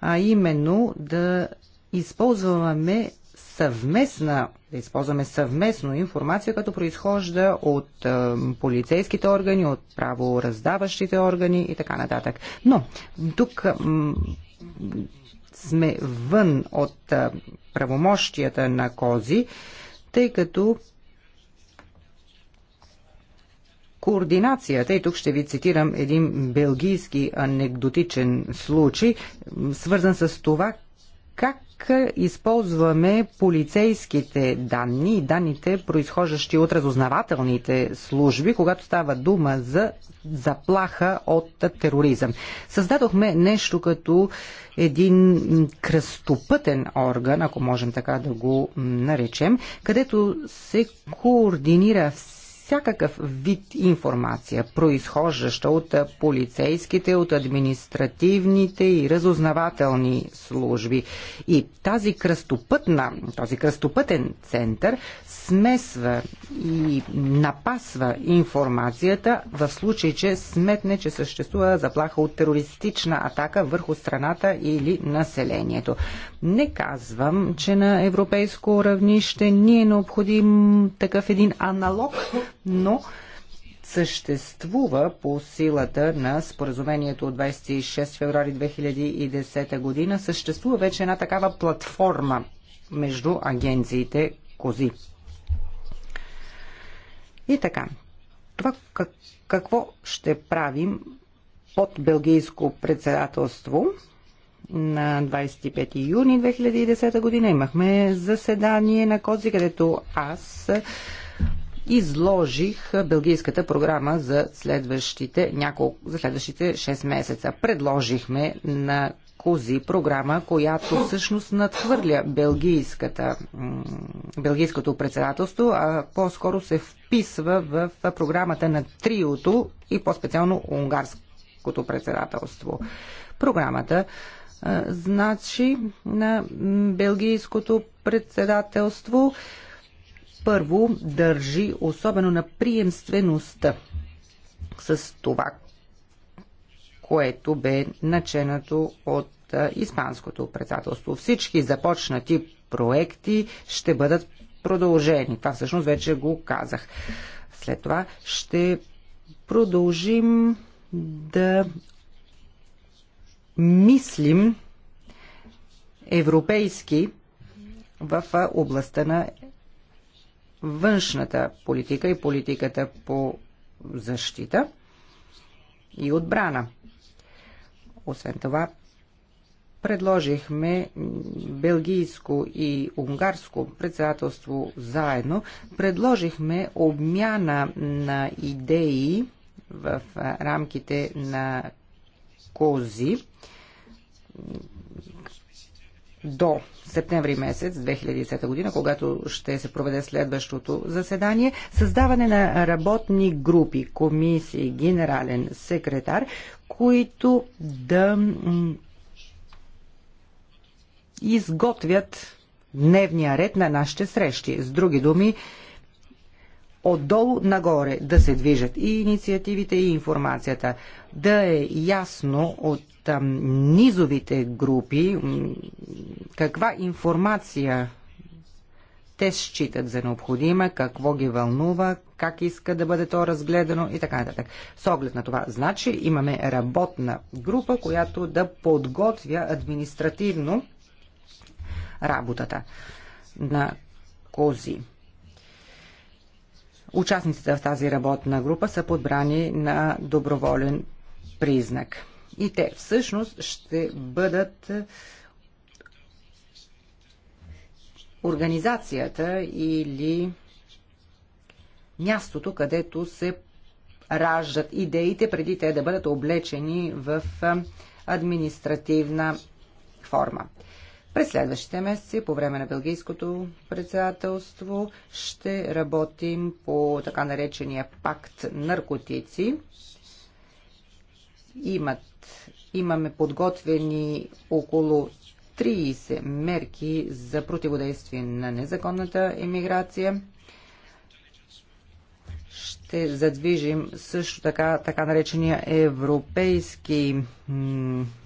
а именно да използваме съвместна, да използваме съвместно информация, като произхожда от е, полицейските органи, от правораздаващите органи и така нататък. Но тук сме вън от правомощията на Кози, тъй като координацията, и тук ще ви цитирам един белгийски анекдотичен случай, свързан с това как практика използваме полицейските данни и данните, произхождащи от разузнавателните служби, когато става дума за заплаха от тероризъм. Създадохме нещо като един кръстопътен орган, ако можем така да го наречем, където се координира всеки всякакъв вид информация, произхождаща от полицейските, от административните и разузнавателни служби. И тази кръстопътна, този кръстопътен център смесва и напасва информацията в случай, че сметне, че съществува заплаха от терористична атака върху страната или населението. Не казвам, че на европейско равнище ни е необходим такъв един аналог но съществува по силата на споразумението от 26 феврари 2010 година, съществува вече една такава платформа между агенциите кози. И така, това какво ще правим под белгийско председателство на 25 юни 2010 година имахме заседание на Кози, където аз изложих белгийската програма за следващите, няколко, за следващите 6 месеца. Предложихме на Кози програма, която всъщност надхвърля белгийското председателство, а по-скоро се вписва в програмата на триото и по-специално унгарското председателство. Програмата а, значи на белгийското председателство първо държи особено на приемствеността с това, което бе наченато от Испанското председателство. Всички започнати проекти ще бъдат продължени. Това всъщност вече го казах. След това ще продължим да мислим европейски в областта на външната политика и политиката по защита и отбрана. Освен това, предложихме белгийско и унгарско председателство заедно, предложихме обмяна на идеи в рамките на КОЗИ, до септември месец 2010 година, когато ще се проведе следващото заседание, създаване на работни групи, комисии, генерален секретар, които да изготвят дневния ред на нашите срещи. С други думи, отдолу нагоре да се движат и инициативите, и информацията. Да е ясно от низовите групи, каква информация те считат за необходима, какво ги вълнува, как иска да бъде то разгледано и така нататък. С оглед на това, значи, имаме работна група, която да подготвя административно работата на кози. Участниците в тази работна група са подбрани на доброволен признак и те всъщност ще бъдат организацията или мястото, където се раждат идеите, преди те да бъдат облечени в административна форма. През следващите месеци, по време на Белгийското председателство, ще работим по така наречения пакт наркотици. Има имаме подготвени около 30 мерки за противодействие на незаконната емиграция. Ще задвижим също така така наречения европейски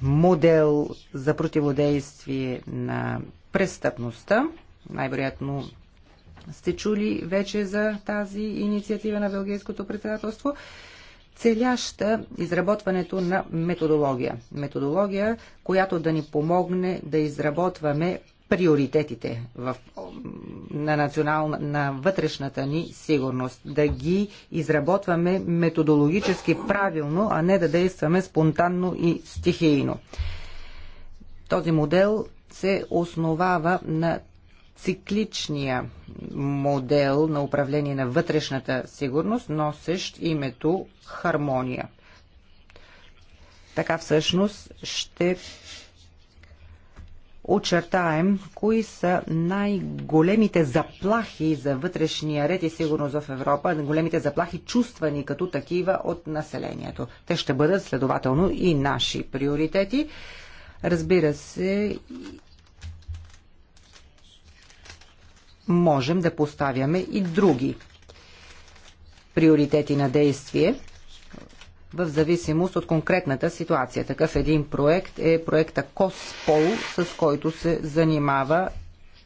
модел за противодействие на престъпността. Най-вероятно сте чули вече за тази инициатива на Белгийското председателство целяща изработването на методология. Методология, която да ни помогне да изработваме приоритетите в, на, национал, на вътрешната ни сигурност. Да ги изработваме методологически правилно, а не да действаме спонтанно и стихийно. Този модел се основава на цикличния модел на управление на вътрешната сигурност, носещ името хармония. Така всъщност ще очертаем кои са най-големите заплахи за вътрешния ред и сигурност в Европа, големите заплахи чувствани като такива от населението. Те ще бъдат следователно и наши приоритети. Разбира се, можем да поставяме и други приоритети на действие в зависимост от конкретната ситуация. Такъв един проект е проекта КОСПОЛ, с който се занимава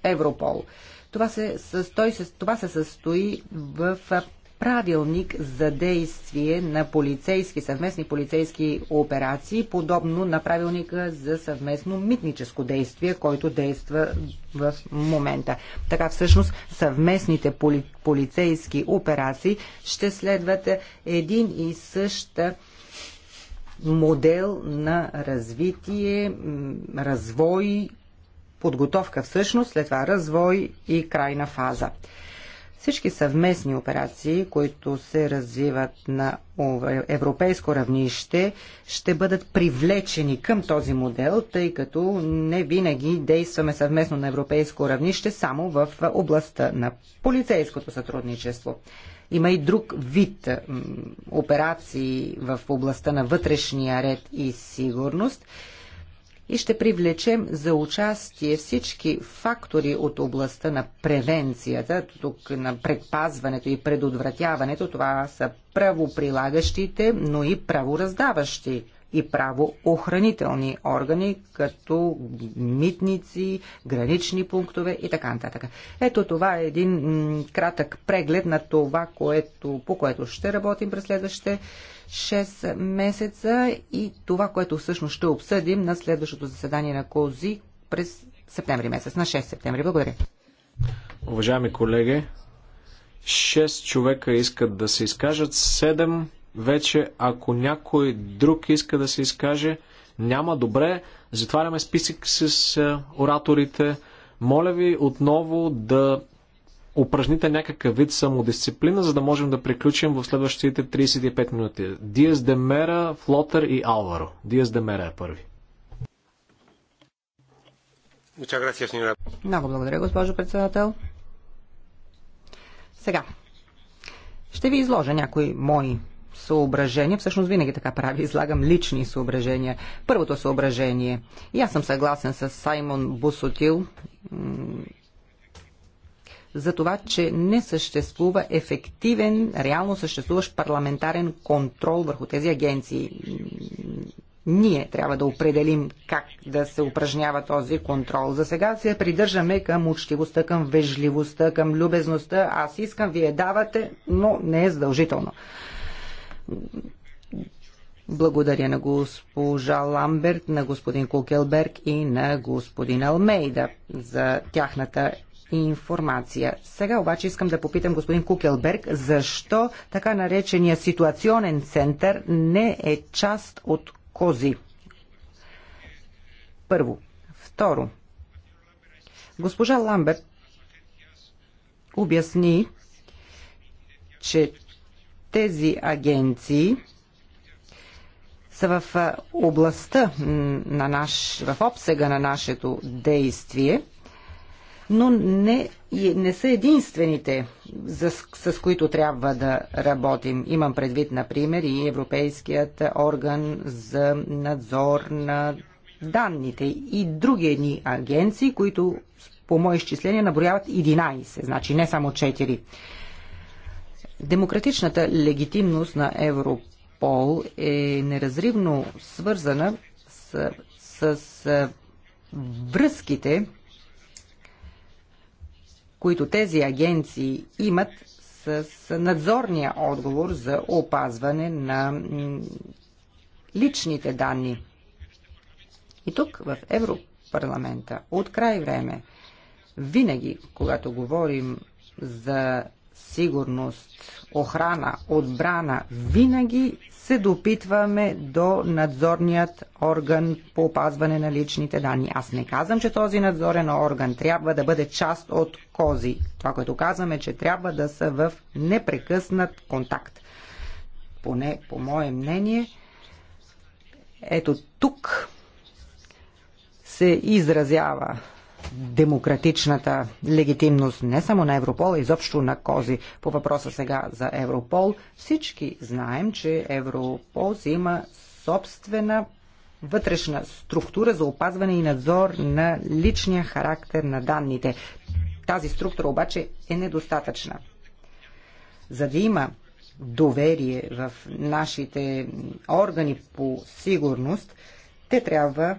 Европол. Това се, състои, това се състои в правилник за действие на полицейски, съвместни полицейски операции, подобно на правилника за съвместно митническо действие, който действа в момента. Така всъщност съвместните поли, полицейски операции ще следват един и същ модел на развитие, развой, подготовка всъщност, след това развой и крайна фаза. Всички съвместни операции, които се развиват на европейско равнище, ще бъдат привлечени към този модел, тъй като не винаги действаме съвместно на европейско равнище, само в областта на полицейското сътрудничество. Има и друг вид операции в областта на вътрешния ред и сигурност – и ще привлечем за участие всички фактори от областта на превенцията, тук на предпазването и предотвратяването. Това са правоприлагащите, но и правораздаващи и правоохранителни органи, като митници, гранични пунктове и така нататък. Ето това е един кратък преглед на това, което, по което ще работим през следващите 6 месеца и това, което всъщност ще обсъдим на следващото заседание на КОЗИ през септември месец, на 6 септември. Благодаря. Уважаеми колеги, 6 човека искат да се изкажат, 7 вече ако някой друг иска да се изкаже, няма добре. Затваряме списък с е, ораторите. Моля ви отново да упражните някакъв вид самодисциплина, за да можем да приключим в следващите 35 минути. Диас Демера, Флотър и Алваро. Диас Демера е първи. Много благодаря, госпожо председател. Сега, ще ви изложа някои мои съображения, всъщност винаги така прави, излагам лични съображения. Първото съображение, и аз съм съгласен с Саймон Бусотил, за това, че не съществува ефективен, реално съществуващ парламентарен контрол върху тези агенции. Ние трябва да определим как да се упражнява този контрол. За сега се придържаме към учтивостта, към вежливостта, към любезността. Аз искам, вие давате, но не е задължително. Благодаря на госпожа Ламберт, на господин Кукелберг и на господин Алмейда за тяхната информация. Сега обаче искам да попитам господин Кукелберг, защо така наречения ситуационен център не е част от Кози? Първо. Второ. Госпожа Ламберт обясни, че тези агенции са в областта на наш, в обсега на нашето действие, но не, не са единствените, за, с които трябва да работим. Имам предвид, например, и Европейският орган за надзор на данните и други едни агенции, които по мое изчисление наброяват 11, значи не само 4. Демократичната легитимност на Европол е неразривно свързана с, с, с връзките, които тези агенции имат с, с надзорния отговор за опазване на личните данни. И тук в Европарламента от край време, винаги, когато говорим за сигурност, охрана, отбрана, винаги се допитваме до надзорният орган по опазване на личните данни. Аз не казвам, че този надзорен орган трябва да бъде част от кози. Това, което казваме, че трябва да са в непрекъснат контакт. Поне по мое мнение, ето тук се изразява демократичната легитимност не само на Европол, а изобщо на Кози. По въпроса сега за Европол, всички знаем, че Европол си има собствена вътрешна структура за опазване и надзор на личния характер на данните. Тази структура обаче е недостатъчна. За да има доверие в нашите органи по сигурност, те трябва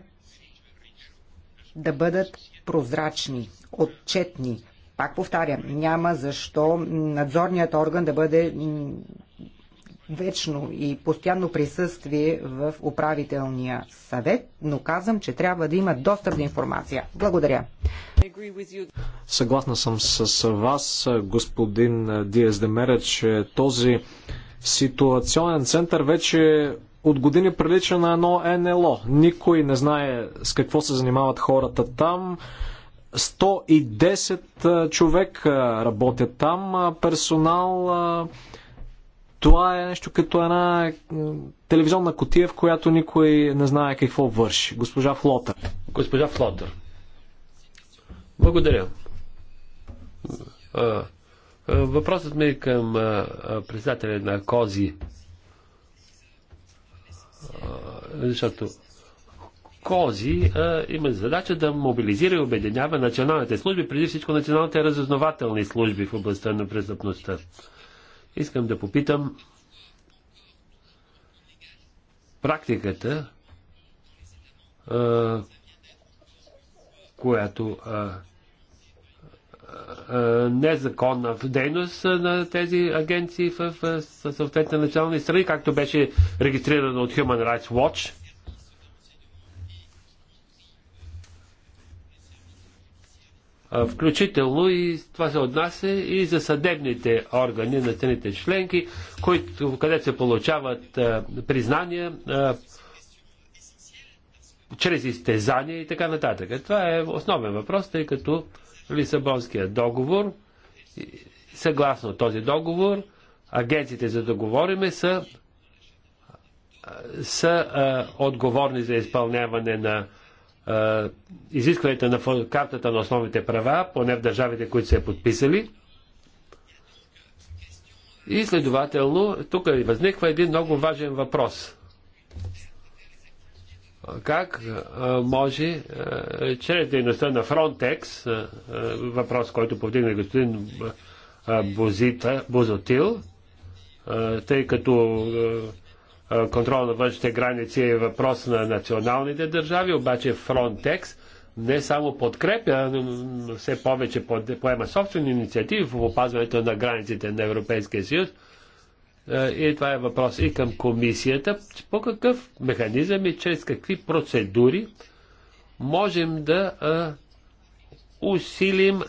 да бъдат прозрачни, отчетни. Пак повтарям, няма защо надзорният орган да бъде вечно и постоянно присъствие в управителния съвет, но казвам, че трябва да има достъп до информация. Благодаря. Съгласна съм с вас, господин Диас Демера, че този ситуационен център вече от години прилича на едно НЛО. Никой не знае с какво се занимават хората там. 110 човека работят там. Персонал. Това е нещо като една телевизионна котия, в която никой не знае какво върши. Госпожа Флотър. Госпожа Флотър. Благодаря. Въпросът ми е към председателя на Кози защото Кози а, има задача да мобилизира и обединява националните служби, преди всичко националните разузнавателни служби в областта на престъпността. Искам да попитам практиката, а, която а, е, незаконна дейност на тези агенции в съответните национални страни, както беше регистрирано от Human Rights Watch. Включително и това се отнася и за съдебните органи на страните членки, които, където се получават а, е, признания а, е, чрез изтезания и така нататък. Това е основен въпрос, тъй като Лисабонския договор. Съгласно този договор, агенциите за да говориме са, са а, отговорни за изпълняване на а, на картата на основните права, поне в държавите, които са е подписали. И следователно, тук възниква един много важен въпрос – как може чрез дейността на Frontex, въпрос, който повдигна господин Бозита, Бозотил, тъй като контрол на външните граници е въпрос на националните държави, обаче Frontex не само подкрепя, но все повече поема собствени инициативи в опазването на границите на Европейския съюз. Е, и това е въпрос и към комисията. По какъв механизъм и чрез какви процедури можем да а, е, усилим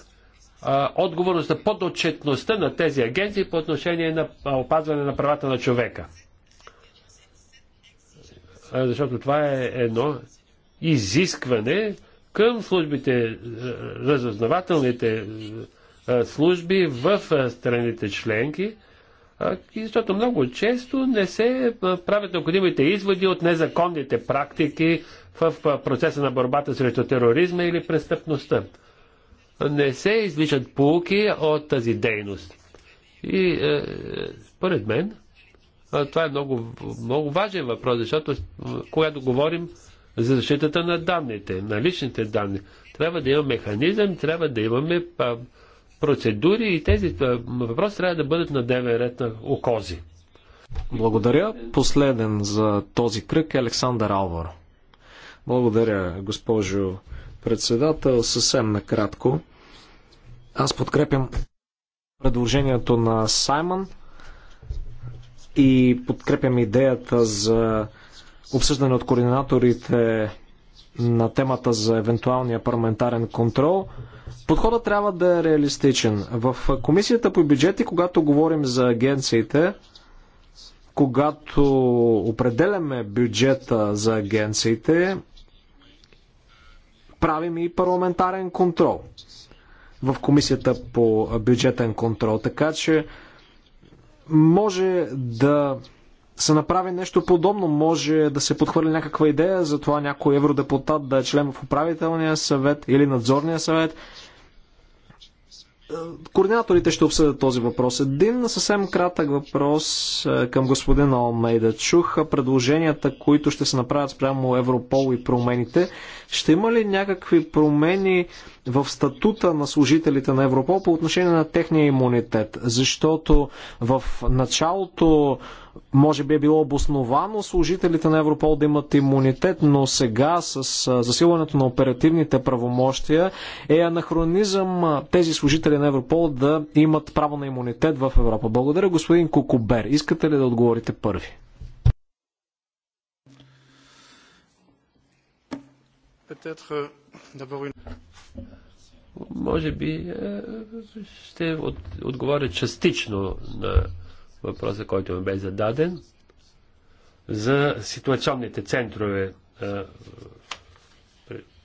а, е, отговорността, подотчетността на тези агенции по отношение на опазване на правата на човека. А, защото това е едно изискване към службите, разузнавателните служби в страните членки – и защото много често не се правят необходимите изводи от незаконните практики в процеса на борбата срещу тероризма или престъпността. Не се извличат полуки от тази дейност. И е, е, според мен това е много, много важен въпрос, защото когато говорим за защитата на данните, на личните данни, трябва да има механизъм, трябва да имаме процедури и тези въпроси трябва да бъдат на дневен ред на окози. Благодаря. Последен за този кръг е Александър Алвар. Благодаря, госпожо председател. Съвсем накратко. Аз подкрепям предложението на Саймън и подкрепям идеята за обсъждане от координаторите на темата за евентуалния парламентарен контрол. Подходът трябва да е реалистичен. В комисията по бюджети, когато говорим за агенциите, когато определяме бюджета за агенциите, правим и парламентарен контрол в комисията по бюджетен контрол. Така че може да се направи нещо подобно. Може да се подхвърли някаква идея за това някой евродепутат да е член в управителния съвет или надзорния съвет. Координаторите ще обсъдят този въпрос. Един съвсем кратък въпрос е, към господин Алмейда. Чуха предложенията, които ще се направят спрямо Европол и промените. Ще има ли някакви промени в статута на служителите на Европол по отношение на техния имунитет, защото в началото може би е било обосновано служителите на Европол да имат имунитет, но сега с засилването на оперативните правомощия е анахронизъм тези служители на Европол да имат право на имунитет в Европа. Благодаря, господин Кокубер. Искате ли да отговорите първи? peut да euh, d'abord може би е, ще от, отговоря частично на въпроса, който ми бе зададен за ситуационните центрове е,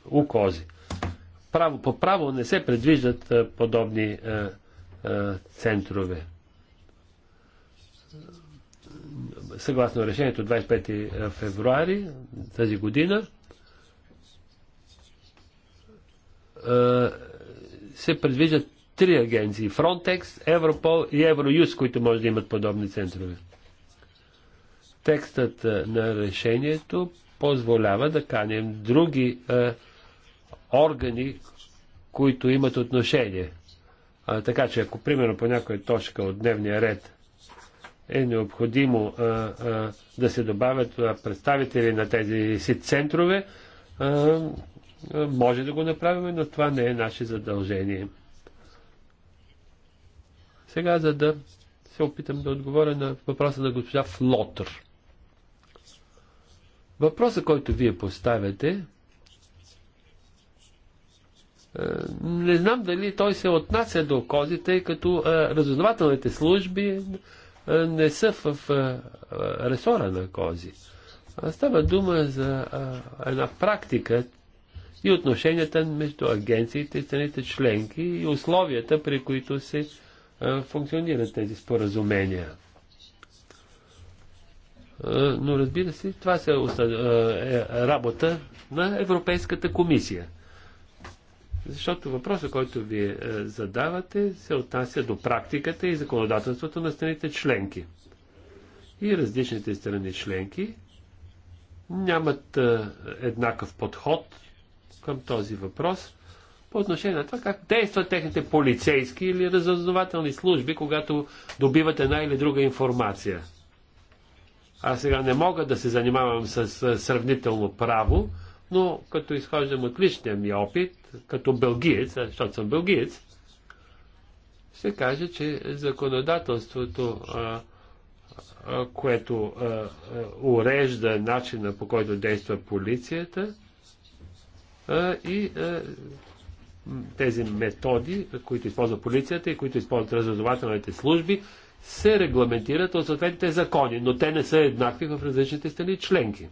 укози. Право по право не се предвиждат е, подобни центрове. Съгласно решението 25 февруари тази година, Е, се предвиждат три агенции Frontex, Европол и Евроюз, които може да имат подобни центрове. Текстът е, на решението позволява да канем други е, органи, които имат отношение. А, така че ако примерно по някоя точка от дневния ред е необходимо а, е, а, да се добавят представители на тези си центрове, а, може да го направим, но това не е наше задължение. Сега, за да се опитам да отговоря на въпроса на госпожа Флотър. Въпроса, който вие поставяте, не знам дали той се отнася до кози, тъй като разузнавателните служби не са в ресора на кози. Става дума за една практика, и отношенията между агенциите и страните членки и условията, при които се функционират тези споразумения. но разбира се, това е работа на Европейската комисия. Защото въпросът, който ви задавате, се отнася до практиката и законодателството на страните членки. И различните страни членки нямат еднакъв подход към този въпрос по отношение на това как действат техните полицейски или разузнавателни служби, когато добиват една или друга информация. Аз сега не мога да се занимавам с сравнително право, но като изхождам от личния ми опит, като бългиец, защото съм бългиец, ще кажа, че законодателството, което урежда начина по който действа полицията, и тези методи, които използва полицията и които използват разузнавателните служби, се регламентират от съответните закони, но те не са еднакви в различните страни членки.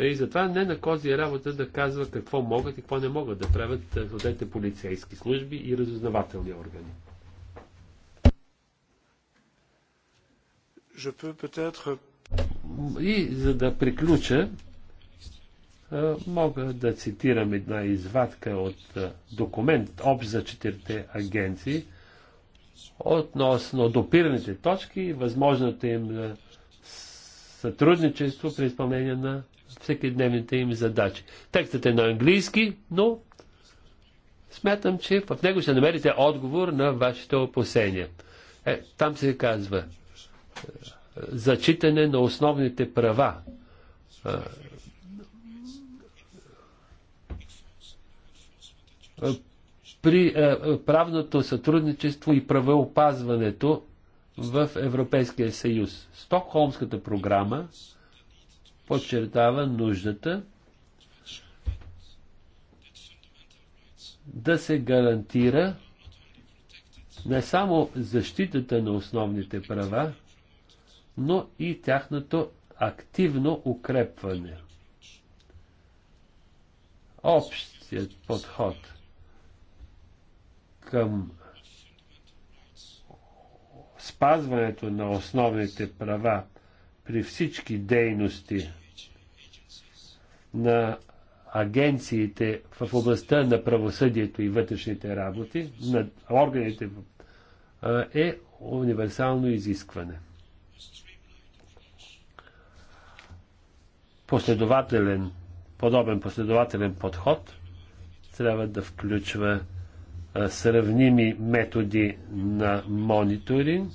И затова не на кози е работа да казва какво могат и какво не могат да правят съответните полицейски служби и разузнавателни органи. Je peux peut-être и за да приключа, мога да цитирам една извадка от документ, общ за четирите агенции, относно допираните точки и възможното им сътрудничество при изпълнение на всеки дневните им задачи. Текстът е на английски, но смятам, че в него ще намерите отговор на вашите опасения. Е, там се казва зачитане на основните права. При правното сътрудничество и правеопазването в Европейския съюз. Стокхолмската програма подчертава нуждата да се гарантира не само защитата на основните права, но и тяхното активно укрепване. Общият подход към спазването на основните права при всички дейности на агенциите в областта на правосъдието и вътрешните работи, на органите е универсално изискване. последователен, подобен последователен подход трябва да включва сравними методи на мониторинг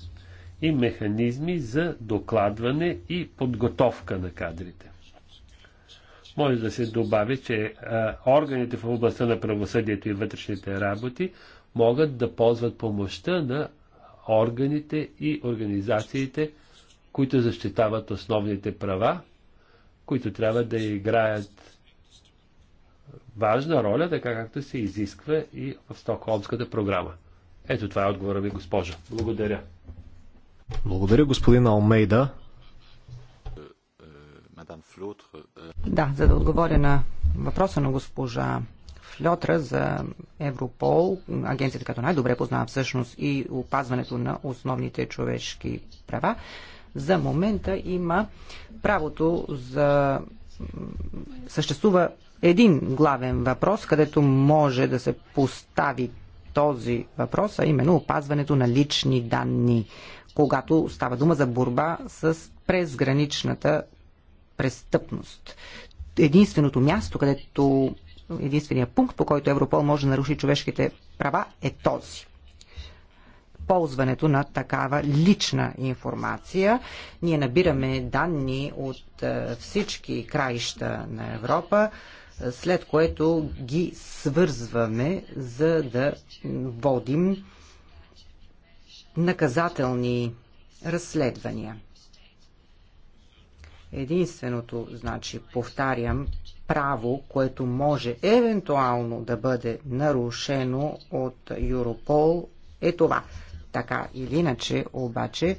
и механизми за докладване и подготовка на кадрите. Може да се добави, че а, органите в областта на правосъдието и вътрешните работи могат да ползват помощта на органите и организациите, които защитават основните права които трябва да играят важна роля, така както се изисква и в Стокхолмската програма. Ето това е отговора ми, госпожа. Благодаря. Благодаря, господин Алмейда. Да, за да отговоря на въпроса на госпожа Флотра за Европол, агенцията като най-добре познава всъщност и опазването на основните човешки права, за момента има правото за... Съществува един главен въпрос, където може да се постави този въпрос, а именно опазването на лични данни, когато става дума за борба с презграничната престъпност. Единственото място, където единствения пункт, по който Европол може да наруши човешките права е този ползването на такава лична информация. Ние набираме данни от е, всички краища на Европа, след което ги свързваме, за да водим наказателни разследвания. Единственото, значи, повтарям, право, което може евентуално да бъде нарушено от Юропол е това – така или иначе, обаче,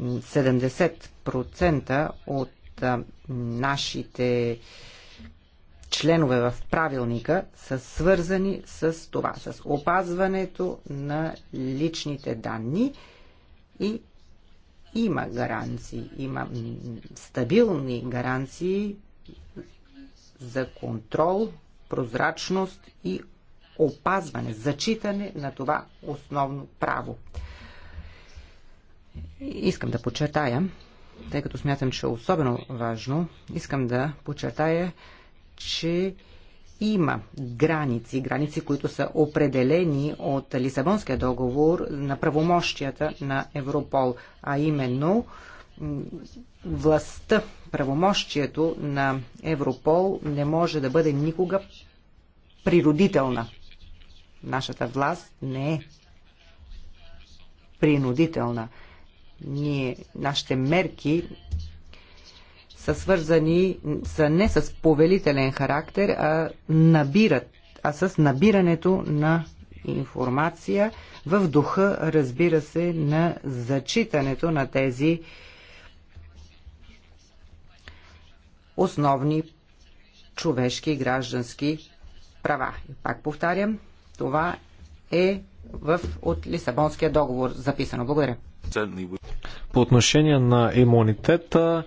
70% от нашите членове в правилника са свързани с това, с опазването на личните данни и има гаранции, има стабилни гаранции за контрол, прозрачност и опазване, зачитане на това основно право. Искам да подчертая, тъй като смятам, че е особено важно, искам да подчертая, че има граници, граници, които са определени от Лисабонския договор на правомощията на Европол, а именно властта, правомощието на Европол не може да бъде никога природителна. Нашата власт не е принудителна. Ние, нашите мерки са свързани, са не с повелителен характер, а, набират, а с набирането на информация в духа, разбира се, на зачитането на тези основни човешки и граждански права. И пак повтарям, това е в, от Лисабонския договор записано. Благодаря. По отношение на имунитета,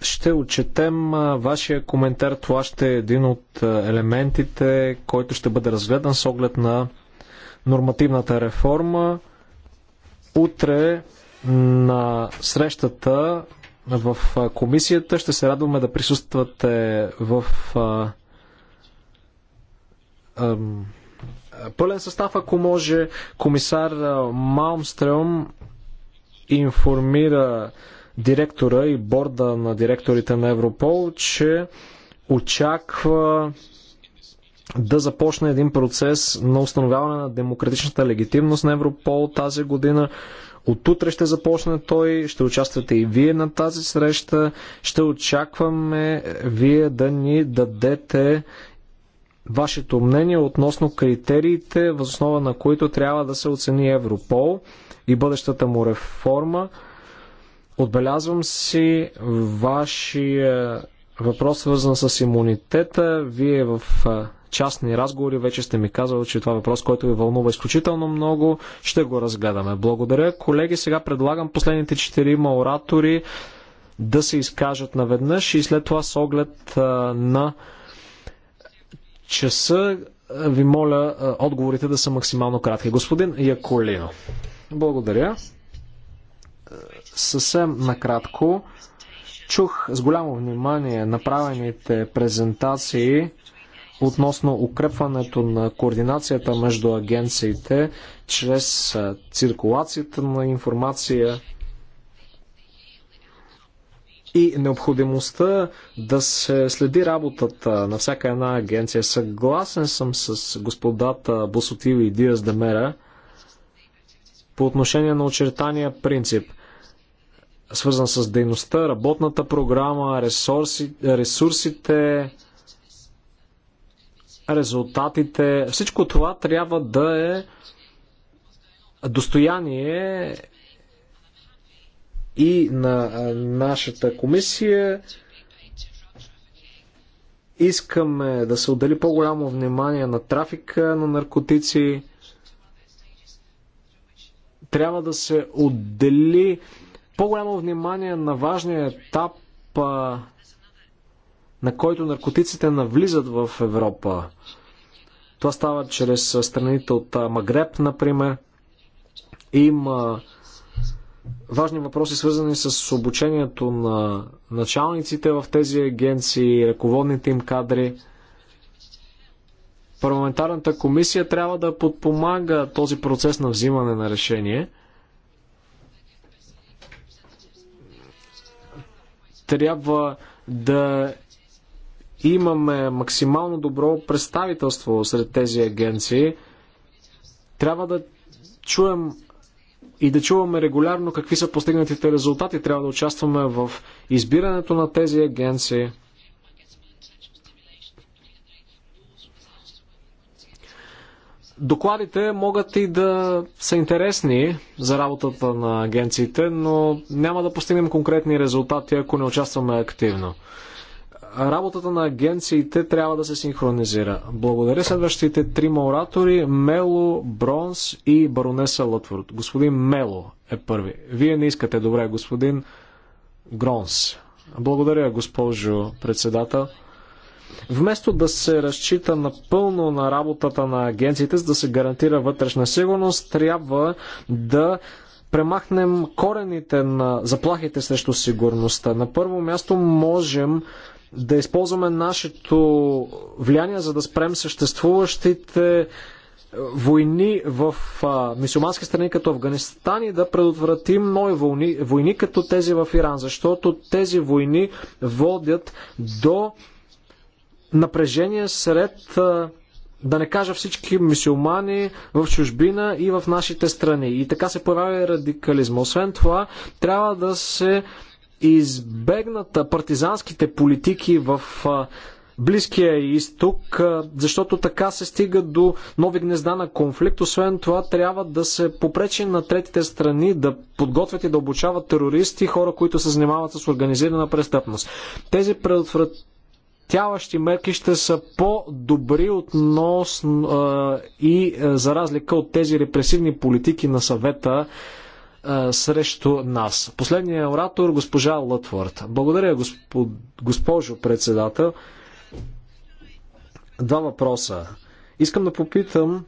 ще отчетем вашия коментар. Това ще е един от елементите, който ще бъде разгледан с оглед на нормативната реформа. Утре на срещата в комисията ще се радваме да присъствате в пълен състав, ако може. Комисар Малмстрем информира директора и борда на директорите на Европол, че очаква да започне един процес на установяване на демократичната легитимност на Европол тази година. От утре ще започне той, ще участвате и вие на тази среща. Ще очакваме вие да ни дадете вашето мнение относно критериите, възоснова на които трябва да се оцени Европол и бъдещата му реформа. Отбелязвам си вашия въпрос, свързан с имунитета. Вие в частни разговори вече сте ми казали, че това е въпрос, който ви вълнува изключително много. Ще го разгледаме. Благодаря. Колеги, сега предлагам последните четирима оратори да се изкажат наведнъж и след това с оглед на часа. Ви моля отговорите да са максимално кратки. Господин Яколино, благодаря. Съвсем накратко. Чух с голямо внимание направените презентации относно укрепването на координацията между агенциите чрез циркулацията на информация и необходимостта да се следи работата на всяка една агенция. Съгласен съм с господата Босотил и Диас Демера по отношение на очертания принцип, свързан с дейността, работната програма, ресурси, ресурсите, резултатите. Всичко това трябва да е достояние и на нашата комисия. Искаме да се отдели по-голямо внимание на трафика на наркотици. Трябва да се отдели по-голямо внимание на важния етап, на който наркотиците навлизат в Европа. Това става чрез страните от Магреб, например. Има важни въпроси, свързани с обучението на началниците в тези агенции, ръководните им кадри. Парламентарната комисия трябва да подпомага този процес на взимане на решение. Трябва да имаме максимално добро представителство сред тези агенции. Трябва да чуем и да чуваме регулярно какви са постигнатите резултати. Трябва да участваме в избирането на тези агенции. Докладите могат и да са интересни за работата на агенциите, но няма да постигнем конкретни резултати, ако не участваме активно работата на агенциите трябва да се синхронизира. Благодаря следващите трима оратори Мело, Бронс и баронеса Лътвард. Господин Мело е първи. Вие не искате добре, господин Гронс. Благодаря, госпожо председател. Вместо да се разчита напълно на работата на агенциите, за да се гарантира вътрешна сигурност, трябва да премахнем корените на заплахите срещу сигурността. На първо място можем да използваме нашето влияние, за да спрем съществуващите е, войни в а, страни като Афганистан и да предотвратим нови войни, войни като тези в Иран, защото тези войни водят до напрежение сред, а, да не кажа всички мисюмани в чужбина и в нашите страни. И така се появява и радикализма. Освен това, трябва да се избегнат партизанските политики в Близкия изток, защото така се стига до нови гнезда на конфликт. Освен това, трябва да се попречи на третите страни да подготвят и да обучават терористи, хора, които се занимават с организирана престъпност. Тези предотвратяващи мерки ще са по-добри относно и за разлика от тези репресивни политики на съвета срещу нас. Последният оратор, госпожа Лътворд. Благодаря, госпожо председател. Два въпроса. Искам да попитам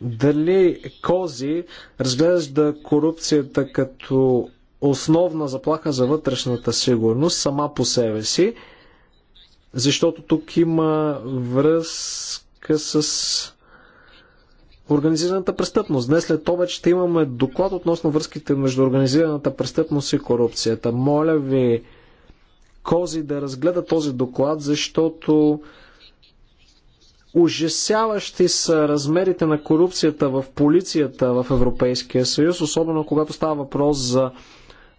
дали Кози разглежда корупцията като основна заплаха за вътрешната сигурност сама по себе си, защото тук има връзка с организираната престъпност. Днес след обед ще имаме доклад относно връзките между организираната престъпност и корупцията. Моля ви, Кози, да разгледа този доклад, защото ужасяващи са размерите на корупцията в полицията в Европейския съюз, особено когато става въпрос за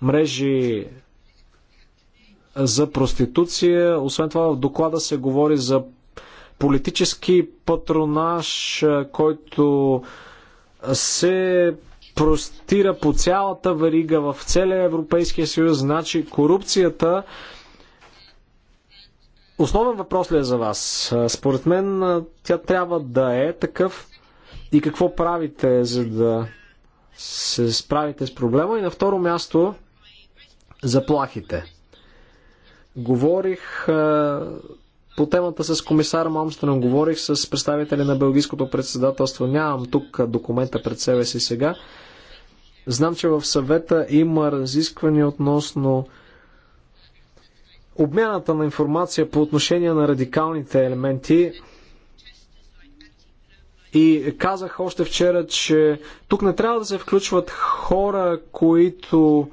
мрежи за проституция. Освен това в доклада се говори за политически патронаж, който се простира по цялата варига в целия Европейския съюз, значи корупцията. Основен въпрос ли е за вас? Според мен тя трябва да е такъв. И какво правите, за да се справите с проблема? И на второ място, заплахите. Говорих по темата с комисар Малмстрън говорих с представители на Белгийското председателство. Нямам тук документа пред себе си сега. Знам, че в съвета има разисквания относно обмяната на информация по отношение на радикалните елементи. И казах още вчера, че тук не трябва да се включват хора, които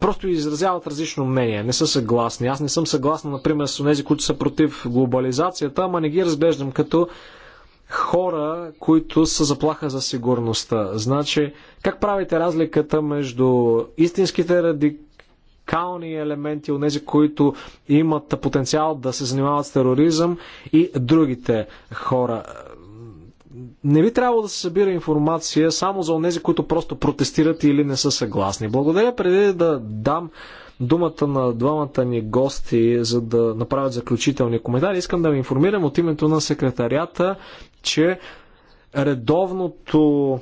просто изразяват различно мнение, не са съгласни. Аз не съм съгласна, например, с тези, които са против глобализацията, ама не ги разглеждам като хора, които са заплаха за сигурността. Значи, как правите разликата между истинските радикални елементи, от тези, които имат потенциал да се занимават с тероризъм и другите хора? не би трябвало да се събира информация само за онези, които просто протестират или не са съгласни. Благодаря преди да дам думата на двамата ни гости, за да направят заключителни коментари. Искам да ви информирам от името на секретарията, че редовното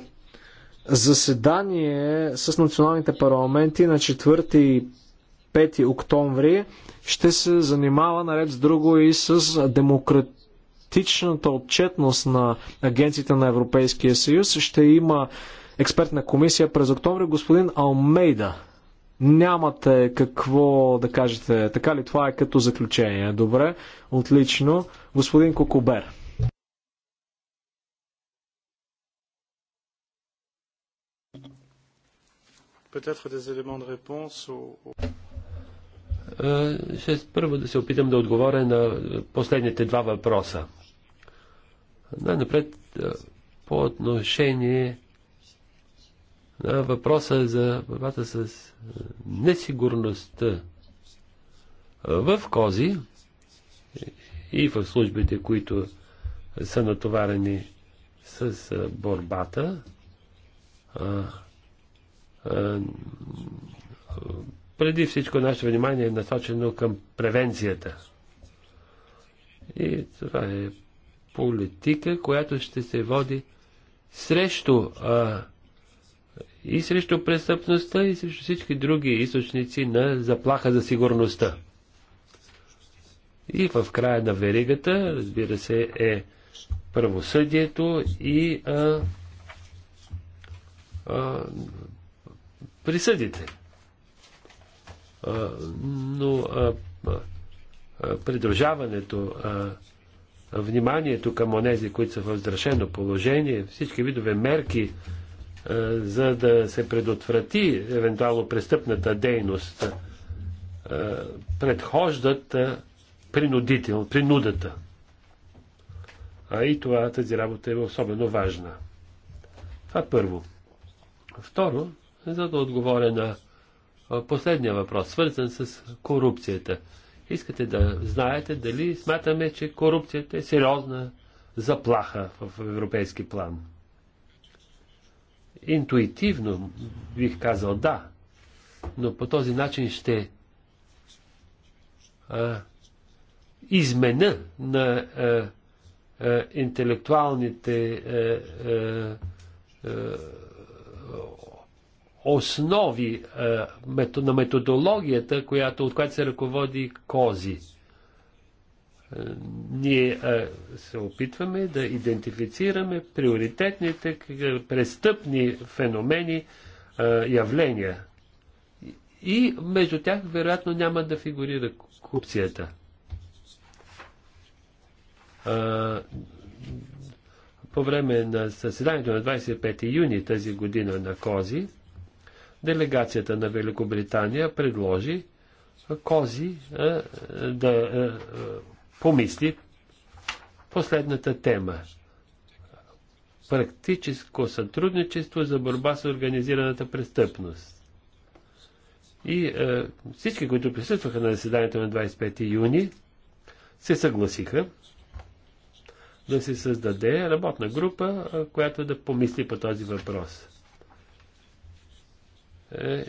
заседание с националните парламенти на 4 и 5 октомври ще се занимава наред с друго и с демократ демократичната отчетност на Агенцията на Европейския съюз ще има експертна комисия през октомври. Господин Алмейда, нямате какво да кажете. Така ли това е като заключение? Добре, отлично. Господин Кокубер. Peut-être des éléments de réponse aux... Е, ще първо да се опитам да отговоря на последните два въпроса. Най-напред е, по отношение на въпроса за борбата с е, несигурността в кози и в службите, които са натоварени с борбата преди всичко наше внимание е насочено към превенцията. И това е политика, която ще се води срещу а, и срещу престъпността, и срещу всички други източници на заплаха за сигурността. И в края на веригата, разбира се, е правосъдието и а, а, присъдите но придружаването, вниманието към онези, които са в здрашено положение, всички видове мерки, за да се предотврати евентуално престъпната дейност, предхождат принудител, принудата. А и това, тази работа е особено важна. Това първо. Второ, за да отговоря на последния въпрос, свързан с корупцията. Искате да знаете дали смятаме, че корупцията е сериозна заплаха в европейски план. Интуитивно бих казал да, но по този начин ще а, измена на а, а, интелектуалните а, а, а, основи е, на методологията, която, от която се ръководи Кози. Е, ние е, се опитваме да идентифицираме приоритетните престъпни феномени, явления. И между тях вероятно няма да фигурира корупцията. По време на съседанието на 25 юни тази година на Кози, делегацията на Великобритания предложи Кози да помисли последната тема практическо сътрудничество за борба с организираната престъпност. И всички, които присъстваха на заседанието на 25 юни, се съгласиха да се създаде работна група, която да помисли по този въпрос. Е,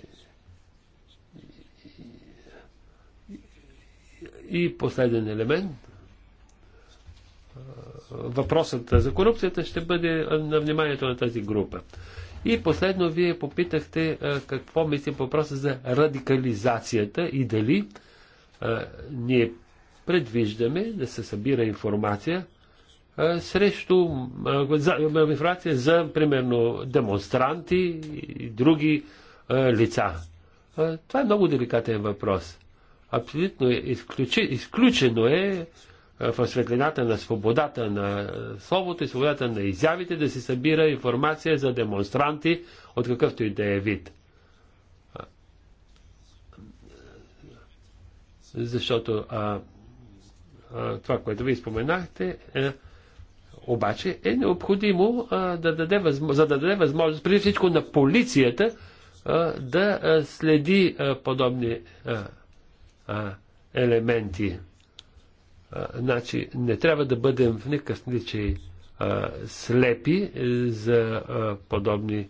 и последен елемент. Въпросът за корупцията ще бъде на вниманието на тази група. И последно вие попитахте какво мислим по въпроса за радикализацията и дали ние предвиждаме да се събира информация срещу информация за, примерно, демонстранти и други лица? Това е много деликатен въпрос. Абсолютно е изключено е в светлината на свободата на словото и свободата на изявите да се събира информация за демонстранти от какъвто и да е вид. Защото а, а, това, което ви споменахте, е, обаче е необходимо а, да даде възможност, за да даде възможност преди всичко на полицията да следи подобни елементи. Значи, не трябва да бъдем в никакъв случай слепи за подобни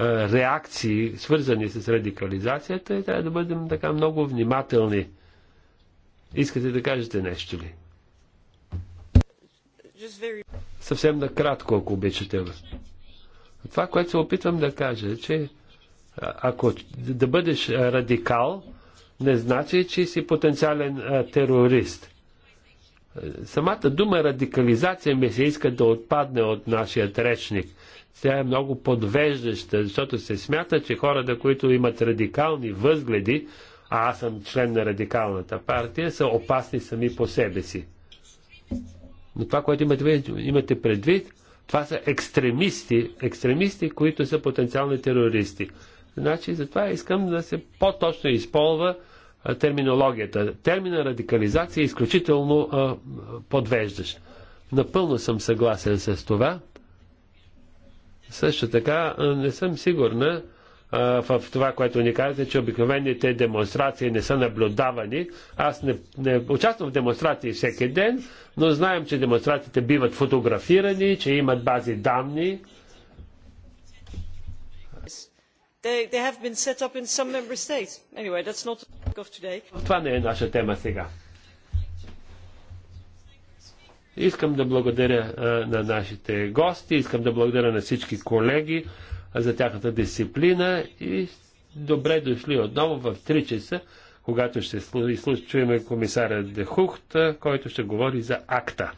реакции, свързани с радикализацията и трябва да бъдем така много внимателни. Искате да кажете нещо ли? Very... Съвсем накратко, ако обичате. Това, което се опитвам да кажа, е, че ако да бъдеш радикал, не значи, че си потенциален терорист. Самата дума радикализация ми се иска да отпадне от нашия речник. Тя е много подвеждаща, защото се смята, че хората, които имат радикални възгледи, а аз съм член на радикалната партия, са опасни сами по себе си. Но това, което имате, имате предвид, това са екстремисти, екстремисти, които са потенциални терористи. Значи, затова искам да се по-точно използва терминологията. Термина радикализация е изключително а, подвеждащ. Напълно съм съгласен с това. Също така не съм сигурна а, в това, което ни казвате, че обикновените демонстрации не са наблюдавани. Аз не, не участвам в демонстрации всеки ден, но знаем, че демонстрациите биват фотографирани, че имат бази данни They, have been set up in some member states. Anyway, that's not the of today. Това не е наша тема сега. Искам да благодаря а, на нашите гости, искам да благодаря на всички колеги а, за тяхната дисциплина и добре дошли отново в 3 часа, когато ще чуем комисаря Дехухт, който ще говори за акта.